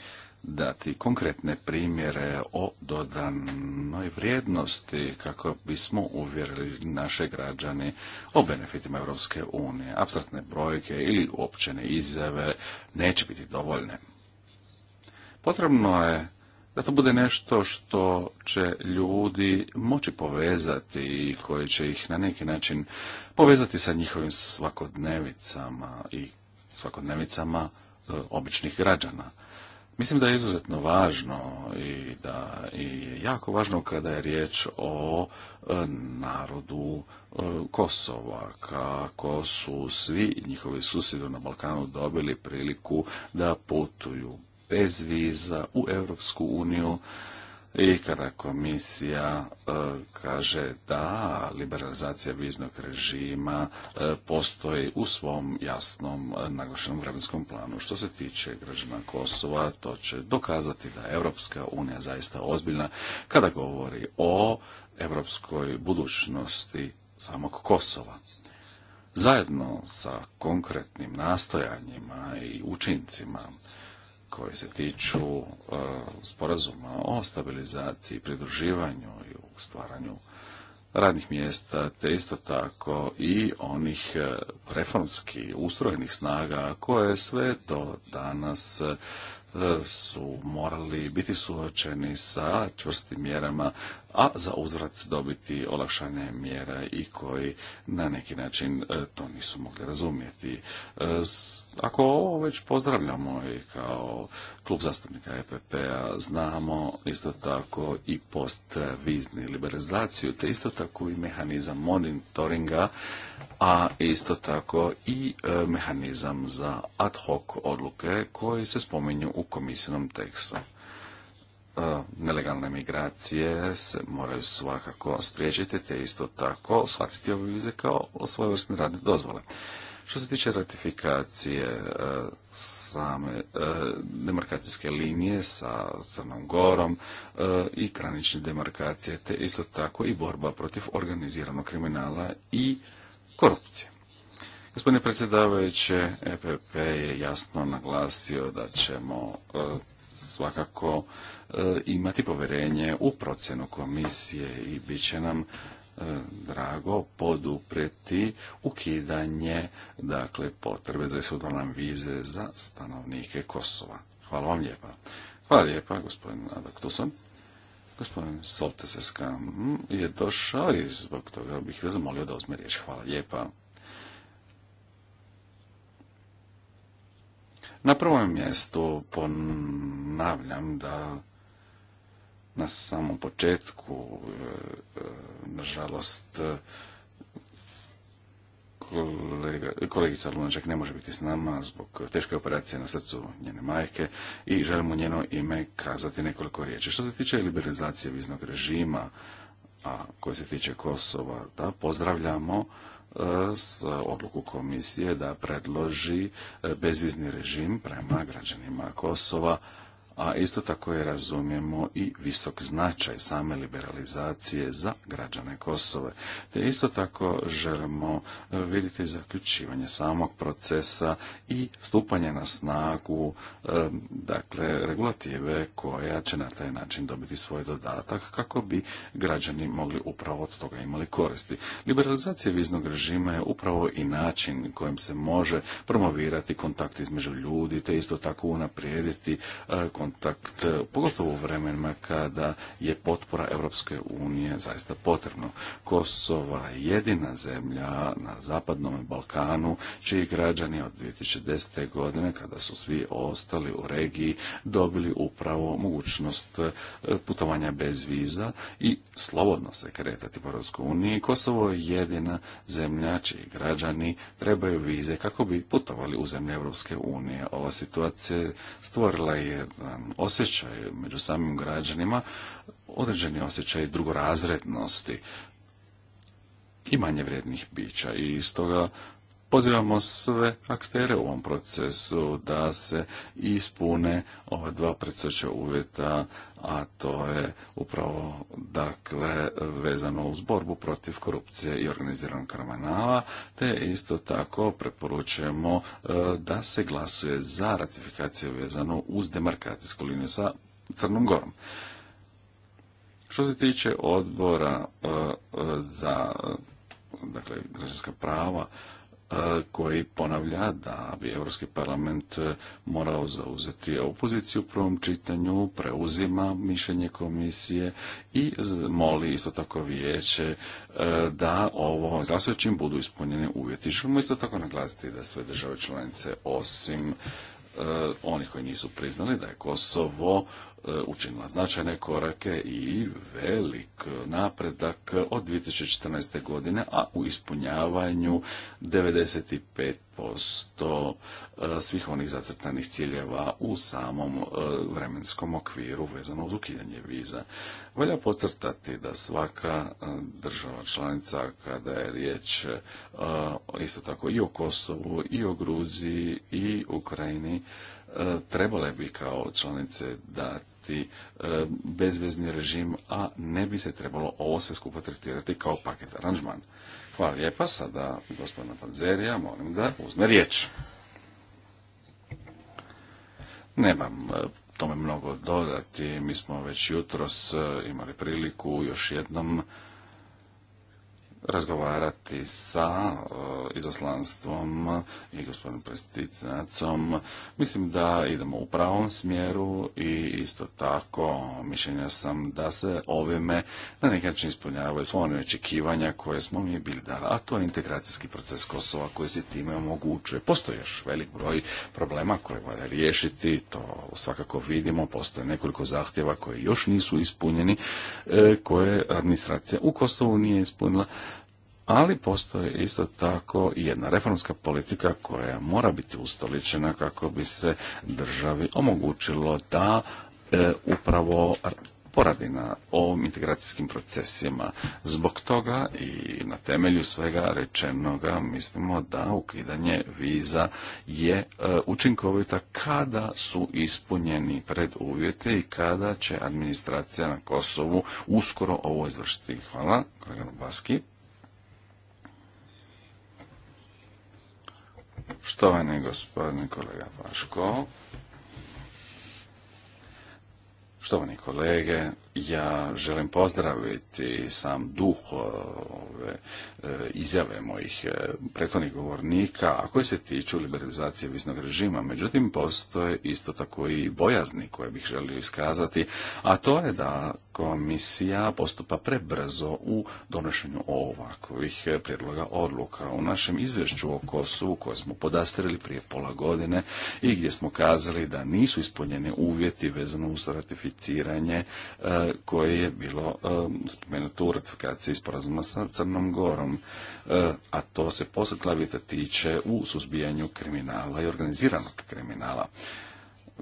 B: dati konkretne primjere o dodanoj vrijednosti kako bismo uvjerili naše građani o benefitima Europske unije. Abstraktne brojke ili općene izjave neće biti dovoljne. Potrebno je da to bude nešto što će ljudi moći povezati i koje će ih na neki način povezati sa njihovim svakodnevicama i svakodnevicama e, običnih građana. Mislim da je izuzetno važno i da je jako važno kada je riječ o e, narodu e, Kosova, kako su svi njihovi susjedi na Balkanu dobili priliku da putuju bez viza u Europsku uniju i kada komisija e, kaže da liberalizacija viznog režima e, postoji u svom jasnom e, naglašenom vremenskom planu. Što se tiče građana Kosova, to će dokazati da je Europska unija zaista ozbiljna kada govori o europskoj budućnosti samog Kosova. Zajedno sa konkretnim nastojanjima i učincima koji se tiču e, sporazuma o stabilizaciji, pridruživanju i u stvaranju radnih mjesta, te isto tako i onih e, reformski ustrojenih snaga koje sve do danas e, su morali biti suočeni sa čvrstim mjerama a za uzvrat dobiti olakšane mjere i koji na neki način e, to nisu mogli razumjeti. E, ako ovo već pozdravljamo i kao klub zastupnika EPP-a znamo isto tako i postvizni liberalizaciju, te isto tako i mehanizam monitoringa, a isto tako i e, mehanizam za ad hoc odluke koji se spominju u komisijnom tekstu. E, nelegalne migracije se moraju svakako spriječiti, te isto tako shvatiti ove kao svojevrsne radne dozvole. Što se tiče ratifikacije e, same e, demarkacijske linije sa Crnom Gorom i granične demarkacije, te isto tako i borba protiv organiziranog kriminala i korupcije. Gospodine predsjedavajuće, EPP je jasno naglasio da ćemo svakako e, imati poverenje u procjenu komisije i bit će nam e, drago podupreti ukidanje dakle potrebe za ishodovnom vize za stanovnike Kosova. Hvala vam lijepa. Hvala lijepa, gospodin Adaktusan. Gospodin Solteseska mm, je došao i zbog toga bih vas zamolio da uzme riječ. Hvala lijepa. Na prvom mjestu ponavljam da na samom početku, e, e, nažalost, kolegica Lunaček ne može biti s nama zbog teške operacije na srcu njene majke i želimo njeno ime kazati nekoliko riječi. Što se tiče liberalizacije viznog režima, a koje se tiče Kosova, da pozdravljamo s odluku komisije da predloži e, bezvizni režim prema građanima Kosova a isto tako je razumijemo i visok značaj same liberalizacije za građane Kosove. Te isto tako želimo e, vidjeti zaključivanje samog procesa i stupanje na snagu e, dakle regulative koja će na taj način dobiti svoj dodatak kako bi građani mogli upravo od toga imali koristi. Liberalizacija viznog režima je upravo i način kojim se može promovirati kontakt između ljudi te isto tako unaprijediti kontakt e, kontakt, e, pogotovo u vremenima kada je potpora Europske unije zaista potrebno. Kosova je jedina zemlja na zapadnom Balkanu, čiji građani od 2010. godine, kada su svi ostali u regiji, dobili upravo mogućnost e, putovanja bez viza i slobodno se kretati po Europskoj uniji. Kosovo je jedina zemlja čiji građani trebaju vize kako bi putovali u zemlje Europske unije. Ova situacija stvorila je osjećaj među samim građanima, određeni osjećaj drugorazrednosti i manje vrijednih bića i stoga Pozivamo sve aktere u ovom procesu da se ispune ova dva predseća uvjeta, a to je upravo dakle vezano uz borbu protiv korupcije i organiziranog kriminala, te isto tako preporučujemo e, da se glasuje za ratifikaciju vezano uz demarkacijsku liniju sa Crnom Gorom. Što se tiče odbora e, e, za dakle građanska prava, E, koji ponavlja da bi Europski parlament e, morao zauzeti opoziciju u prvom čitanju, preuzima mišljenje komisije i moli isto tako vijeće e, da ovo glasujućim budu ispunjeni uvjeti. Želimo isto tako naglasiti da sve države članice osim onih koji nisu priznali da je Kosovo E, učinila značajne korake i velik napredak od 2014. godine, a u ispunjavanju 95% e, svih onih zacrtanih ciljeva u samom e, vremenskom okviru vezano uz ukidanje viza. Valja podcrtati da svaka država članica kada je riječ isto tako i o Kosovu i o Gruziji i Ukrajini trebale bi kao članice dati E, bezvezni režim, a ne bi se trebalo ovo sve skupo tretirati kao paket aranžman. Hvala lijepa. Sada gospodina Panzerija, molim da uzme riječ. Nemam e, tome mnogo dodati. Mi smo već jutros e, imali priliku još jednom razgovarati sa e, izaslanstvom i gospodinom Presticnacom. Mislim da idemo u pravom smjeru i isto tako mišljenja sam da se ovime na neki način ispunjavaju sva one očekivanja koje smo mi bili dali, a to je integracijski proces Kosova koji se time omogućuje. Postoji još velik broj problema koje valja riješiti, to svakako vidimo, postoje nekoliko zahtjeva koje još nisu ispunjeni, e, koje administracija u Kosovu nije ispunila, ali postoje isto tako i jedna reformska politika koja mora biti ustoličena kako bi se državi omogućilo da e, upravo poradi na ovim integracijskim procesima. Zbog toga i na temelju svega rečenoga mislimo da ukidanje viza je e, učinkovita kada su ispunjeni preduvjeti i kada će administracija na Kosovu uskoro ovo izvršiti. Hvala, kolega Baski. Štovani gospodine kolega Paško, štovani kolege, ja želim pozdraviti sam duh e, ove e, izjave mojih e, prethodnih govornika, a koje se tiču liberalizacije visnog režima. Međutim, postoje isto tako i bojazni koje bih želio iskazati, a to je da komisija postupa prebrzo u donošenju ovakvih prijedloga odluka. U našem izvješću o Kosovu koje smo podastrili prije pola godine i gdje smo kazali da nisu ispunjeni uvjeti vezano uz ratificiranje koje je bilo e, spomenuto u ratifikaciji sporazuma sa Crnom Gorom, e, a to se posle glavita tiče u suzbijanju kriminala i organiziranog kriminala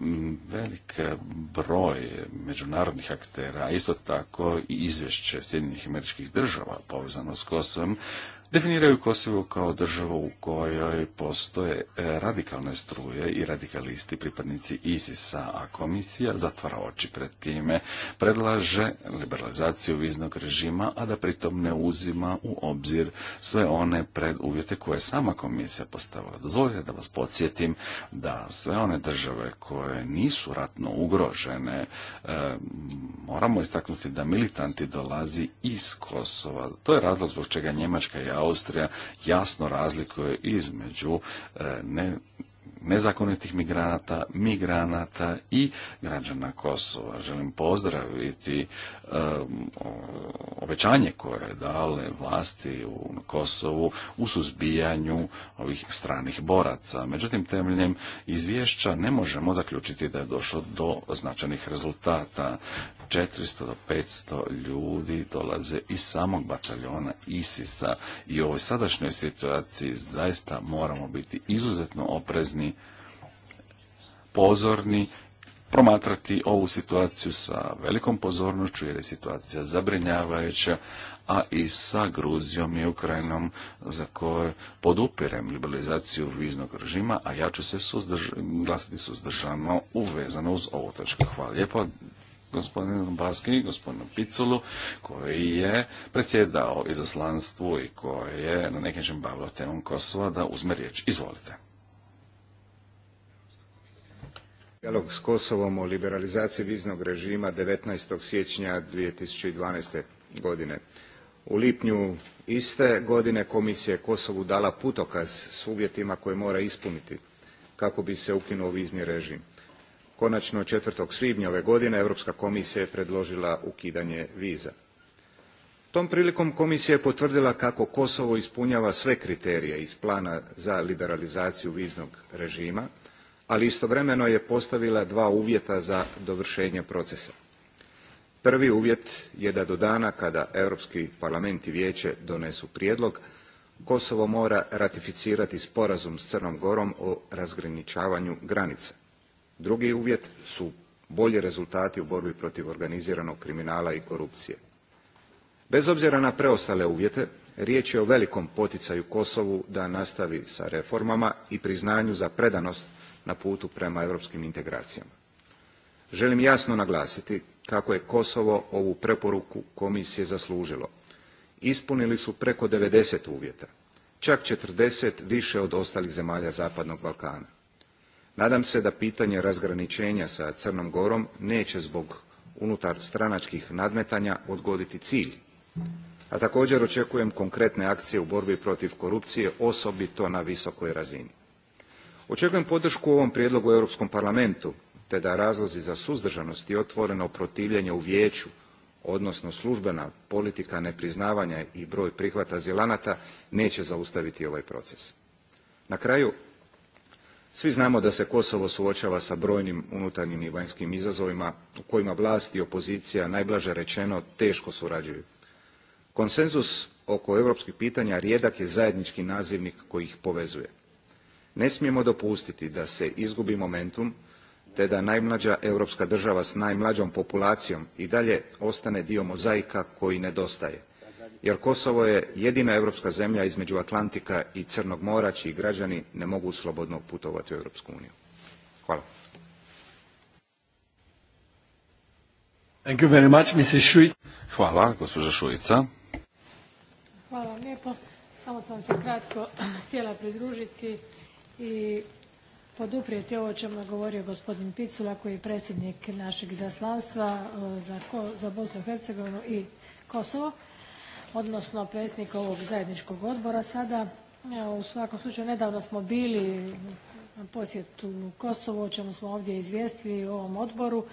B: mm, velik broj međunarodnih aktera, a isto tako i izvješće Sjedinjenih američkih država povezano s Kosovom, definiraju Kosovo kao državu u kojoj postoje e, radikalne struje i radikalisti pripadnici ISIS-a, a komisija zatvara oči pred time, predlaže liberalizaciju viznog režima, a da pritom ne uzima u obzir sve one preduvjete koje sama komisija postavila. Dozvolite da vas podsjetim da sve one države koje nisu ratno ugrožene, e, moramo istaknuti da militanti dolazi iz Kosova. To je razlog zbog čega Njemačka i Austrija jasno razlikuje između e, nezakonitih migranata, migranata i građana Kosova. Želim pozdraviti Um, obećanje koje je dale vlasti u Kosovu u suzbijanju ovih stranih boraca. Međutim, temeljem izvješća ne možemo zaključiti da je došlo do značajnih rezultata. 400 do 500 ljudi dolaze iz samog bataljona ISIS-a i u ovoj sadašnjoj situaciji zaista moramo biti izuzetno oprezni, pozorni promatrati ovu situaciju sa velikom pozornošću jer je situacija zabrinjavajuća, a i sa Gruzijom i Ukrajinom za koje podupirem liberalizaciju viznog režima, a ja ću se suzdrž... glasiti suzdržano uvezano uz ovu točku. Hvala lijepo gospodinu Baski, gospodinu Piculu, koji je predsjedao izaslanstvu i koji
C: je na neki način bavio temom Kosova, da uzme riječ. Izvolite. dijalog s Kosovom o liberalizaciji viznog režima 19. siječnja 2012. godine. U lipnju iste godine komisija je Kosovu dala putokaz s uvjetima koje mora ispuniti kako bi se ukinuo vizni režim. Konačno 4. svibnja ove godine Europska komisija je predložila ukidanje viza. Tom prilikom komisija je potvrdila kako Kosovo ispunjava sve kriterije iz plana za liberalizaciju viznog režima ali istovremeno je postavila dva uvjeta za dovršenje procesa. Prvi uvjet je da do dana kada Europski parlament i vijeće donesu prijedlog, Kosovo mora ratificirati sporazum s Crnom Gorom o razgraničavanju granica. Drugi uvjet su bolji rezultati u borbi protiv organiziranog kriminala i korupcije. Bez obzira na preostale uvjete, riječ je o velikom poticaju Kosovu da nastavi sa reformama i priznanju za predanost na putu prema europskim integracijama. Želim jasno naglasiti kako je Kosovo ovu preporuku komisije zaslužilo. Ispunili su preko 90 uvjeta, čak 40 više od ostalih zemalja Zapadnog Balkana. Nadam se da pitanje razgraničenja sa Crnom Gorom neće zbog unutar stranačkih nadmetanja odgoditi cilj, a također očekujem konkretne akcije u borbi protiv korupcije, osobito na visokoj razini očekujem podršku ovom prijedlogu u europskom parlamentu te da razlozi za suzdržanost i otvoreno protivljenje u vijeću odnosno službena politika nepriznavanja i broj prihvata azilanata neće zaustaviti ovaj proces. na kraju svi znamo da se kosovo suočava sa brojnim unutarnjim i vanjskim izazovima u kojima vlast i opozicija najblaže rečeno teško surađuju. konsenzus oko europskih pitanja rijedak je zajednički nazivnik koji ih povezuje ne smijemo dopustiti da se izgubi momentum te da najmlađa europska država s najmlađom populacijom i dalje ostane dio mozaika koji nedostaje jer kosovo je jedina europska zemlja između atlantika i crnog mora čiji građani ne mogu slobodno putovati u europsku uniju. hvala.
B: Hvala,
E: Hvala Samo sam se kratko htjela pridružiti i poduprijeti ovo o čemu je govorio gospodin Picula koji je predsjednik našeg izaslanstva e, za, Bosnu i Hercegovinu i Kosovo, odnosno predsjednik ovog zajedničkog odbora sada. E, u svakom slučaju nedavno smo bili na posjetu Kosovu o čemu smo ovdje izvijestili u ovom odboru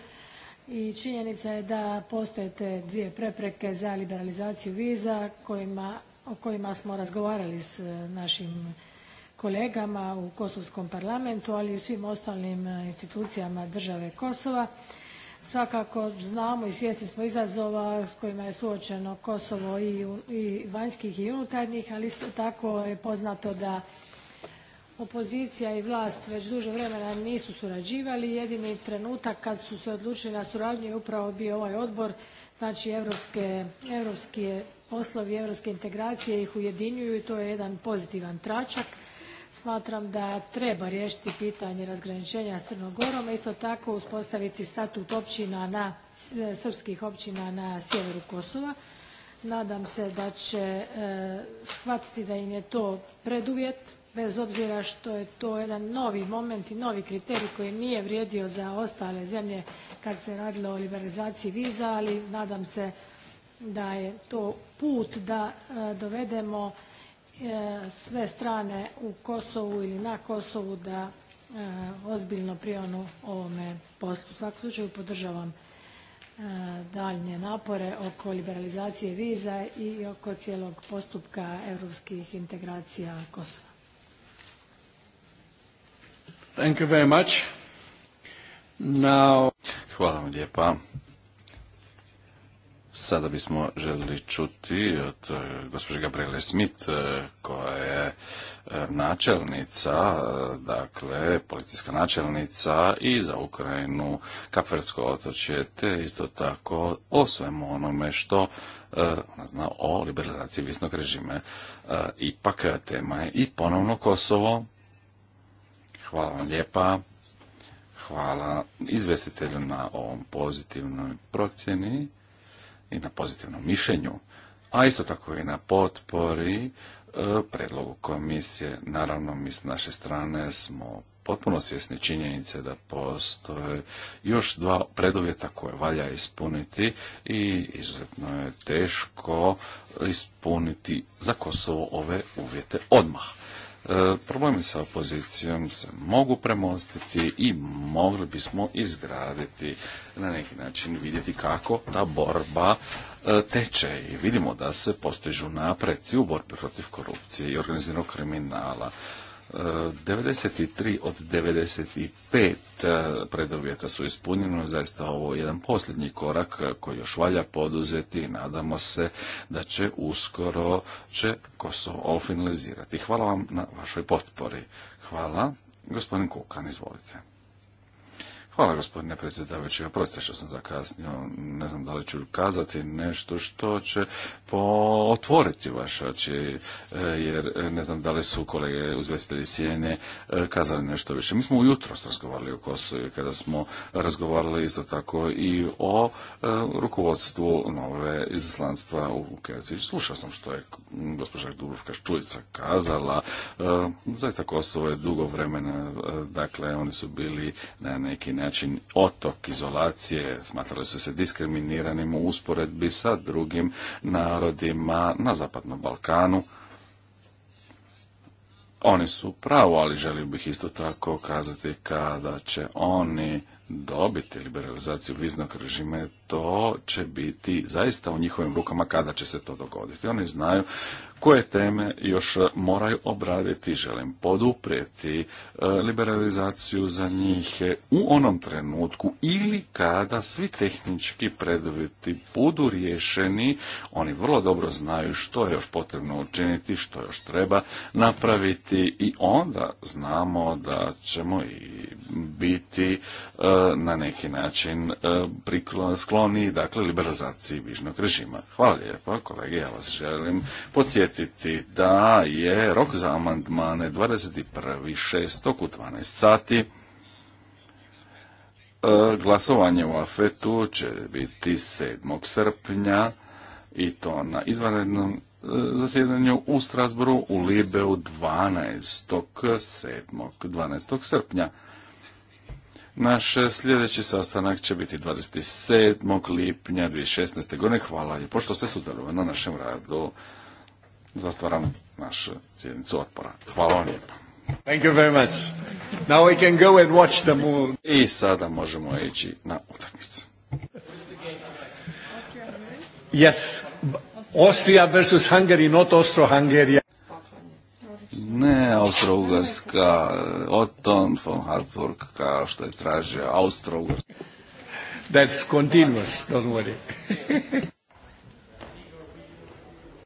E: i činjenica je da postoje te dvije prepreke za liberalizaciju viza o kojima smo razgovarali s e, našim kolegama u kosovskom parlamentu ali i svim ostalim e, institucijama države kosova. svakako znamo i svjesni smo izazova s kojima je suočeno kosovo i vanjskih i unutarnjih ali isto tako je poznato da opozicija i vlast već duže vremena nisu surađivali jedini trenutak kad su se odlučili na suradnju je upravo bio ovaj odbor znači europski poslovi europske integracije ih ujedinjuju i to je jedan pozitivan tračak smatram da treba riješiti pitanje razgraničenja s Crnom Gorom, a isto tako uspostaviti statut općina na, srpskih općina na sjeveru Kosova. Nadam se da će e, shvatiti da im je to preduvjet bez obzira što je to jedan novi moment i novi kriterij koji nije vrijedio za ostale zemlje kad se radilo o liberalizaciji viza, ali nadam se da je to put da e, dovedemo E, sve strane u Kosovu ili na Kosovu da e, ozbiljno prionu ovome poslu. U svakom slučaju podržavam e, daljnje napore oko liberalizacije viza i oko cijelog postupka europskih integracija Kosova.
B: Hvala vam lijepa. Sada bismo željeli čuti od e, gospođe Gabriele Smith, e, koja je e, načelnica, dakle, policijska načelnica i za Ukrajinu, Kapversko otočje, te isto tako o svemu onome što ona zna o liberalizaciji visnog režime. Ipak tema je i ponovno Kosovo. Hvala vam lijepa hvala izvjestitelju na ovom pozitivnoj procjeni i na pozitivnom mišljenju, a isto tako i na potpori e, predlogu komisije. Naravno, mi s naše strane smo potpuno svjesni činjenice da postoje još dva preduvjeta koje valja ispuniti i izuzetno je teško ispuniti za Kosovo ove uvjete odmah. E, problemi sa opozicijom se mogu premostiti i mogli bismo izgraditi na neki način vidjeti kako ta borba e, teče i vidimo da se postižu napreci u borbi protiv korupcije i organiziranog kriminala. 93 od 95 eh, predovjeta su ispunjeno, zaista ovo je jedan posljednji korak koji još valja poduzeti i nadamo se da će uskoro će Kosovo finalizirati. Hvala vam na vašoj potpori. Hvala. Gospodin Kukan, izvolite. Hvala gospodine predsjedavajući. Oprostite što sam zakasnio. Ne znam da li ću kazati nešto što će otvoriti vaše oči, e, jer e, ne znam da li su kolege uzvestitelji Sijene e, kazali nešto više. Mi smo ujutro razgovarali o Kosovo kada smo razgovarali isto tako i o rukovodstvu nove izaslanstva u Kerci. Slušao sam što je gospođa Dubrovka Ščujica kazala. Zaista Kosovo je dugo vremena, dakle oni su bili na neki način otok izolacije, smatrali su se diskriminiranim u usporedbi sa drugim narodima na Zapadnom Balkanu. Oni su pravo, ali želio bih isto tako kazati kada će oni dobiti liberalizaciju viznog režima, to će biti zaista u njihovim rukama kada će se to dogoditi. Oni znaju koje teme još moraju obraditi, želim poduprijeti e, liberalizaciju za njih u onom trenutku ili kada svi tehnički preduvjeti budu riješeni, oni vrlo dobro znaju što je još potrebno učiniti, što još treba napraviti i onda znamo da ćemo i biti e, na neki način e, skloni Makedoniji, dakle liberalizaciji vižnog režima. Hvala lijepo, kolege, ja vas želim podsjetiti da je rok za amandmane 21.6. u 12 sati. E, glasovanje u AFET-u će biti 7. srpnja i to na izvanrednom e, zasjedanju u Strasboru u Libeu 12. 7. 12. srpnja. Naš sljedeći sastanak će biti 27. lipnja 2016. godine. Hvala i pošto ste sudjelovali na našem radu, zastvaram našu sjednicu otpora. Hvala vam lijepo. Thank you very much. Now we can go and watch the moon. I sada možemo ići na utakmicu.
C: Yes, Austria versus Hungary, not Austro-Hungary
B: ne Austro-Ugarska, Oton von Hartburg, kao što je tražio Austro-Ugarska. That's continuous, don't worry. *laughs*